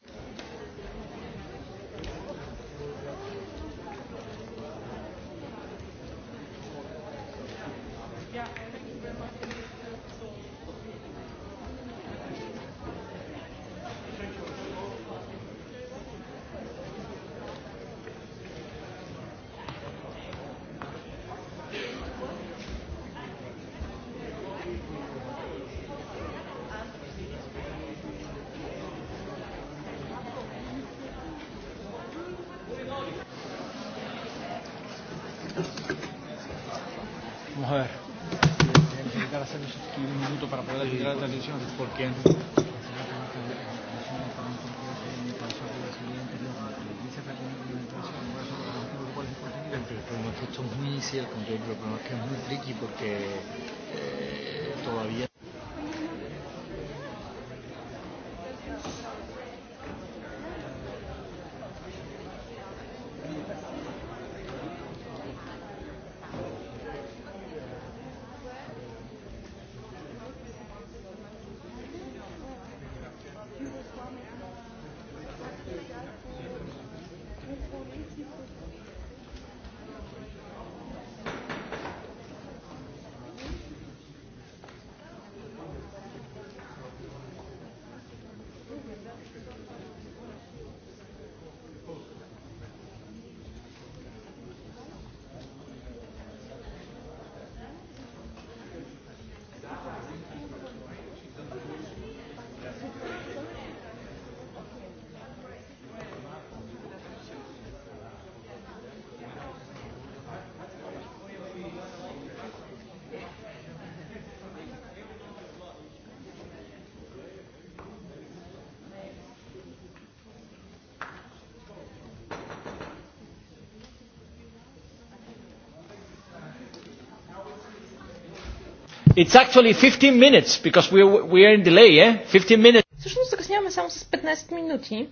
It's actually 15 minutes, because we are, we are in delay, eh? 15 minutes. Всъщност закъсняваме само с 15 минути.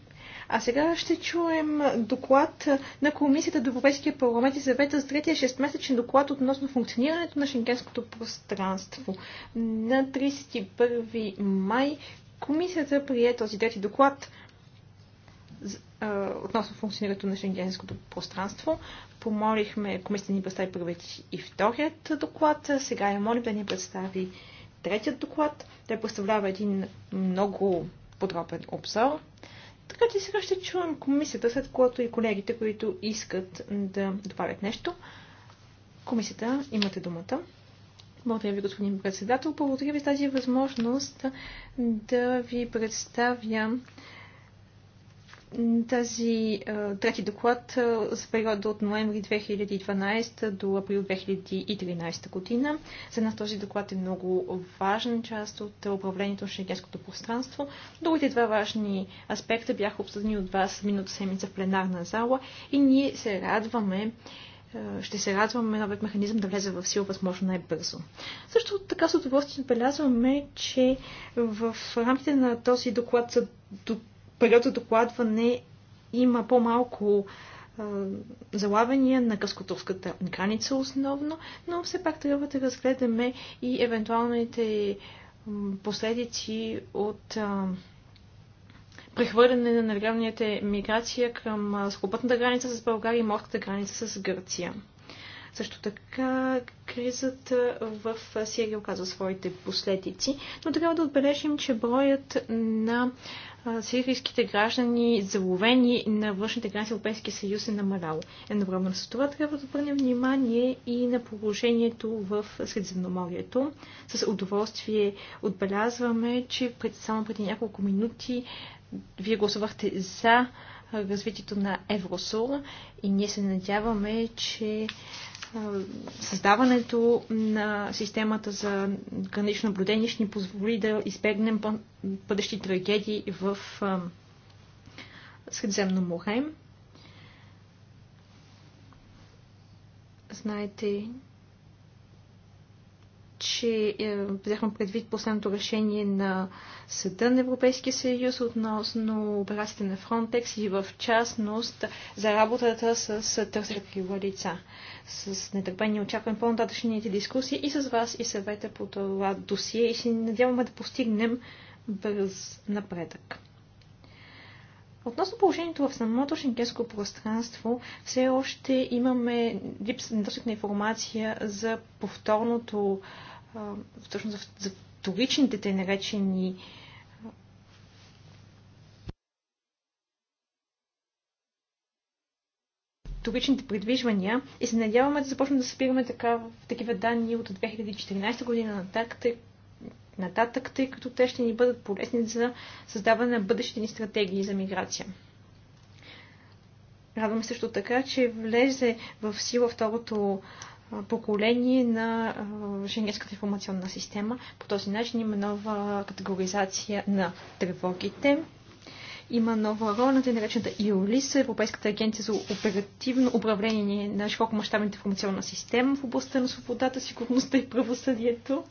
А сега ще чуем доклад на Комисията до Европейския парламент и съвета за третия 6-месечен доклад относно функционирането на шенгенското пространство. На 31 май комисията прие този трети доклад относно функционирането на шенгенското пространство. Помолихме комисията ни представи първият и вторият доклад. Сега я молим да ни представи третият доклад. Той представлява един много подробен обзор. Така че сега ще чуем комисията, след което и колегите, които искат да добавят нещо. Комисията, имате думата. Благодаря ви, господин председател. Благодаря ви тази възможност да ви представя тази трети доклад за периода от ноември 2012 до април 2013 година. За нас този доклад е много важен част от управлението на шенгенското пространство. Другите два важни аспекта бяха обсъдени от вас миналата седмица в пленарна зала и ние се радваме, ще се радваме новият механизъм да влезе в сила възможно най-бързо. Също така с удоволствие отбелязваме, че в рамките на този доклад за период докладване има по-малко залавяния на къскотовската граница основно, но все пак трябва да разгледаме и евентуалните последици от прехвърляне на нелегалните миграция към скопътната граница с България и морската граница с Гърция. Също така кризата в Сирия оказва своите последици, но трябва да отбележим, че броят на сирийските граждани, заловени на външните граници Европейския съюз е намаляло. Едновременно с това трябва да обърнем внимание и на положението в Средиземноморието. С удоволствие отбелязваме, че пред, само преди няколко минути вие гласувахте за развитието на Евросур и ние се надяваме, че създаването на системата за гранично наблюдение ще ни позволи да избегнем бъдещи трагедии в Средземно море. Знаете, че е, взехме предвид последното решение на Съда на Европейския съюз относно операциите на Фронтекс и в частност за работата с търсещи лица. С нетърпение очакваме по-нататъчните дискусии и с вас и съвета по това досие и се надяваме да постигнем бърз напредък. Относно положението в самото шенгенско пространство, все още имаме липса недостиг на информация за повторното всъщност за вторичните те наречени вторичните предвижвания и се надяваме да започнем да събираме така, в такива данни от 2014 година нататък, тъй, като те ще ни бъдат полезни за създаване на бъдещите ни стратегии за миграция. Радвам също така, че влезе в сила второто поколение на Шенгенската информационна система. По този начин има нова категоризация на тревогите. Има нова роля на тъй наречената ИОЛИС, Европейската агенция за оперативно управление на широкомащабната информационна система в областта на свободата, сигурността и правосъдието.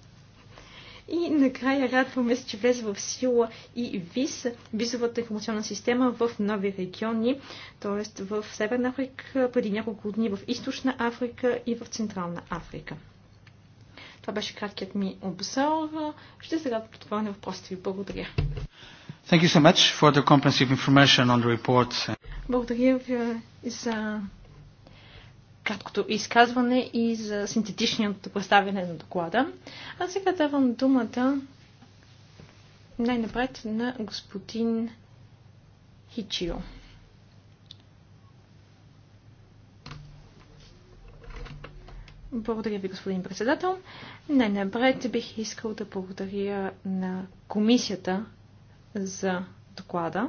И накрая радваме се, че влезе в сила и ВИС, визовата информационна система в нови региони, т.е. в Северна Африка, преди няколко дни в Източна Африка и в Централна Африка. Това беше краткият ми обзор. Ще се радвам да отговоря е на въпросите ви. Благодаря. Thank you so much for the comprehensive information on the report. Благодаря ви за краткото изказване и за синтетичното представяне на доклада. А сега давам думата най-напред на господин Хичио. Благодаря ви, господин председател. Най-напред бих искал да благодаря на комисията за доклада.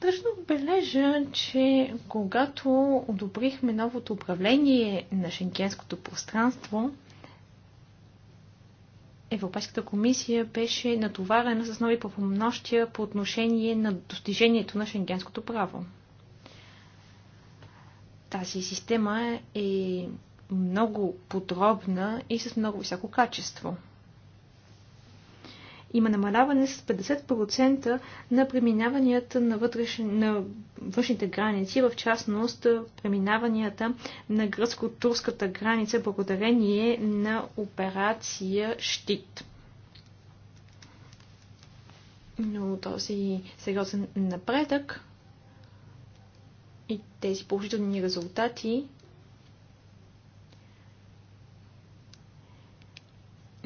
Тъжно бележа, отбележа, че когато одобрихме новото управление на шенгенското пространство, Европейската комисия беше натоварена с нови правомнощия по отношение на достижението на шенгенското право. Тази система е много подробна и с много високо качество – има намаляване с 50% на преминаванията на, вътрешен, на външните граници, в частност преминаванията на гръцко-турската граница благодарение на операция Щит. Но този сериозен напредък и тези положителни резултати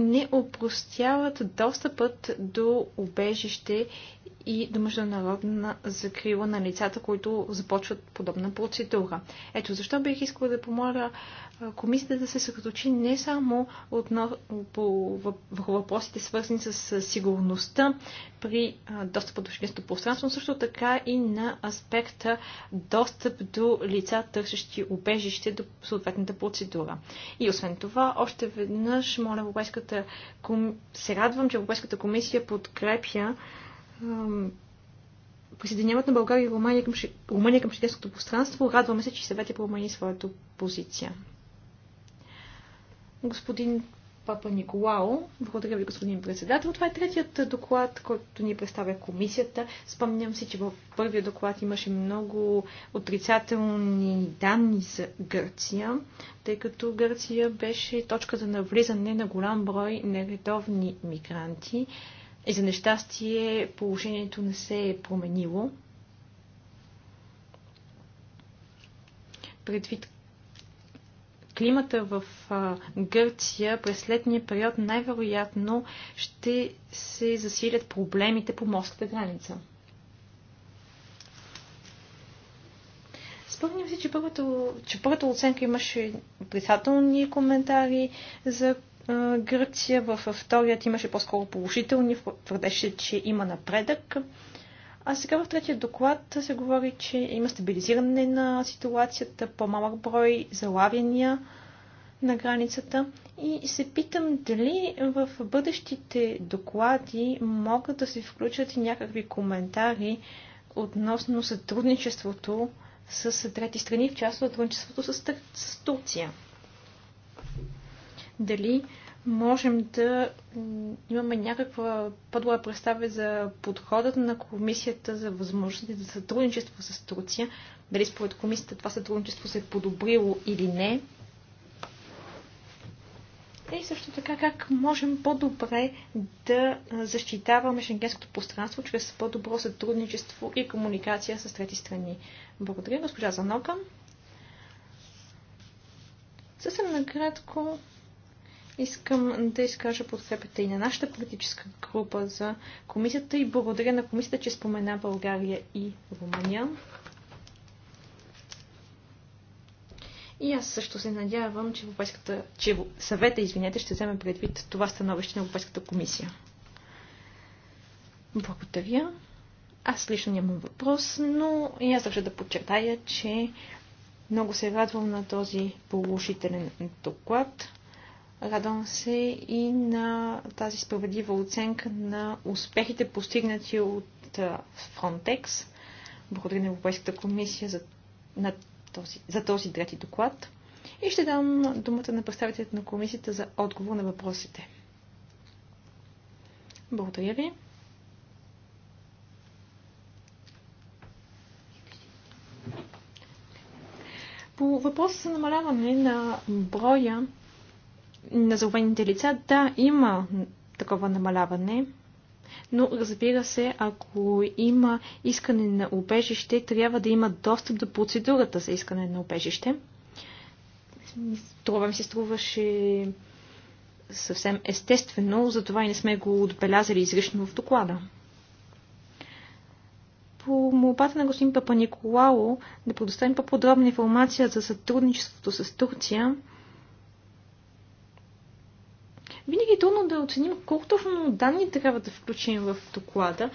не опростяват достъпът до убежище и до международна закрила на лицата, които започват подобна процедура. Ето защо бих искала да помоля комисията да се съсредоточи не само отново въпросите свързани с сигурността при достъп до шкенското пространство, но също така и на аспекта достъп до лица, търсещи убежище до съответната процедура. И освен това, още веднъж моля Европейската се радвам, че Европейската комисия подкрепя присъединяват на България и Румъния към, Румъния към шенгенското пространство. Радваме се, че съветът промени своята позиция. Господин Папа Николао. Благодаря ви, господин председател. Това е третият доклад, който ни представя комисията. Спомням си, че в първия доклад имаше много отрицателни данни за Гърция, тъй като Гърция беше точката на влизане на голям брой нередовни мигранти и е за нещастие положението не се е променило. Предвид климата в Гърция през летния период най-вероятно ще се засилят проблемите по морската граница. Спомням си, че първата, че първата оценка имаше отрицателни коментари за Гърция. Във вторият имаше по-скоро положителни, твърдеше, че има напредък. А сега в третия доклад се говори, че има стабилизиране на ситуацията, по-малък брой залавяния на границата и се питам дали в бъдещите доклади могат да се включат и някакви коментари относно сътрудничеството с трети страни, в част сътрудничеството с Турция дали можем да имаме някаква по-добра представа за подходът на комисията за възможности за сътрудничество с Турция. Дали според комисията това сътрудничество се е подобрило или не. И също така как можем по-добре да защитаваме шенгенското пространство чрез по-добро сътрудничество и комуникация с трети страни. Благодаря, госпожа Занока. Съвсем накратко Искам да изкажа подкрепата и на нашата политическа група за комисията и благодаря на комисията, че спомена България и Румъния. И аз също се надявам, че, Европейската, че съвета, извинете, ще вземе предвид това становище на Европейската комисия. Благодаря. Аз лично нямам въпрос, но и аз държа да подчертая, че много се радвам на този положителен доклад. Радвам се и на тази справедлива оценка на успехите постигнати от Frontex. Благодаря на Европейската комисия за, на този, за този трети доклад. И ще дам думата на представителите на комисията за отговор на въпросите. Благодаря ви. По въпроса за намаляване на броя на заловените лица. Да, има такова намаляване, но разбира се, ако има искане на убежище, трябва да има достъп до процедурата за искане на убежище. Това ми се струваше съвсем естествено, затова и не сме го отбелязали изрично в доклада. По молбата на господин Папа Николао да предоставим по-подробна информация за сътрудничеството с Турция, винаги е трудно да оценим колко точно данни трябва да включим в доклада,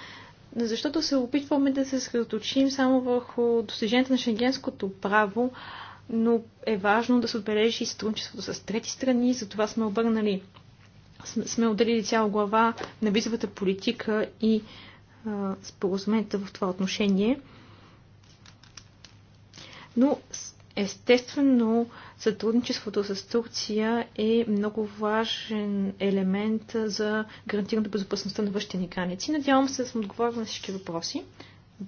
защото се опитваме да се съсредоточим само върху достиженията на шенгенското право, но е важно да се отбележи и сътрудничеството с трети страни, за това сме обърнали, сме отделили цяла глава на визовата политика и споразумението в това отношение. Но Естествено, сътрудничеството с Турция е много важен елемент за гарантирането безопасността на външните ни граници. Надявам се да съм отговорила на всички въпроси.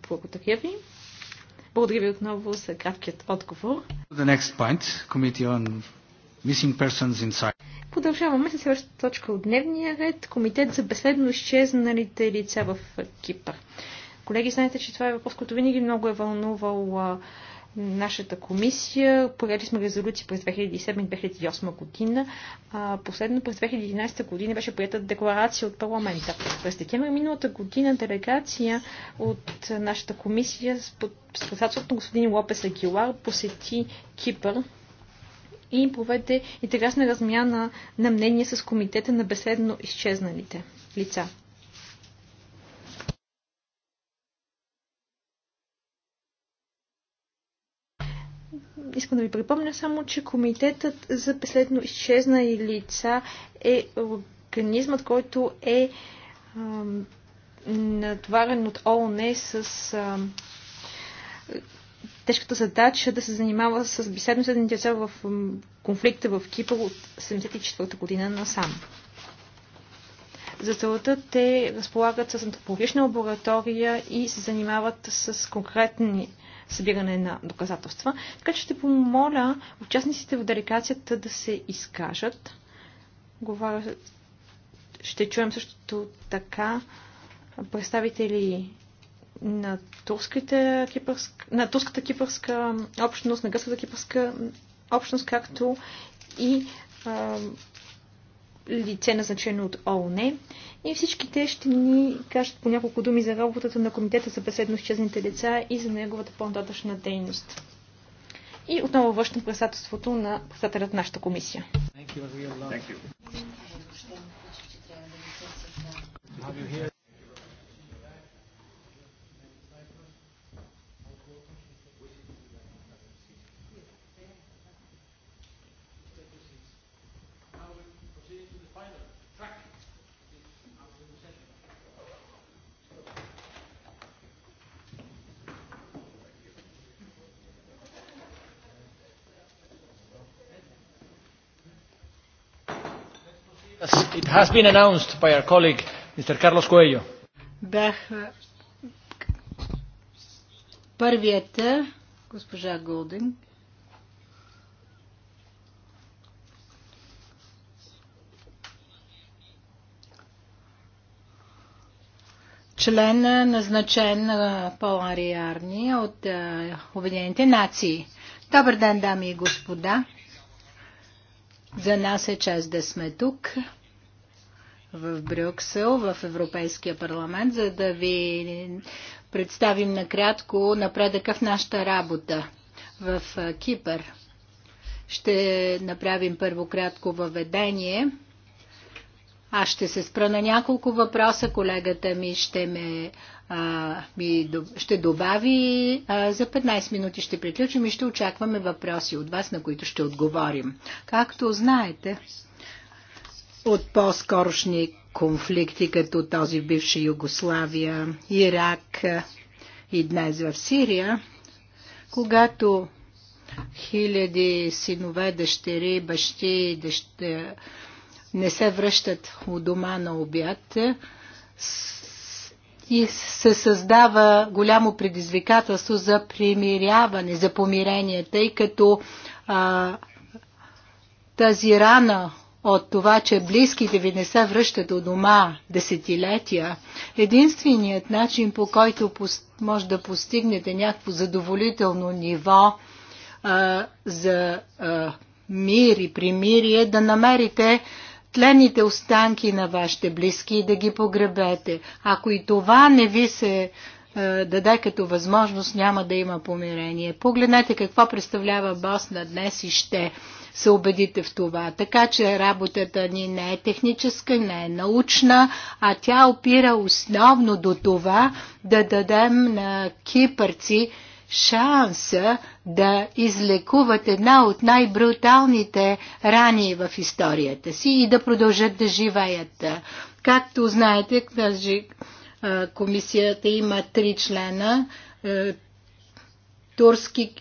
Благодаря ви. Благодаря ви отново за краткият отговор. Продължаваме с следващата точка от дневния ред. Комитет за безследно изчезналите лица в Кипър. Колеги, знаете, че това е въпрос, който винаги много е вълнувал нашата комисия. Порели сме резолюции през 2007-2008 година. А, последно през 2011 година беше прията декларация от парламента. През декември миналата година делегация от нашата комисия с председателството на господин Лопес Агилар посети Кипър и проведе интересна размяна на мнение с комитета на беседно изчезналите лица. Искам да ви припомня само, че комитетът за изчезна изчезнали лица е организмът, който е натварен от ООН с тежката задача да се занимава с беседно съдените деца в конфликта в Кипър от 1974 година насам. За целата те разполагат с антропологична лаборатория и се занимават с конкретни събиране на доказателства. Така че ще помоля участниците в делегацията да се изкажат. Говоря, ще чуем също така представители на, кипърск, на турската кипърска общност, на гръцката кипърска общност, както и а, лице назначено от ООН. И всички те ще ни кажат по няколко думи за работата на Комитета за беседно изчезните деца и за неговата по-нататъчна дейност. И отново връщам председателството на председателя на нашата комисия. Thank you. has been announced by our colleague, Mr. Carlos Coelho. Бях първият, госпожа Голдинг. член, назначен Пол Анри от е, Обединените нации. Добър ден, дами и господа! За нас е чест да сме тук в Брюксел, в Европейския парламент, за да ви представим накратко напредъка в нашата работа в Кипър. Ще направим първо кратко въведение. Аз ще се спра на няколко въпроса. Колегата ми ще ме а, ми, ще добави. А, за 15 минути ще приключим и ще очакваме въпроси от вас, на които ще отговорим. Както знаете, от по-скорошни конфликти, като този в бивша Югославия, Ирак е, и днес в Сирия, когато хиляди синове, дъщери, бащи, дъще, не се връщат у дома на обяд е, и се създава голямо предизвикателство за примиряване, за помирение, тъй като а, тази рана от това, че близките ви не се връщат у дома десетилетия, единственият начин по който може да постигнете някакво задоволително ниво а, за а, мир и примирие, е да намерите тлените останки на вашите близки и да ги погребете. Ако и това не ви се даде като възможност, няма да има помирение. Погледнете какво представлява Босна днес и ще се убедите в това. Така че работата ни не е техническа, не е научна, а тя опира основно до това да дадем на кипърци шанса да излекуват една от най-бруталните рани в историята си и да продължат да живеят. Както знаете, тази комисията има три члена, турски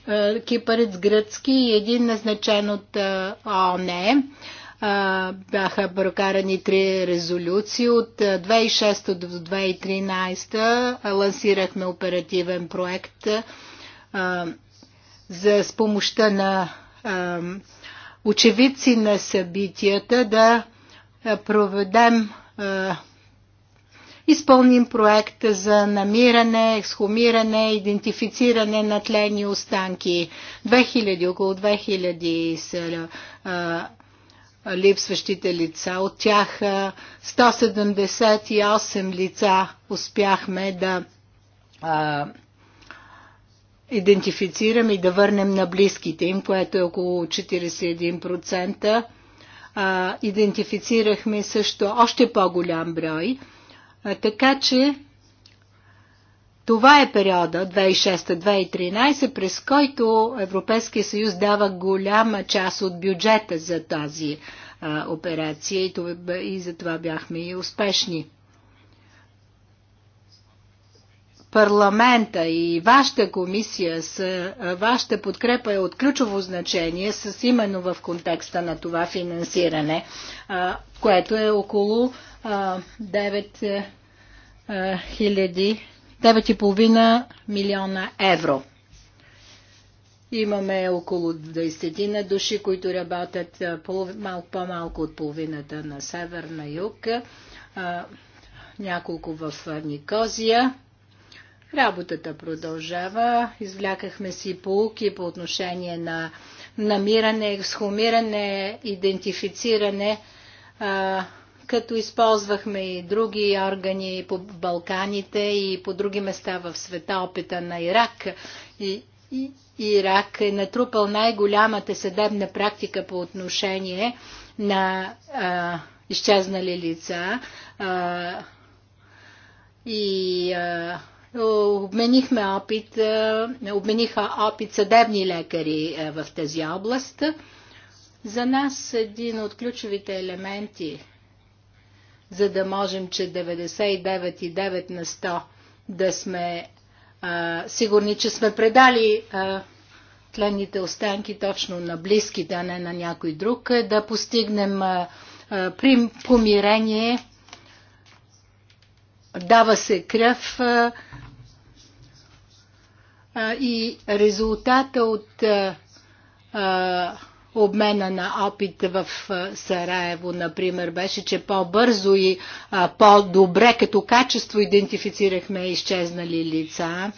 кипарец, гръцки и един назначен от ООН. Бяха прокарани три резолюции. От 2006 до 2013 лансирахме оперативен проект за с помощта на очевидци на събитията да проведем изпълним проект за намиране, ексхумиране, идентифициране на тлени останки. 2000, около 2000 са а, липсващите лица. От тях 178 лица успяхме да а, идентифицираме и да върнем на близките им, което е около 41%. А, идентифицирахме също още по-голям брой така че това е периода 2006-2013, през който Европейския съюз дава голяма част от бюджета за тази а, операция и, това, и за това бяхме и успешни. парламента и вашата комисия, с вашата подкрепа е от ключово значение, с именно в контекста на това финансиране, което е около 9,5 милиона евро. Имаме около 20 на души, които работят по-малко, по-малко от половината на север, на юг, няколко в Никозия Работата продължава. Извлякахме си полуки по отношение на намиране, ексхумиране, идентифициране, а, като използвахме и други органи по Балканите и по други места в света, опита на Ирак. И, и Ирак е натрупал най-голямата съдебна практика по отношение на а, изчезнали лица а, и а, е, обменихме опит, е, обмениха опит съдебни лекари е, в тази област. За нас един от ключовите елементи, за да можем, че 99,9 на 100 да сме а, сигурни, че сме предали а, тленните останки точно на близките, а не на някой друг, да постигнем а, а, при помирение дава се кръв и резултата от обмена на опит в Сараево, например, беше, че по-бързо и по-добре като качество идентифицирахме изчезнали лица.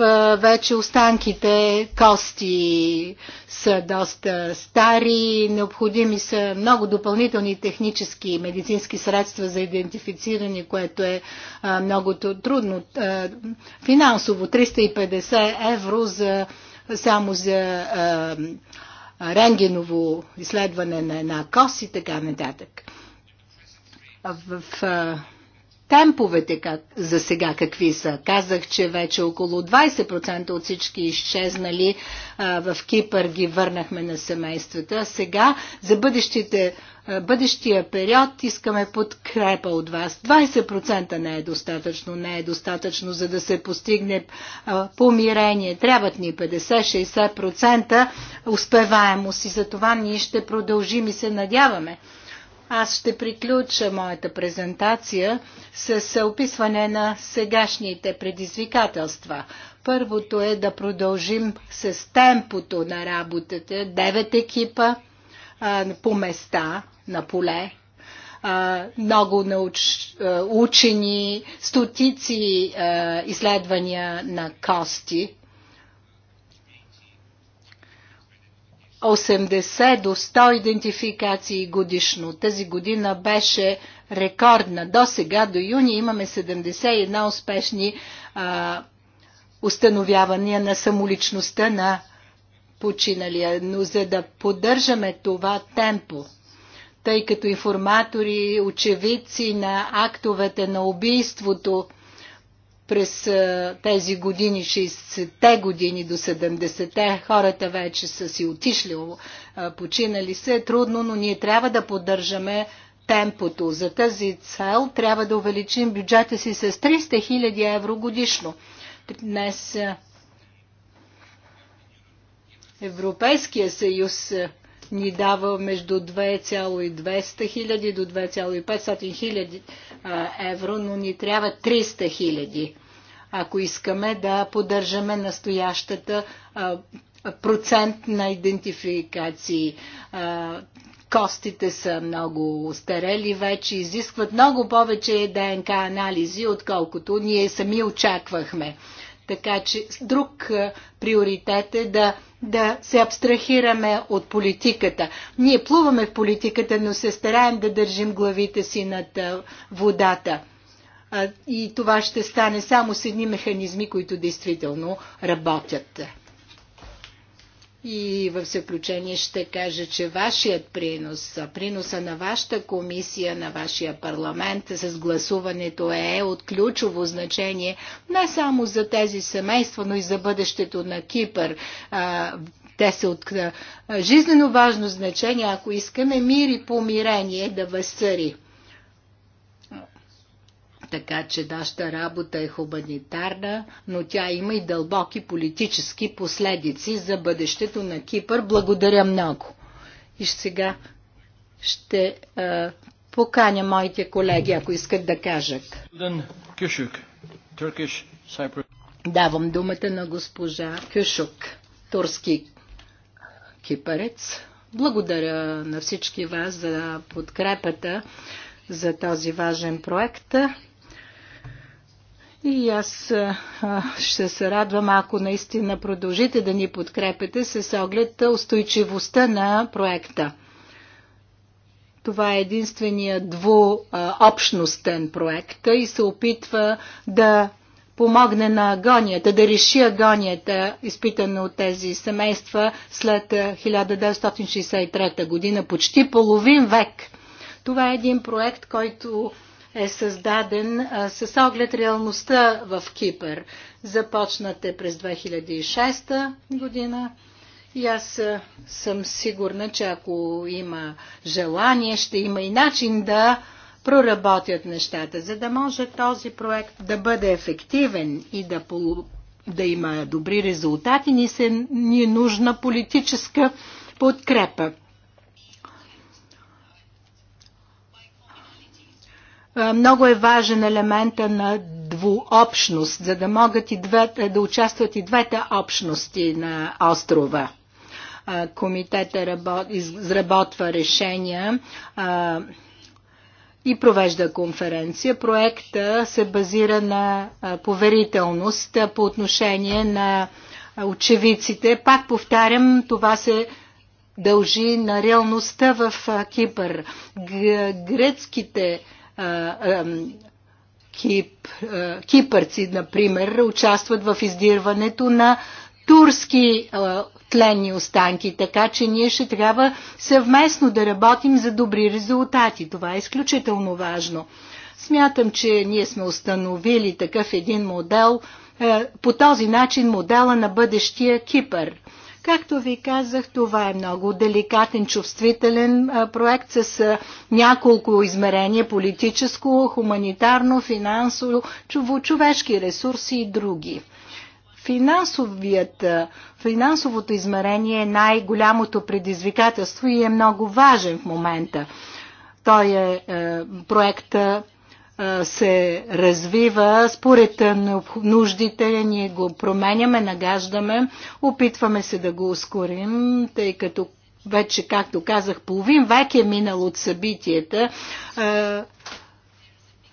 Е, вече останките кости са доста стари, необходими са много допълнителни технически и медицински средства за идентифициране, което е, е много трудно. Е, финансово 350 евро за, само за рентгеново изследване на една кост и така нататък. В Темповете как, за сега какви са? Казах, че вече около 20% от всички изчезнали а, в Кипър ги върнахме на семействата. Сега за бъдещите, а, бъдещия период искаме подкрепа от вас. 20% не е достатъчно, не е достатъчно, за да се постигне а, помирение. Трябват ни 50-60% успеваемост и за това ние ще продължим и се надяваме аз ще приключа моята презентация с описване на сегашните предизвикателства. Първото е да продължим с темпото на работата. Девет екипа а, по места, на поле, а, много науч, а, учени, стотици а, изследвания на кости 80 до 100 идентификации годишно. Тази година беше рекордна. До сега, до юни, имаме 71 успешни а, установявания на самоличността на починалия. Но за да поддържаме това темпо, тъй като информатори, очевидци на актовете на убийството през тези години, 60-те години до 70-те, хората вече са си отишли, починали се. Е трудно, но ние трябва да поддържаме темпото. За тази цел трябва да увеличим бюджета си с 300 000 евро годишно. Днес Европейския съюз ни дава между 2,200 хиляди до 2,500 хиляди евро, но ни трябва 300 хиляди, ако искаме да поддържаме настоящата процент на идентификации. Костите са много старели вече, изискват много повече ДНК анализи, отколкото ние сами очаквахме. Така че друг е, приоритет е да, да се абстрахираме от политиката. Ние плуваме в политиката, но се стараем да държим главите си над е, водата. И това ще стане само с едни механизми, които действително работят. И в заключение ще кажа, че вашият принос, приноса на вашата комисия, на вашия парламент с гласуването е, е от ключово значение не само за тези семейства, но и за бъдещето на Кипър. Те са от жизнено важно значение, ако искаме мир и помирение да възсъри. Така че нашата работа е хуманитарна, но тя има и дълбоки политически последици за бъдещето на Кипър. Благодаря много. И сега ще е, поканя моите колеги, ако искат да кажат. Давам думата на госпожа Кюшук, турски кипарец. Благодаря на всички вас за подкрепата за този важен проект. И аз ще се радвам, ако наистина продължите да ни подкрепите с оглед устойчивостта на проекта. Това е единствения двуобщностен проект и се опитва да помогне на агонията, да реши агонията, изпитана от тези семейства след 1963 година, почти половин век. Това е един проект, който е създаден с оглед реалността в Кипър. Започнате през 2006 година. И аз съм сигурна, че ако има желание, ще има и начин да проработят нещата, за да може този проект да бъде ефективен и да, полу... да има добри резултати, ни, се... ни е нужна политическа подкрепа. Много е важен елемента на двуобщност, за да могат и двете, да участват и двете общности на острова. Комитета изработва решения и провежда конференция. Проекта се базира на поверителност по отношение на очевиците. Пак повтарям, това се дължи на реалността в Кипър. Гръцките Кип, кипърци, например, участват в издирването на турски тленни останки, така че ние ще трябва съвместно да работим за добри резултати. Това е изключително важно. Смятам, че ние сме установили такъв един модел, по този начин модела на бъдещия Кипър. Както ви казах, това е много деликатен, чувствителен проект с няколко измерения политическо, хуманитарно, финансово, човешки ресурси и други финансовото измерение е най-голямото предизвикателство и е много важен в момента. Той е, е се развива според нуждите. Ние го променяме, нагаждаме, опитваме се да го ускорим, тъй като вече, както казах, половин век е минал от събитията.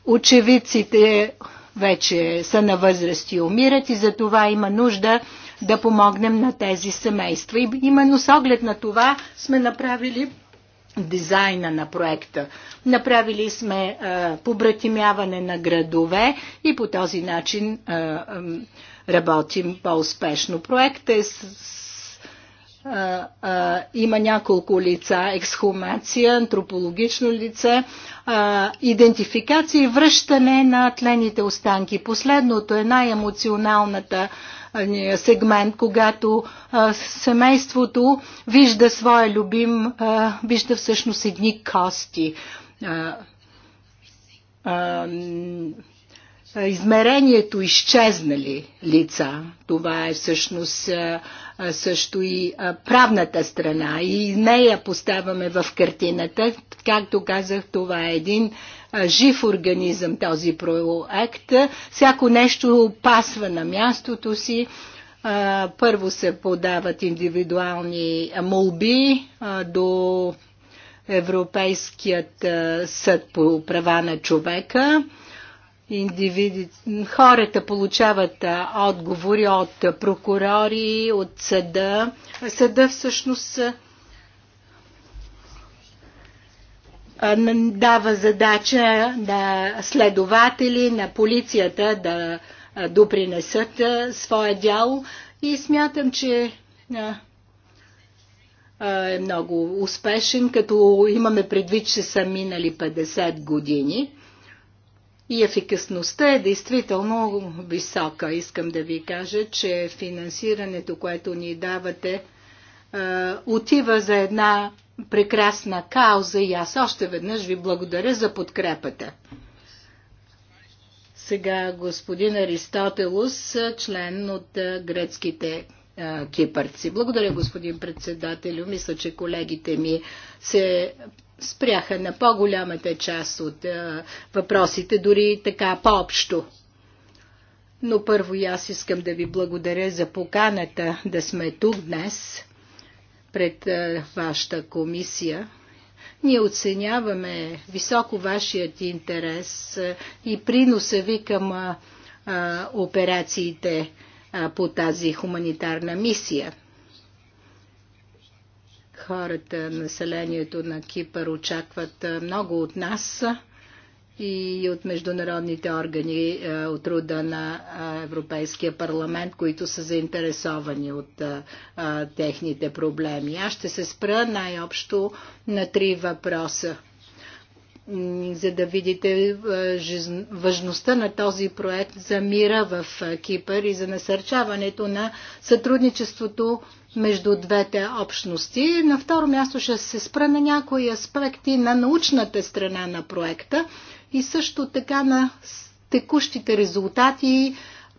Очевиците вече са на възраст и умират и за това има нужда да помогнем на тези семейства. И именно с оглед на това сме направили дизайна на проекта. Направили сме е, побратимяване на градове и по този начин е, е, работим по-успешно. Проектът е с, а, а, има няколко лица, ексхумация, антропологично лице, а, идентификация и връщане на тлените останки. Последното е най-емоционалната е, сегмент, когато е, семейството вижда своя любим, е, вижда всъщност едни кости измерението изчезнали лица. Това е всъщност също и правната страна и нея поставяме в картината. Както казах, това е един жив организъм този проект. Всяко нещо пасва на мястото си. Първо се подават индивидуални молби до Европейският съд по права на човека. Индивиди... Хората получават отговори от прокурори, от съда. Съда всъщност дава задача на следователи, на полицията да допринесат своя дял и смятам, че е много успешен, като имаме предвид, че са минали 50 години и ефикасността е действително висока. Искам да ви кажа, че финансирането, което ни давате, отива за една прекрасна кауза и аз още веднъж ви благодаря за подкрепата. Сега господин Аристотелус, член от гръцките кипърци. Благодаря, господин председателю. Мисля, че колегите ми се спряха на по-голямата част от въпросите, дори така по-общо. Но първо аз искам да ви благодаря за поканата да сме тук днес пред вашата комисия. Ние оценяваме високо вашият интерес и приноса ви към операциите по тази хуманитарна мисия. Хората, населението на Кипър очакват много от нас и от международните органи е, от труда на е, Европейския парламент, които са заинтересовани от е, техните проблеми. Аз ще се спра най-общо на три въпроса за да видите важността на този проект за мира в Кипър и за насърчаването на сътрудничеството между двете общности. На второ място ще се спра на някои аспекти на научната страна на проекта и също така на текущите резултати, и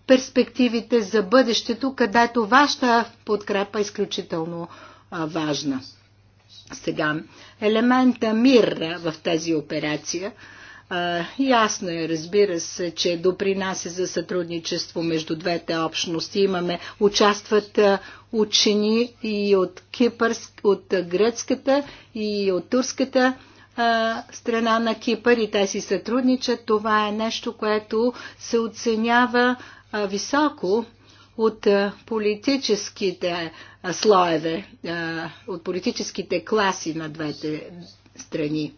перспективите за бъдещето, където вашата подкрепа е изключително важна. Сега, елемента мир в тази операция. Ясно е, разбира се, че допринася за сътрудничество между двете общности. Имаме, участват учени и от Кипърск, от гръцката и от турската страна на Кипър и те си сътрудничат. Това е нещо, което се оценява високо от политическите слоеве, от политическите класи на двете страни.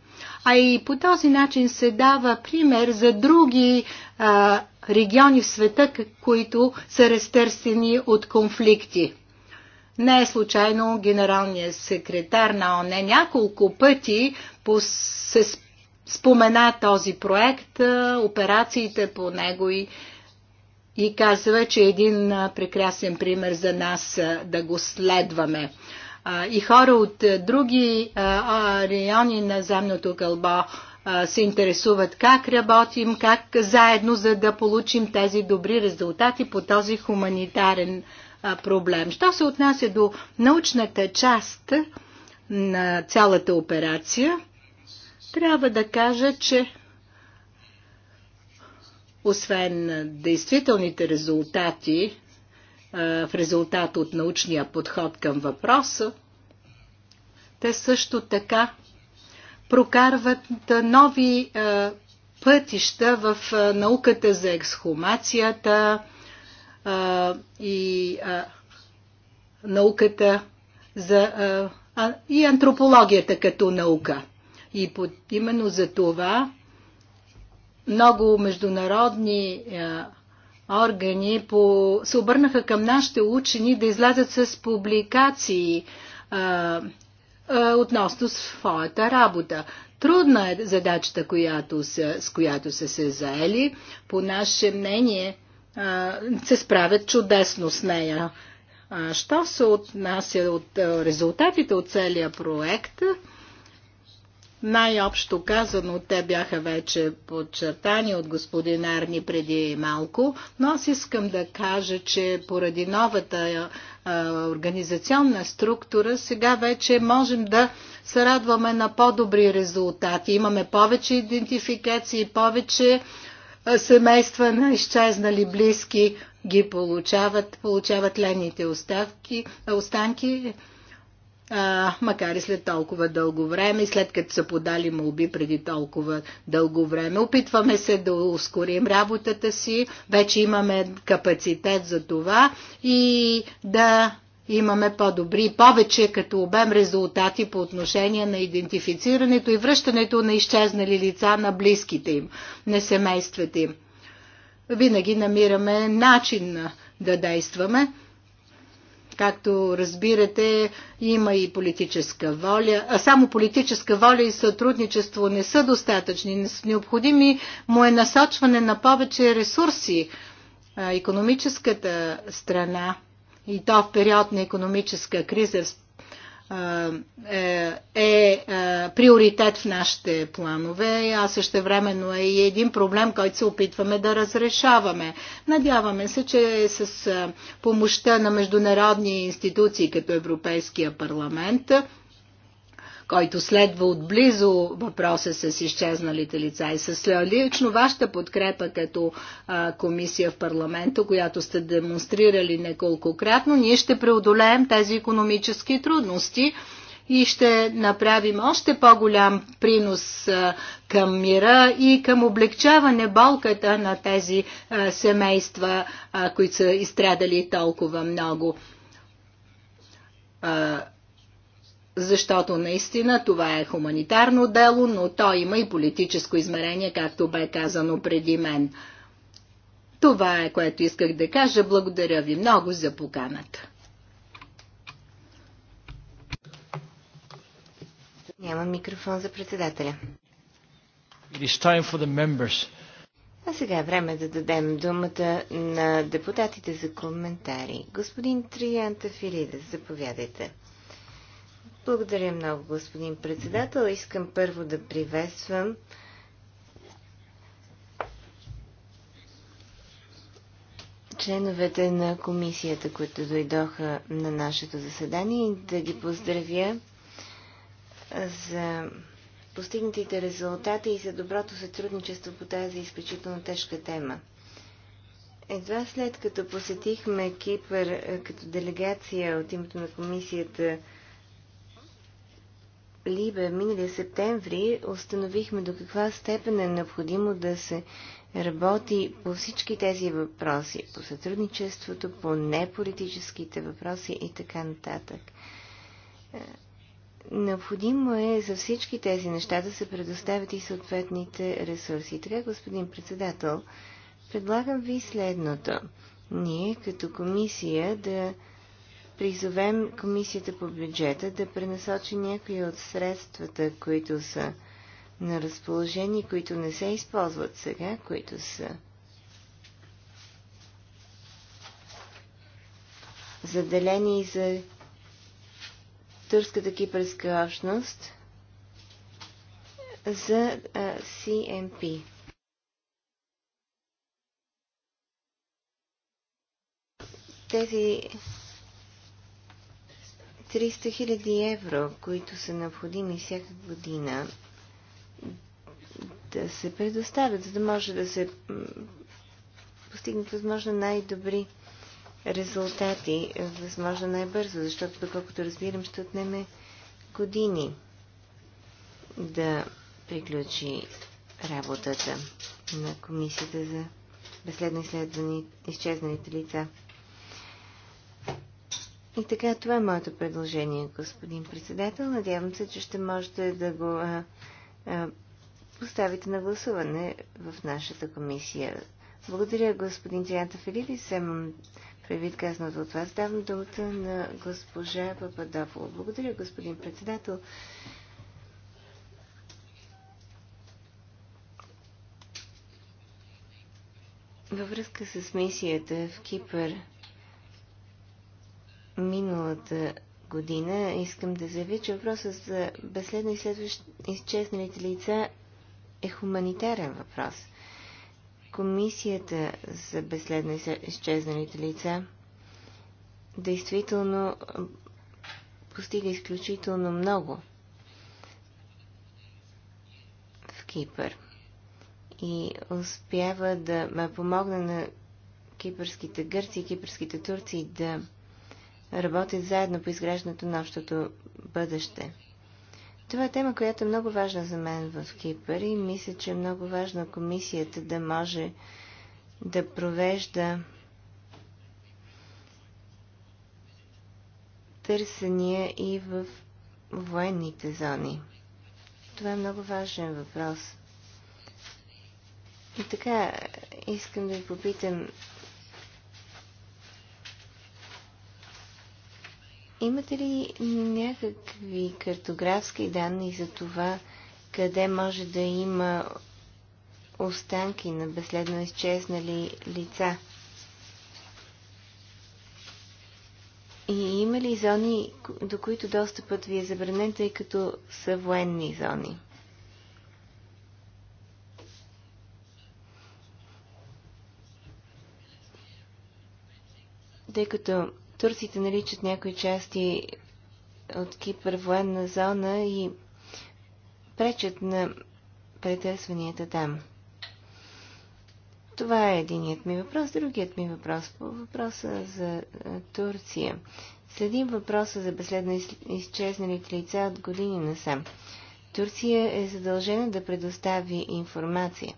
А и по този начин се дава пример за други региони в света, които са разтърсени от конфликти. Не е случайно генералният секретар на ОНЕ няколко пъти по, се спомена този проект, операциите по него и, и казва, че е един прекрасен пример за нас да го следваме. И хора от други райони на земното кълбо се интересуват как работим, как заедно, за да получим тези добри резултати по този хуманитарен проект проблем. Що се отнася до научната част на цялата операция, трябва да кажа, че освен действителните резултати в резултат от научния подход към въпроса, те също така прокарват нови пътища в науката за ексхумацията, а, и а, науката за, а, а, и антропологията като наука. И под, именно за това много международни а, органи по, се обърнаха към нашите учени да излязат с публикации а, а, относно своята работа. Трудна е задачата, която се, с която са се заели. По наше мнение, се справят чудесно с нея. Що се отнася от резултатите от целия проект, най-общо казано, те бяха вече подчертани от господин Арни преди малко, но аз искам да кажа, че поради новата а, организационна структура сега вече можем да се радваме на по-добри резултати. Имаме повече идентификации, повече семейства на изчезнали близки ги получават, получават ленните оставки, останки, а, макар и след толкова дълго време, след като са подали молби преди толкова дълго време. Опитваме се да ускорим работата си, вече имаме капацитет за това и да имаме по-добри, повече като обем резултати по отношение на идентифицирането и връщането на изчезнали лица на близките им, на семействата им. Винаги намираме начин да действаме. Както разбирате, има и политическа воля. А само политическа воля и сътрудничество не са достатъчни. Не са необходими му е насочване на повече ресурси. Економическата страна и то в период на економическа криза е, е, е, е приоритет в нашите планове, а също времено е и един проблем, който се опитваме да разрешаваме. Надяваме се, че с помощта на международни институции като Европейския парламент който следва отблизо въпроса с изчезналите лица и с лично вашата подкрепа като а, комисия в парламента, която сте демонстрирали неколкократно, ние ще преодолеем тези економически трудности и ще направим още по-голям принос а, към мира и към облегчаване болката на тези а, семейства, а, които са изстрадали толкова много. А, защото наистина това е хуманитарно дело, но то има и политическо измерение, както бе казано преди мен. Това е което исках да кажа. Благодаря ви много за поканата. Няма микрофон за председателя. It is time for the members. А сега е време да дадем думата на депутатите за коментари. Господин Триянта Филидес, заповядайте. Благодаря много, господин председател. Искам първо да приветствам членовете на комисията, които дойдоха на нашето заседание и да ги поздравя за постигнатите резултати и за доброто сътрудничество по тази изключително тежка тема. Едва след като посетихме Кипър е, като делегация от името на комисията Либе миналия септември установихме до каква степен е необходимо да се работи по всички тези въпроси, по сътрудничеството, по неполитическите въпроси и така нататък. Е, необходимо е за всички тези неща да се предоставят и съответните ресурси. Така, господин председател, предлагам ви следното. Ние като комисия да призовем Комисията по бюджета да пренасочи някои от средствата, които са на разположение, които не се използват сега, които са заделени за турската кипърска общност за а, CMP. Тези 300 000 евро, които са необходими всяка година да се предоставят, за да може да се постигнат възможно най-добри резултати, възможно най-бързо, защото доколкото разбирам, ще отнеме години да приключи работата на Комисията за безследно изследване, изчезналите лица. И така, това е моето предложение, господин председател. Надявам се, че ще можете да го а, а, поставите на гласуване в нашата комисия. Благодаря, господин Трианта Филипи. Вземам предвид казаното от вас. Давам думата на госпожа Пападофова. Благодаря, господин председател. Във връзка с мисията в Кипър, миналата година, искам да заявя, че въпросът за безследно изследващ... изчезналите лица е хуманитарен въпрос. Комисията за безследно изчезналите лица действително постига изключително много в Кипър и успява да ме помогне на кипърските гърци и кипърските турци да работят заедно по изграждането на общото бъдеще. Това е тема, която е много важна за мен в Кипър и мисля, че е много важно комисията да може да провежда търсения и в военните зони. Това е много важен въпрос. И така, искам да ви попитам, Имате ли някакви картографски данни за това, къде може да има останки на безследно изчезнали лица? И има ли зони, до които достъпът ви е забранен, тъй като са военни зони? Тъй като Турците наричат някои части от Кипър военна зона и пречат на претърсванията там. Това е единият ми въпрос. Другият ми въпрос по въпроса за е, Турция. Следим въпроса за безследно изчезналите лица от години насам. Турция е задължена да предостави информация.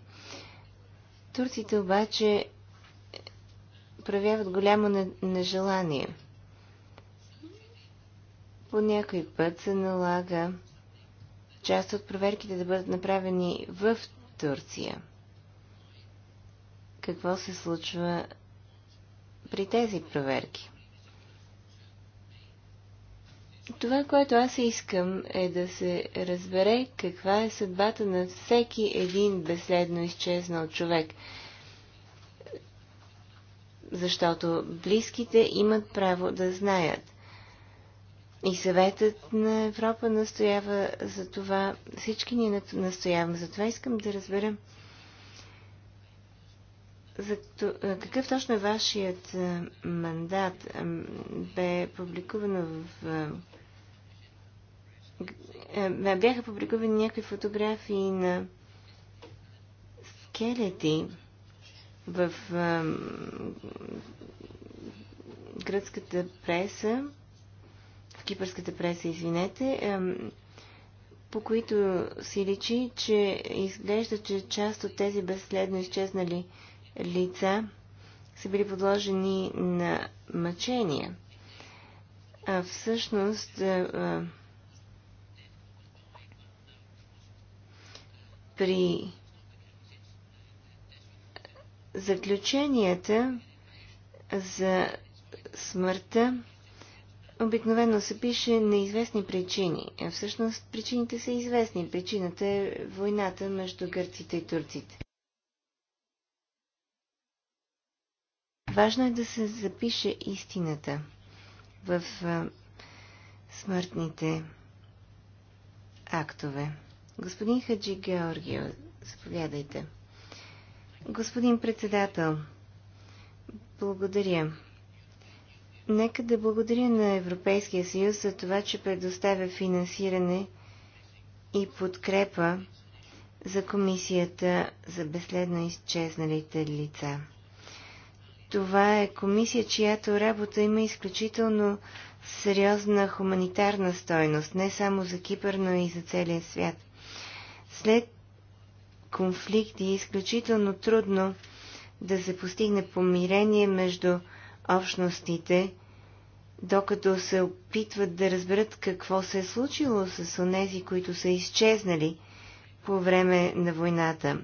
Турците обаче проявяват голямо нежелание. По някой път се налага част от проверките да бъдат направени в Турция. Какво се случва при тези проверки? Това, което аз искам е да се разбере каква е съдбата на всеки един безследно изчезнал човек – защото близките имат право да знаят. И съветът на Европа настоява за това, всички ние настояваме за това. Искам да разбера за какъв точно е вашият мандат. Бе публикувано в бяха публикувани някакви фотографии на скелети, в а, гръцката преса, в кипърската преса, извинете, а, по които си личи, че изглежда, че част от тези безследно изчезнали лица са били подложени на мъчения. А всъщност а, при заключенията за смъртта обикновено се пише неизвестни причини. всъщност причините са известни. Причината е войната между гърците и турците. Важно е да се запише истината в смъртните актове. Господин Хаджи Георгио, заповядайте. Господин председател, благодаря. Нека да благодаря на Европейския съюз за това, че предоставя финансиране и подкрепа за комисията за безследно изчезналите лица. Това е комисия, чиято работа има изключително сериозна хуманитарна стойност, не само за Кипър, но и за целия свят. След конфликти е изключително трудно да се постигне помирение между общностите, докато се опитват да разберат какво се е случило с онези, които са изчезнали по време на войната.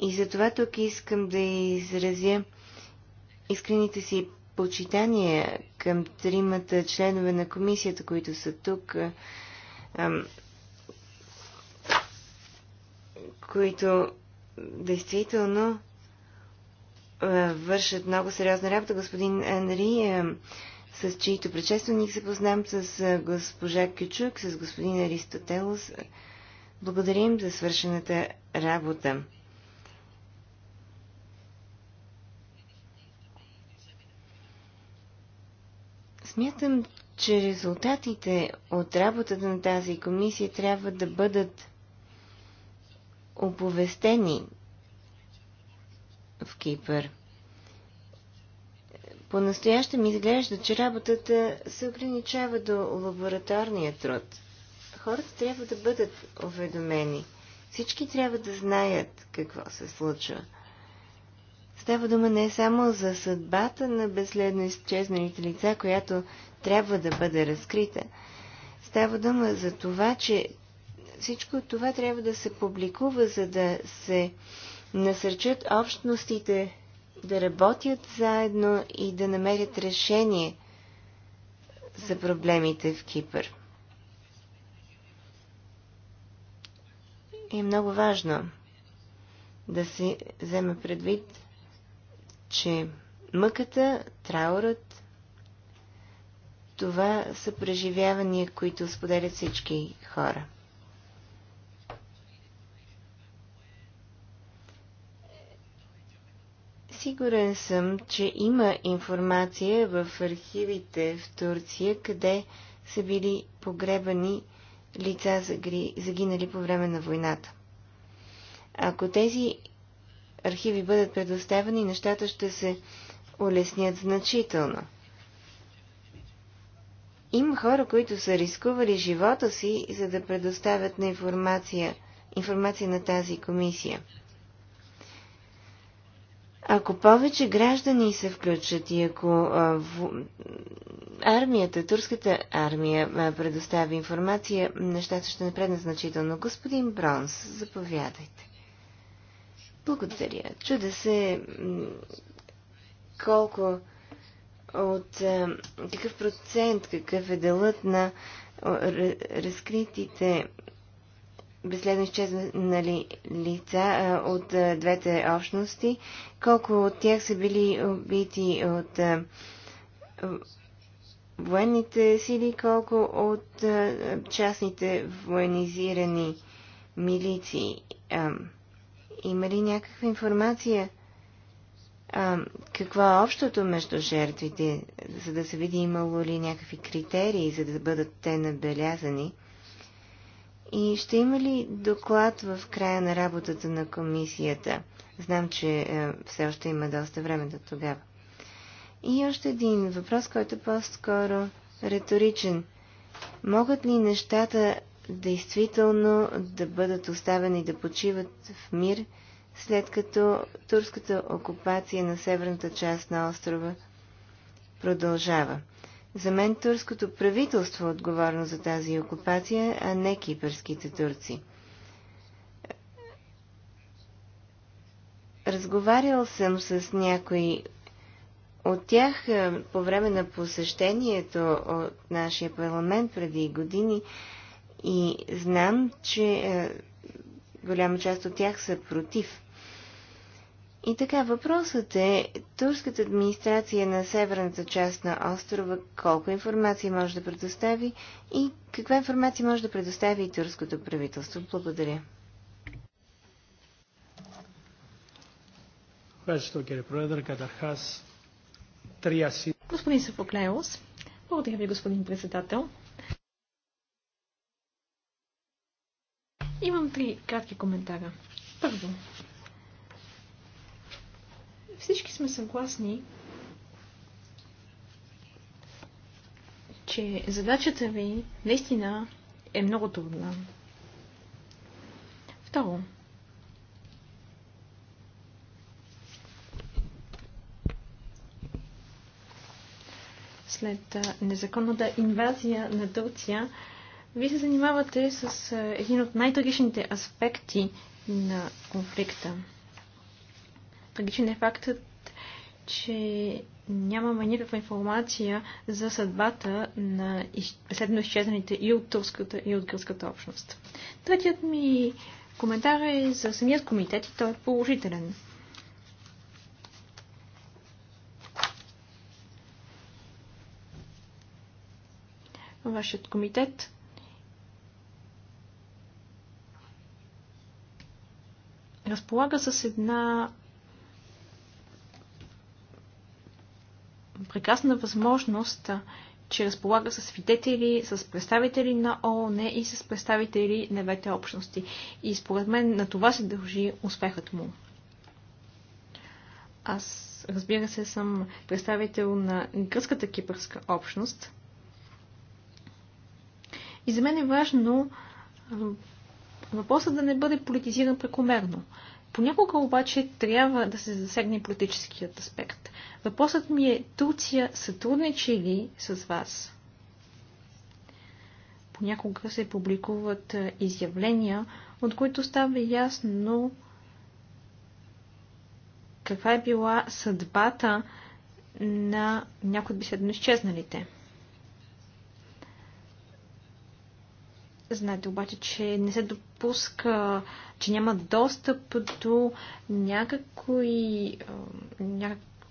И затова тук искам да изразя искрените си почитания към тримата членове на комисията, които са тук които действително вършат много сериозна работа. Господин Анри, с чието предшественик се познам, с госпожа Кючук, с господин Аристотелос. Благодарим за свършената работа. Смятам, че резултатите от работата на тази комисия трябва да бъдат оповестени в Кипър. По-настоящем изглежда, че работата се ограничава до лабораторния труд. Хората трябва да бъдат уведомени. Всички трябва да знаят какво се случва. Става дума не само за съдбата на безследно изчезналите лица, която трябва да бъде разкрита. Става дума за това, че всичко това трябва да се публикува, за да се насърчат общностите да работят заедно и да намерят решение за проблемите в Кипър. е много важно да се вземе предвид, че мъката, траурът, това са преживявания, които споделят всички хора. Сигурен съм, че има информация в архивите в Турция, къде са били погребани лица загинали по време на войната. Ако тези архиви бъдат предоставени, нещата ще се улеснят значително. Има хора, които са рискували живота си, за да предоставят на информация, информация на тази комисия. Ако повече граждани се включат и ако а, в, армията, турската армия а, предостави информация, нещата ще напреднат значително. Господин Бронс, заповядайте. Благодаря. Чуда се колко от а, какъв процент, какъв е делът на разкритите безследно изчезнали лица от двете общности. Колко от тях са били убити от военните сили, колко от частните военизирани милиции. Има ли някаква информация? какво е общото между жертвите, за да се види имало ли някакви критерии, за да бъдат те набелязани? И ще има ли доклад в края на работата на комисията? Знам, че е, все още има доста време до тогава. И още един въпрос, който е по-скоро риторичен. Могат ли нещата действително да бъдат оставени да почиват в мир, след като турската окупация на северната част на острова продължава? За мен турското правителство е отговорно за тази окупация, а не кипърските турци. Разговарял съм с някои от тях е, по време на посещението от нашия парламент преди години и знам, че е, голяма част от тях са против и така, въпросът е, турската администрация на северната част на острова колко информация може да предостави и каква информация може да предостави и турското правителство? Благодаря. Господин Сафоклеус, благодаря ви, господин председател. Имам три кратки коментара. Първо, всички сме съгласни, че задачата ви наистина е много трудна. Второ, след незаконната инвазия на Турция, вие се занимавате с един от най-трагичните аспекти на конфликта. Трагичен е фактът, че нямаме никаква информация за съдбата на следно изчезналите и от турската, и от гръцката общност. Третият ми коментар е за самият комитет и той е положителен. Вашият комитет разполага с една прекрасна възможност, че разполага с свидетели, с представители на ООН и с представители на двете общности. И според мен на това се дължи успехът му. Аз, разбира се, съм представител на гръцката кипърска общност. И за мен е важно въпросът да не бъде политизиран прекомерно. Понякога обаче трябва да се засегне политическият аспект. Въпросът ми е, Турция сътрудничи ли с вас? Понякога се публикуват изявления, от които става ясно каква е била съдбата на някои от беседно изчезналите. Знаете обаче, че не се допуска, че няма достъп до някакви,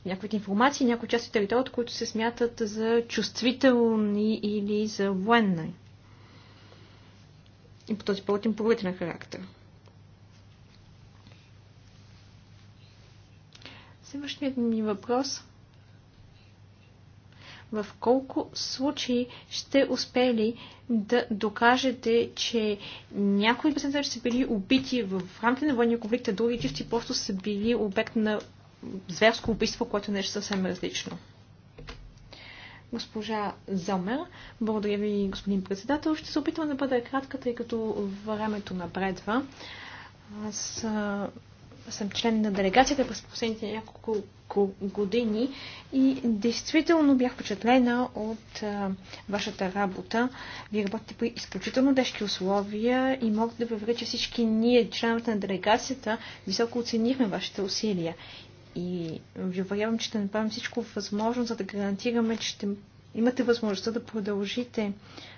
някакви информации, някои части от територията, които се смятат за чувствителни или за военни. И по този повод им на характер. Следващият ми въпрос – в колко случаи сте успели да докажете, че някои процентъри са били убити в рамките на военния конфликт, а други чисти просто са били обект на зверско убийство, което е нещо съвсем различно. Госпожа Зомер, благодаря ви, господин председател. Ще се опитам да бъда кратка, тъй като времето напредва. Аз съм член на делегацията през последните няколко години и действително бях впечатлена от а, вашата работа. Вие работите при изключително тежки условия и мога да ви че всички ние, членовете на делегацията, високо оценихме вашите усилия. И ви уверявам, че ще направим всичко възможно, за да гарантираме, че ще имате възможността да продължите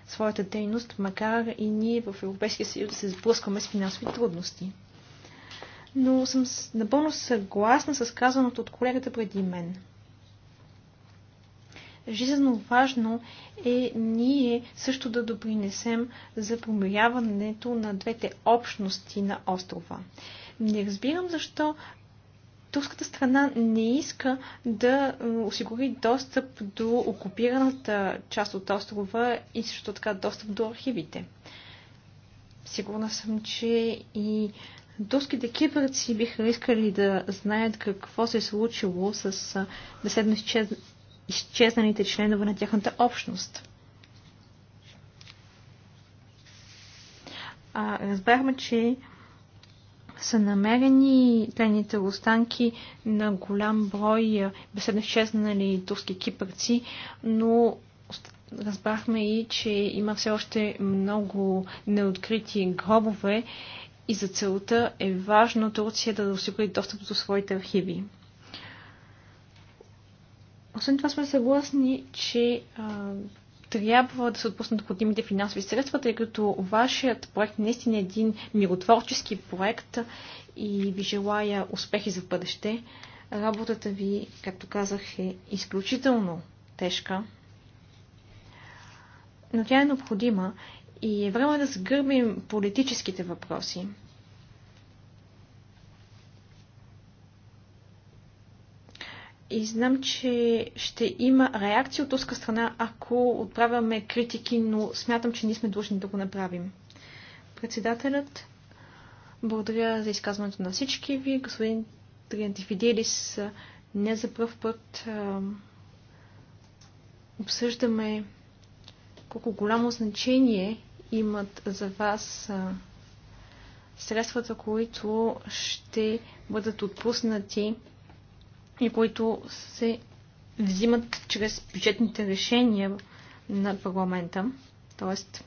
своята дейност, макар и ние в Европейския съюз да се сблъскваме с финансови трудности но съм напълно съгласна с казаното от колегата преди мен. Жизненно важно е ние също да допринесем за помиряването на двете общности на острова. Не разбирам защо турската страна не иска да е, осигури достъп до окупираната част от острова и също така достъп до архивите. Сигурна съм, че и Турските кипърци биха искали да знаят какво се е случило с беседно изчезнаните членове на тяхната общност. А, разбрахме, че са намерени тлените останки на голям брой беседно изчезнали турски кипърци, но разбрахме и, че има все още много неоткрити гробове и за целта е важно Турция да осигури достъп до своите архиви. Освен това сме съгласни, че а, трябва да се отпуснат необходимите финансови средства, тъй като вашият проект наистина е един миротворчески проект и ви желая успехи за бъдеще. Работата ви, както казах, е изключително тежка, но тя е необходима и е време да сгърбим политическите въпроси. И знам, че ще има реакция от руска страна, ако отправяме критики, но смятам, че ние сме длъжни да го направим. Председателят, благодаря за изказването на всички ви. Господин Фиделис, не за първ път а, обсъждаме колко голямо значение имат за вас средствата, които ще бъдат отпуснати и които се взимат чрез бюджетните решения на парламента, т.е.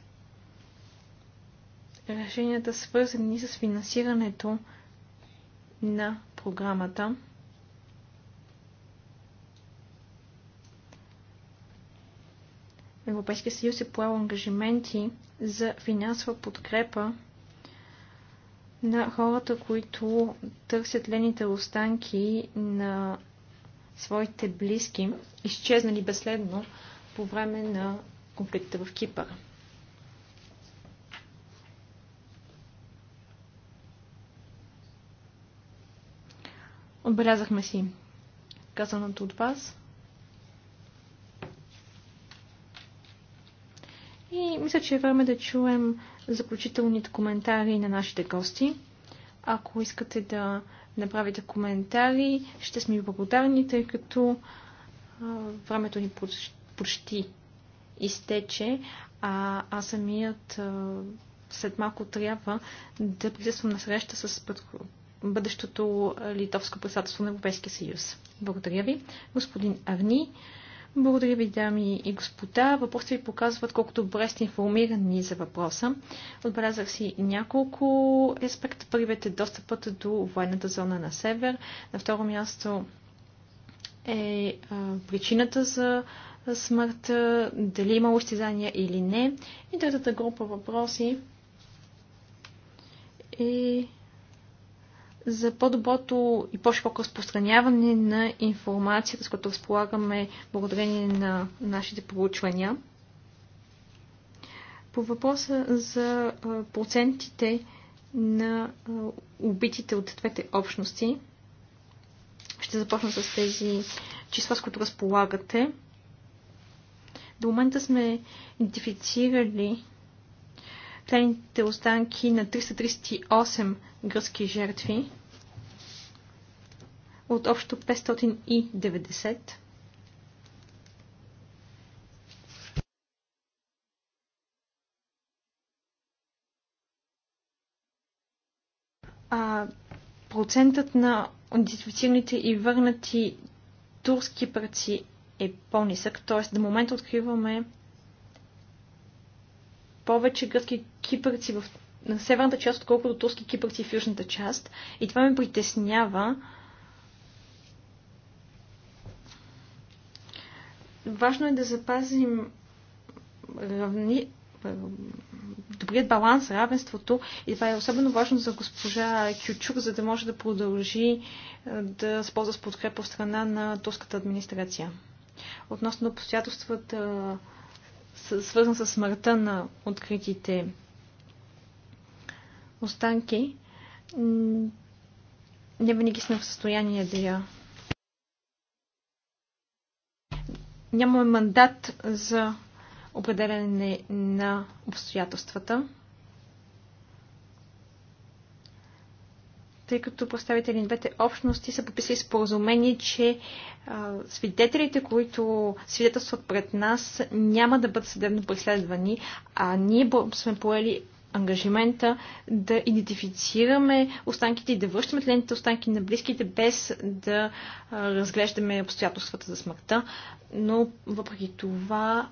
решенията свързани с финансирането на програмата. Европейския съюз е поел ангажименти за финансова подкрепа на хората, които търсят лените останки на своите близки, изчезнали безследно по време на конфликта в Кипър. Отбелязахме си казаното от вас. И мисля, че е време да чуем заключителните коментари на нашите гости. Ако искате да направите коментари, ще сме ви благодарни, тъй като а, времето ни почти изтече, а аз самият а, след малко трябва да присъствам на среща с бъдещото литовско председателство на Европейския съюз. Благодаря ви. Господин Арни, благодаря ви, дами и господа. Въпросите ви показват колко добре сте информирани за въпроса. Отбелязах си няколко аспекта. Първият е достъпът до военната зона на север. На второ място е а, причината за смъртта, дали има устизания или не. И третата група въпроси е за по-доброто и по-широко разпространяване на информацията, с която разполагаме благодарение на нашите проучвания. По въпроса за процентите на убитите от двете общности, ще започна с тези числа, с които разполагате. До момента сме идентифицирали тлените останки на 338 гръцки жертви от общо 590. А процентът на идентифицираните и върнати турски пръци е по-нисък, т.е. до момента откриваме повече гръцки кипърци в, на северната част, отколкото турски кипърци в южната част. И това ме притеснява. Важно е да запазим равни, е, добрият баланс, равенството. И това е особено важно за госпожа Кючук, за да може да продължи е, да сползва с подкрепа от страна на турската администрация. Относно обстоятелствата, е, свързан с смъртта на откритите останки, не винаги сме в състояние да я. Нямаме мандат за определене на обстоятелствата. тъй като представители на двете общности са подписали споразумение, че а, свидетелите, които свидетелстват пред нас, няма да бъдат съдебно преследвани, а ние сме поели ангажимента да идентифицираме останките и да връщаме тлените останки на близките, без да разглеждаме обстоятелствата за смъртта. Но въпреки това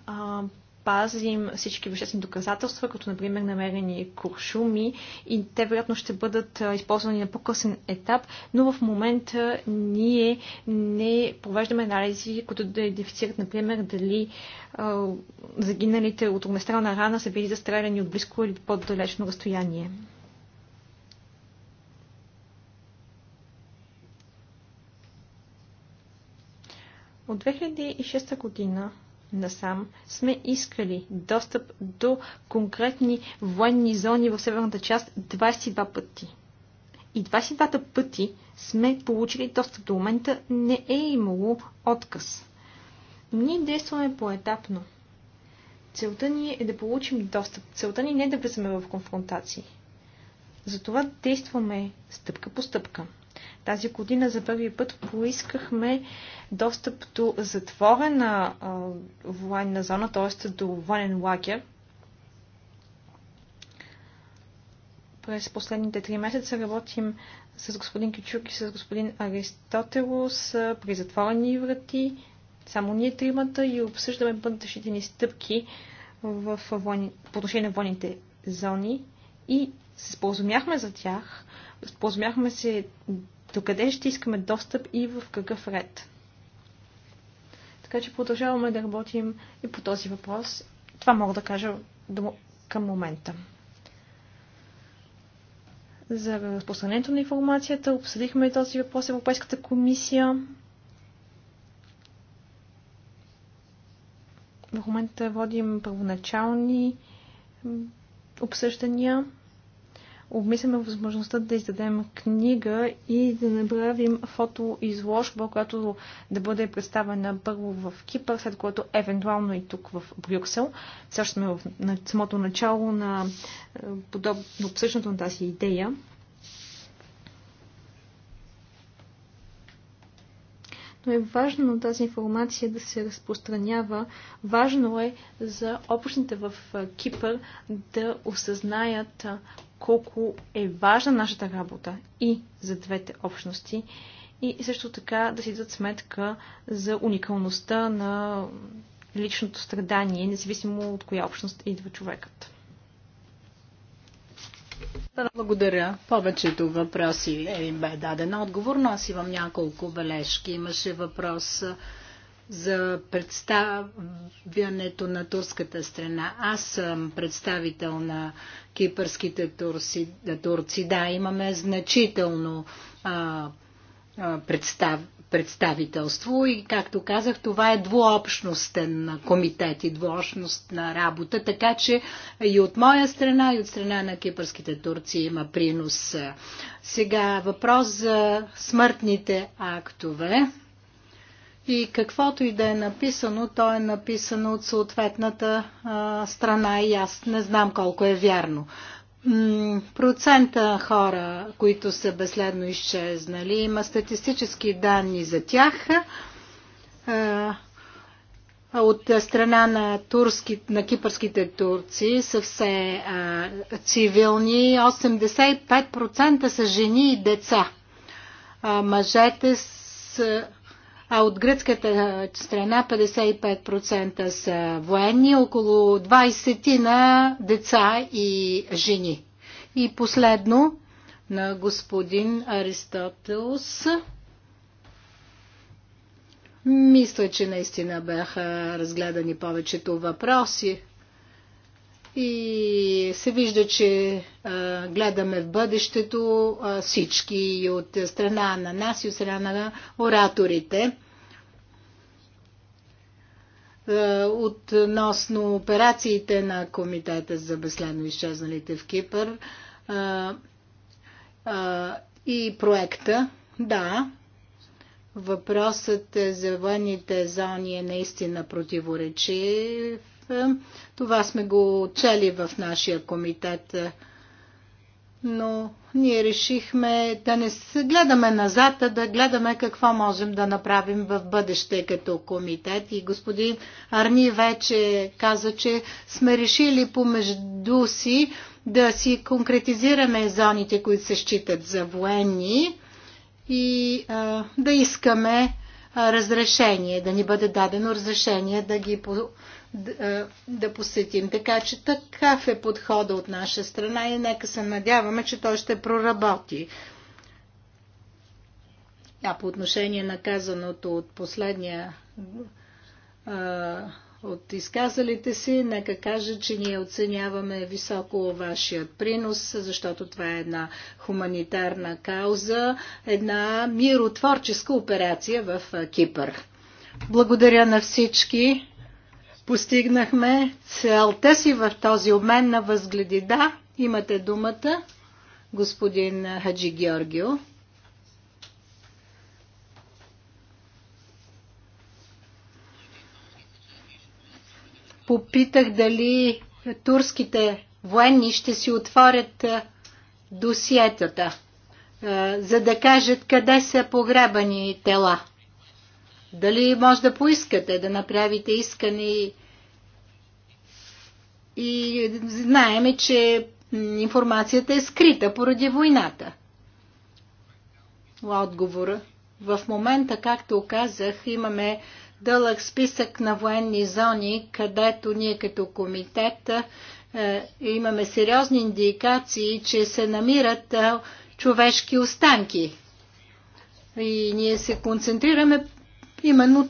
Пазим всички веществени доказателства, като например намерени куршуми и те вероятно ще бъдат използвани на по-късен етап, но в момента ние не провеждаме анализи, които да идентифицират, например, дали а, загиналите от огнестрелна рана са били застреляни от близко или по-далечно разстояние. От 2006 година насам сме искали достъп до конкретни военни зони в северната част 22 пъти. И 22 пъти сме получили достъп до момента не е имало отказ. Ние действаме поетапно. Целта ни е да получим достъп. Целта ни не е да влизаме в конфронтации. Затова действаме стъпка по стъпка. Тази година за първи път поискахме достъп до затворена а, военна зона, т.е. до военен лагер. През последните три месеца работим с господин Кичук и с господин Аристотелос при затворени врати, само ние тримата и обсъждаме бъдещите ни стъпки в, в, по отношение на военните зони и се споразумяхме за тях, споразумяхме се докъде ще искаме достъп и в какъв ред. Така че продължаваме да работим и по този въпрос. Това мога да кажа към момента. За разпространението на информацията обсъдихме този въпрос в Европейската комисия. В момента водим първоначални обсъждания обмисляме възможността да издадем книга и да направим фотоизложба, която да бъде представена първо в Кипър, след което евентуално и тук в Брюксел. Също сме в самото начало на е, подобно обсъждането на тази идея. но е важно тази информация да се разпространява. Важно е за общните в е, Кипър да осъзнаят е, колко е важна нашата работа и за двете общности и също така да си дадат сметка за уникалността на личното страдание, независимо от коя общност идва човекът. Благодаря. Повечето въпроси е, им бе даден отговор, но аз имам няколко бележки. Имаше въпрос за представянето на турската страна. Аз съм представител на кипърските турси, турци. Да, имаме значително а, а, представ, представителство и, както казах, това е двуобщностен комитет и двуобщностна работа, така че и от моя страна, и от страна на кипърските турци има принос. Сега въпрос за смъртните актове. И каквото и да е написано, то е написано от съответната а, страна и аз не знам колко е вярно. М- процента хора, които са безследно изчезнали, има статистически данни за тях. А, от страна на, турски, на кипърските турци са все а, цивилни. 85% са жени и деца. А, мъжете са а от гръцката страна 55% са военни, около 20 на деца и жени. И последно на господин Аристотелс. Мисля, че наистина бяха разгледани повечето въпроси и се вижда, че а, гледаме в бъдещето а, всички и от страна на нас и от страна на ораторите. А, относно операциите на Комитета за безследно изчезналите в Кипър а, а, и проекта, да, въпросът е за военните зони е наистина противоречив е, това сме го чели в нашия комитет. Е, но ние решихме да не се гледаме назад, а да гледаме какво можем да направим в бъдеще като комитет. И господин Арни вече каза, че сме решили помежду си да си конкретизираме зоните, които се считат за военни и а, да искаме а, разрешение, да ни бъде дадено разрешение да ги да, посетим. Така че такъв е подхода от наша страна и нека се надяваме, че той ще проработи. А по отношение на казаното от последния от изказалите си, нека кажа, че ние оценяваме високо вашият принос, защото това е една хуманитарна кауза, една миротворческа операция в Кипър. Благодаря на всички постигнахме целта си в този обмен на възгледи. Да, имате думата, господин Хаджи Георгио. Попитах дали турските военни ще си отворят досиетата, за да кажат къде са погребани тела. Дали може да поискате да направите искани и знаеме, че информацията е скрита поради войната. Отговора. В момента, както казах, имаме дълъг списък на военни зони, където ние като комитет е, имаме сериозни индикации, че се намират е, човешки останки. И ние се концентрираме именно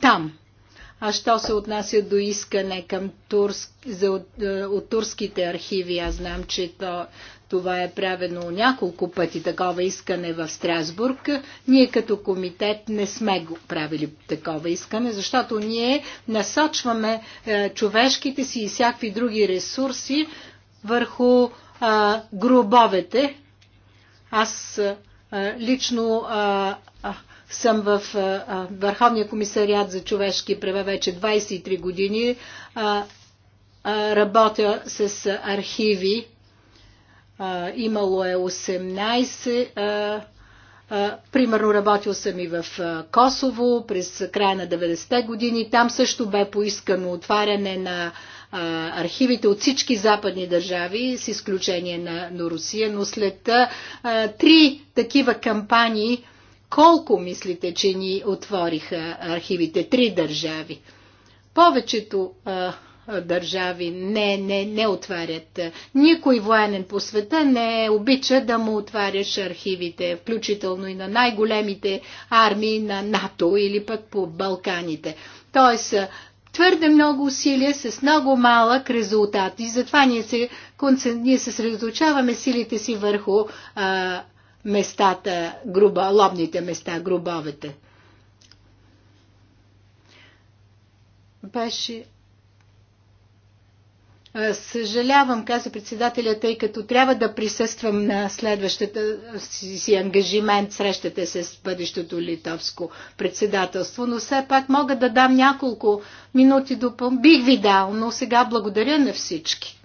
там. А що се отнася до искане към турск, за, от, е, от турските архиви, аз знам, че то, това е правено няколко пъти такова искане в Страсбург. Ние като комитет не сме го правили такова искане, защото ние насочваме е, човешките си и всякакви други ресурси върху е, гробовете. Аз е, лично е, съм в Върховния комисариат за човешки права вече 23 години. Работя с архиви. Имало е 18 Примерно работил съм и в Косово през края на 90-те години. Там също бе поискано отваряне на архивите от всички западни държави, с изключение на, Русия, но след три такива кампании колко мислите, че ни отвориха архивите? Три държави. Повечето а, държави не, не, не отварят. Никой военен по света не обича да му отваряш архивите, включително и на най-големите армии на НАТО или пък по Балканите. Тоест, твърде много усилия с много малък резултат. И затова ние се, ние съсредоточаваме силите си върху а, местата, груба, лобните места, грубовете. Беше Съжалявам, каза председателя, тъй като трябва да присъствам на следващата си, ангажимент, срещате се с бъдещото литовско председателство, но все пак мога да дам няколко минути допълнително. Бих ви дал, но сега благодаря на всички.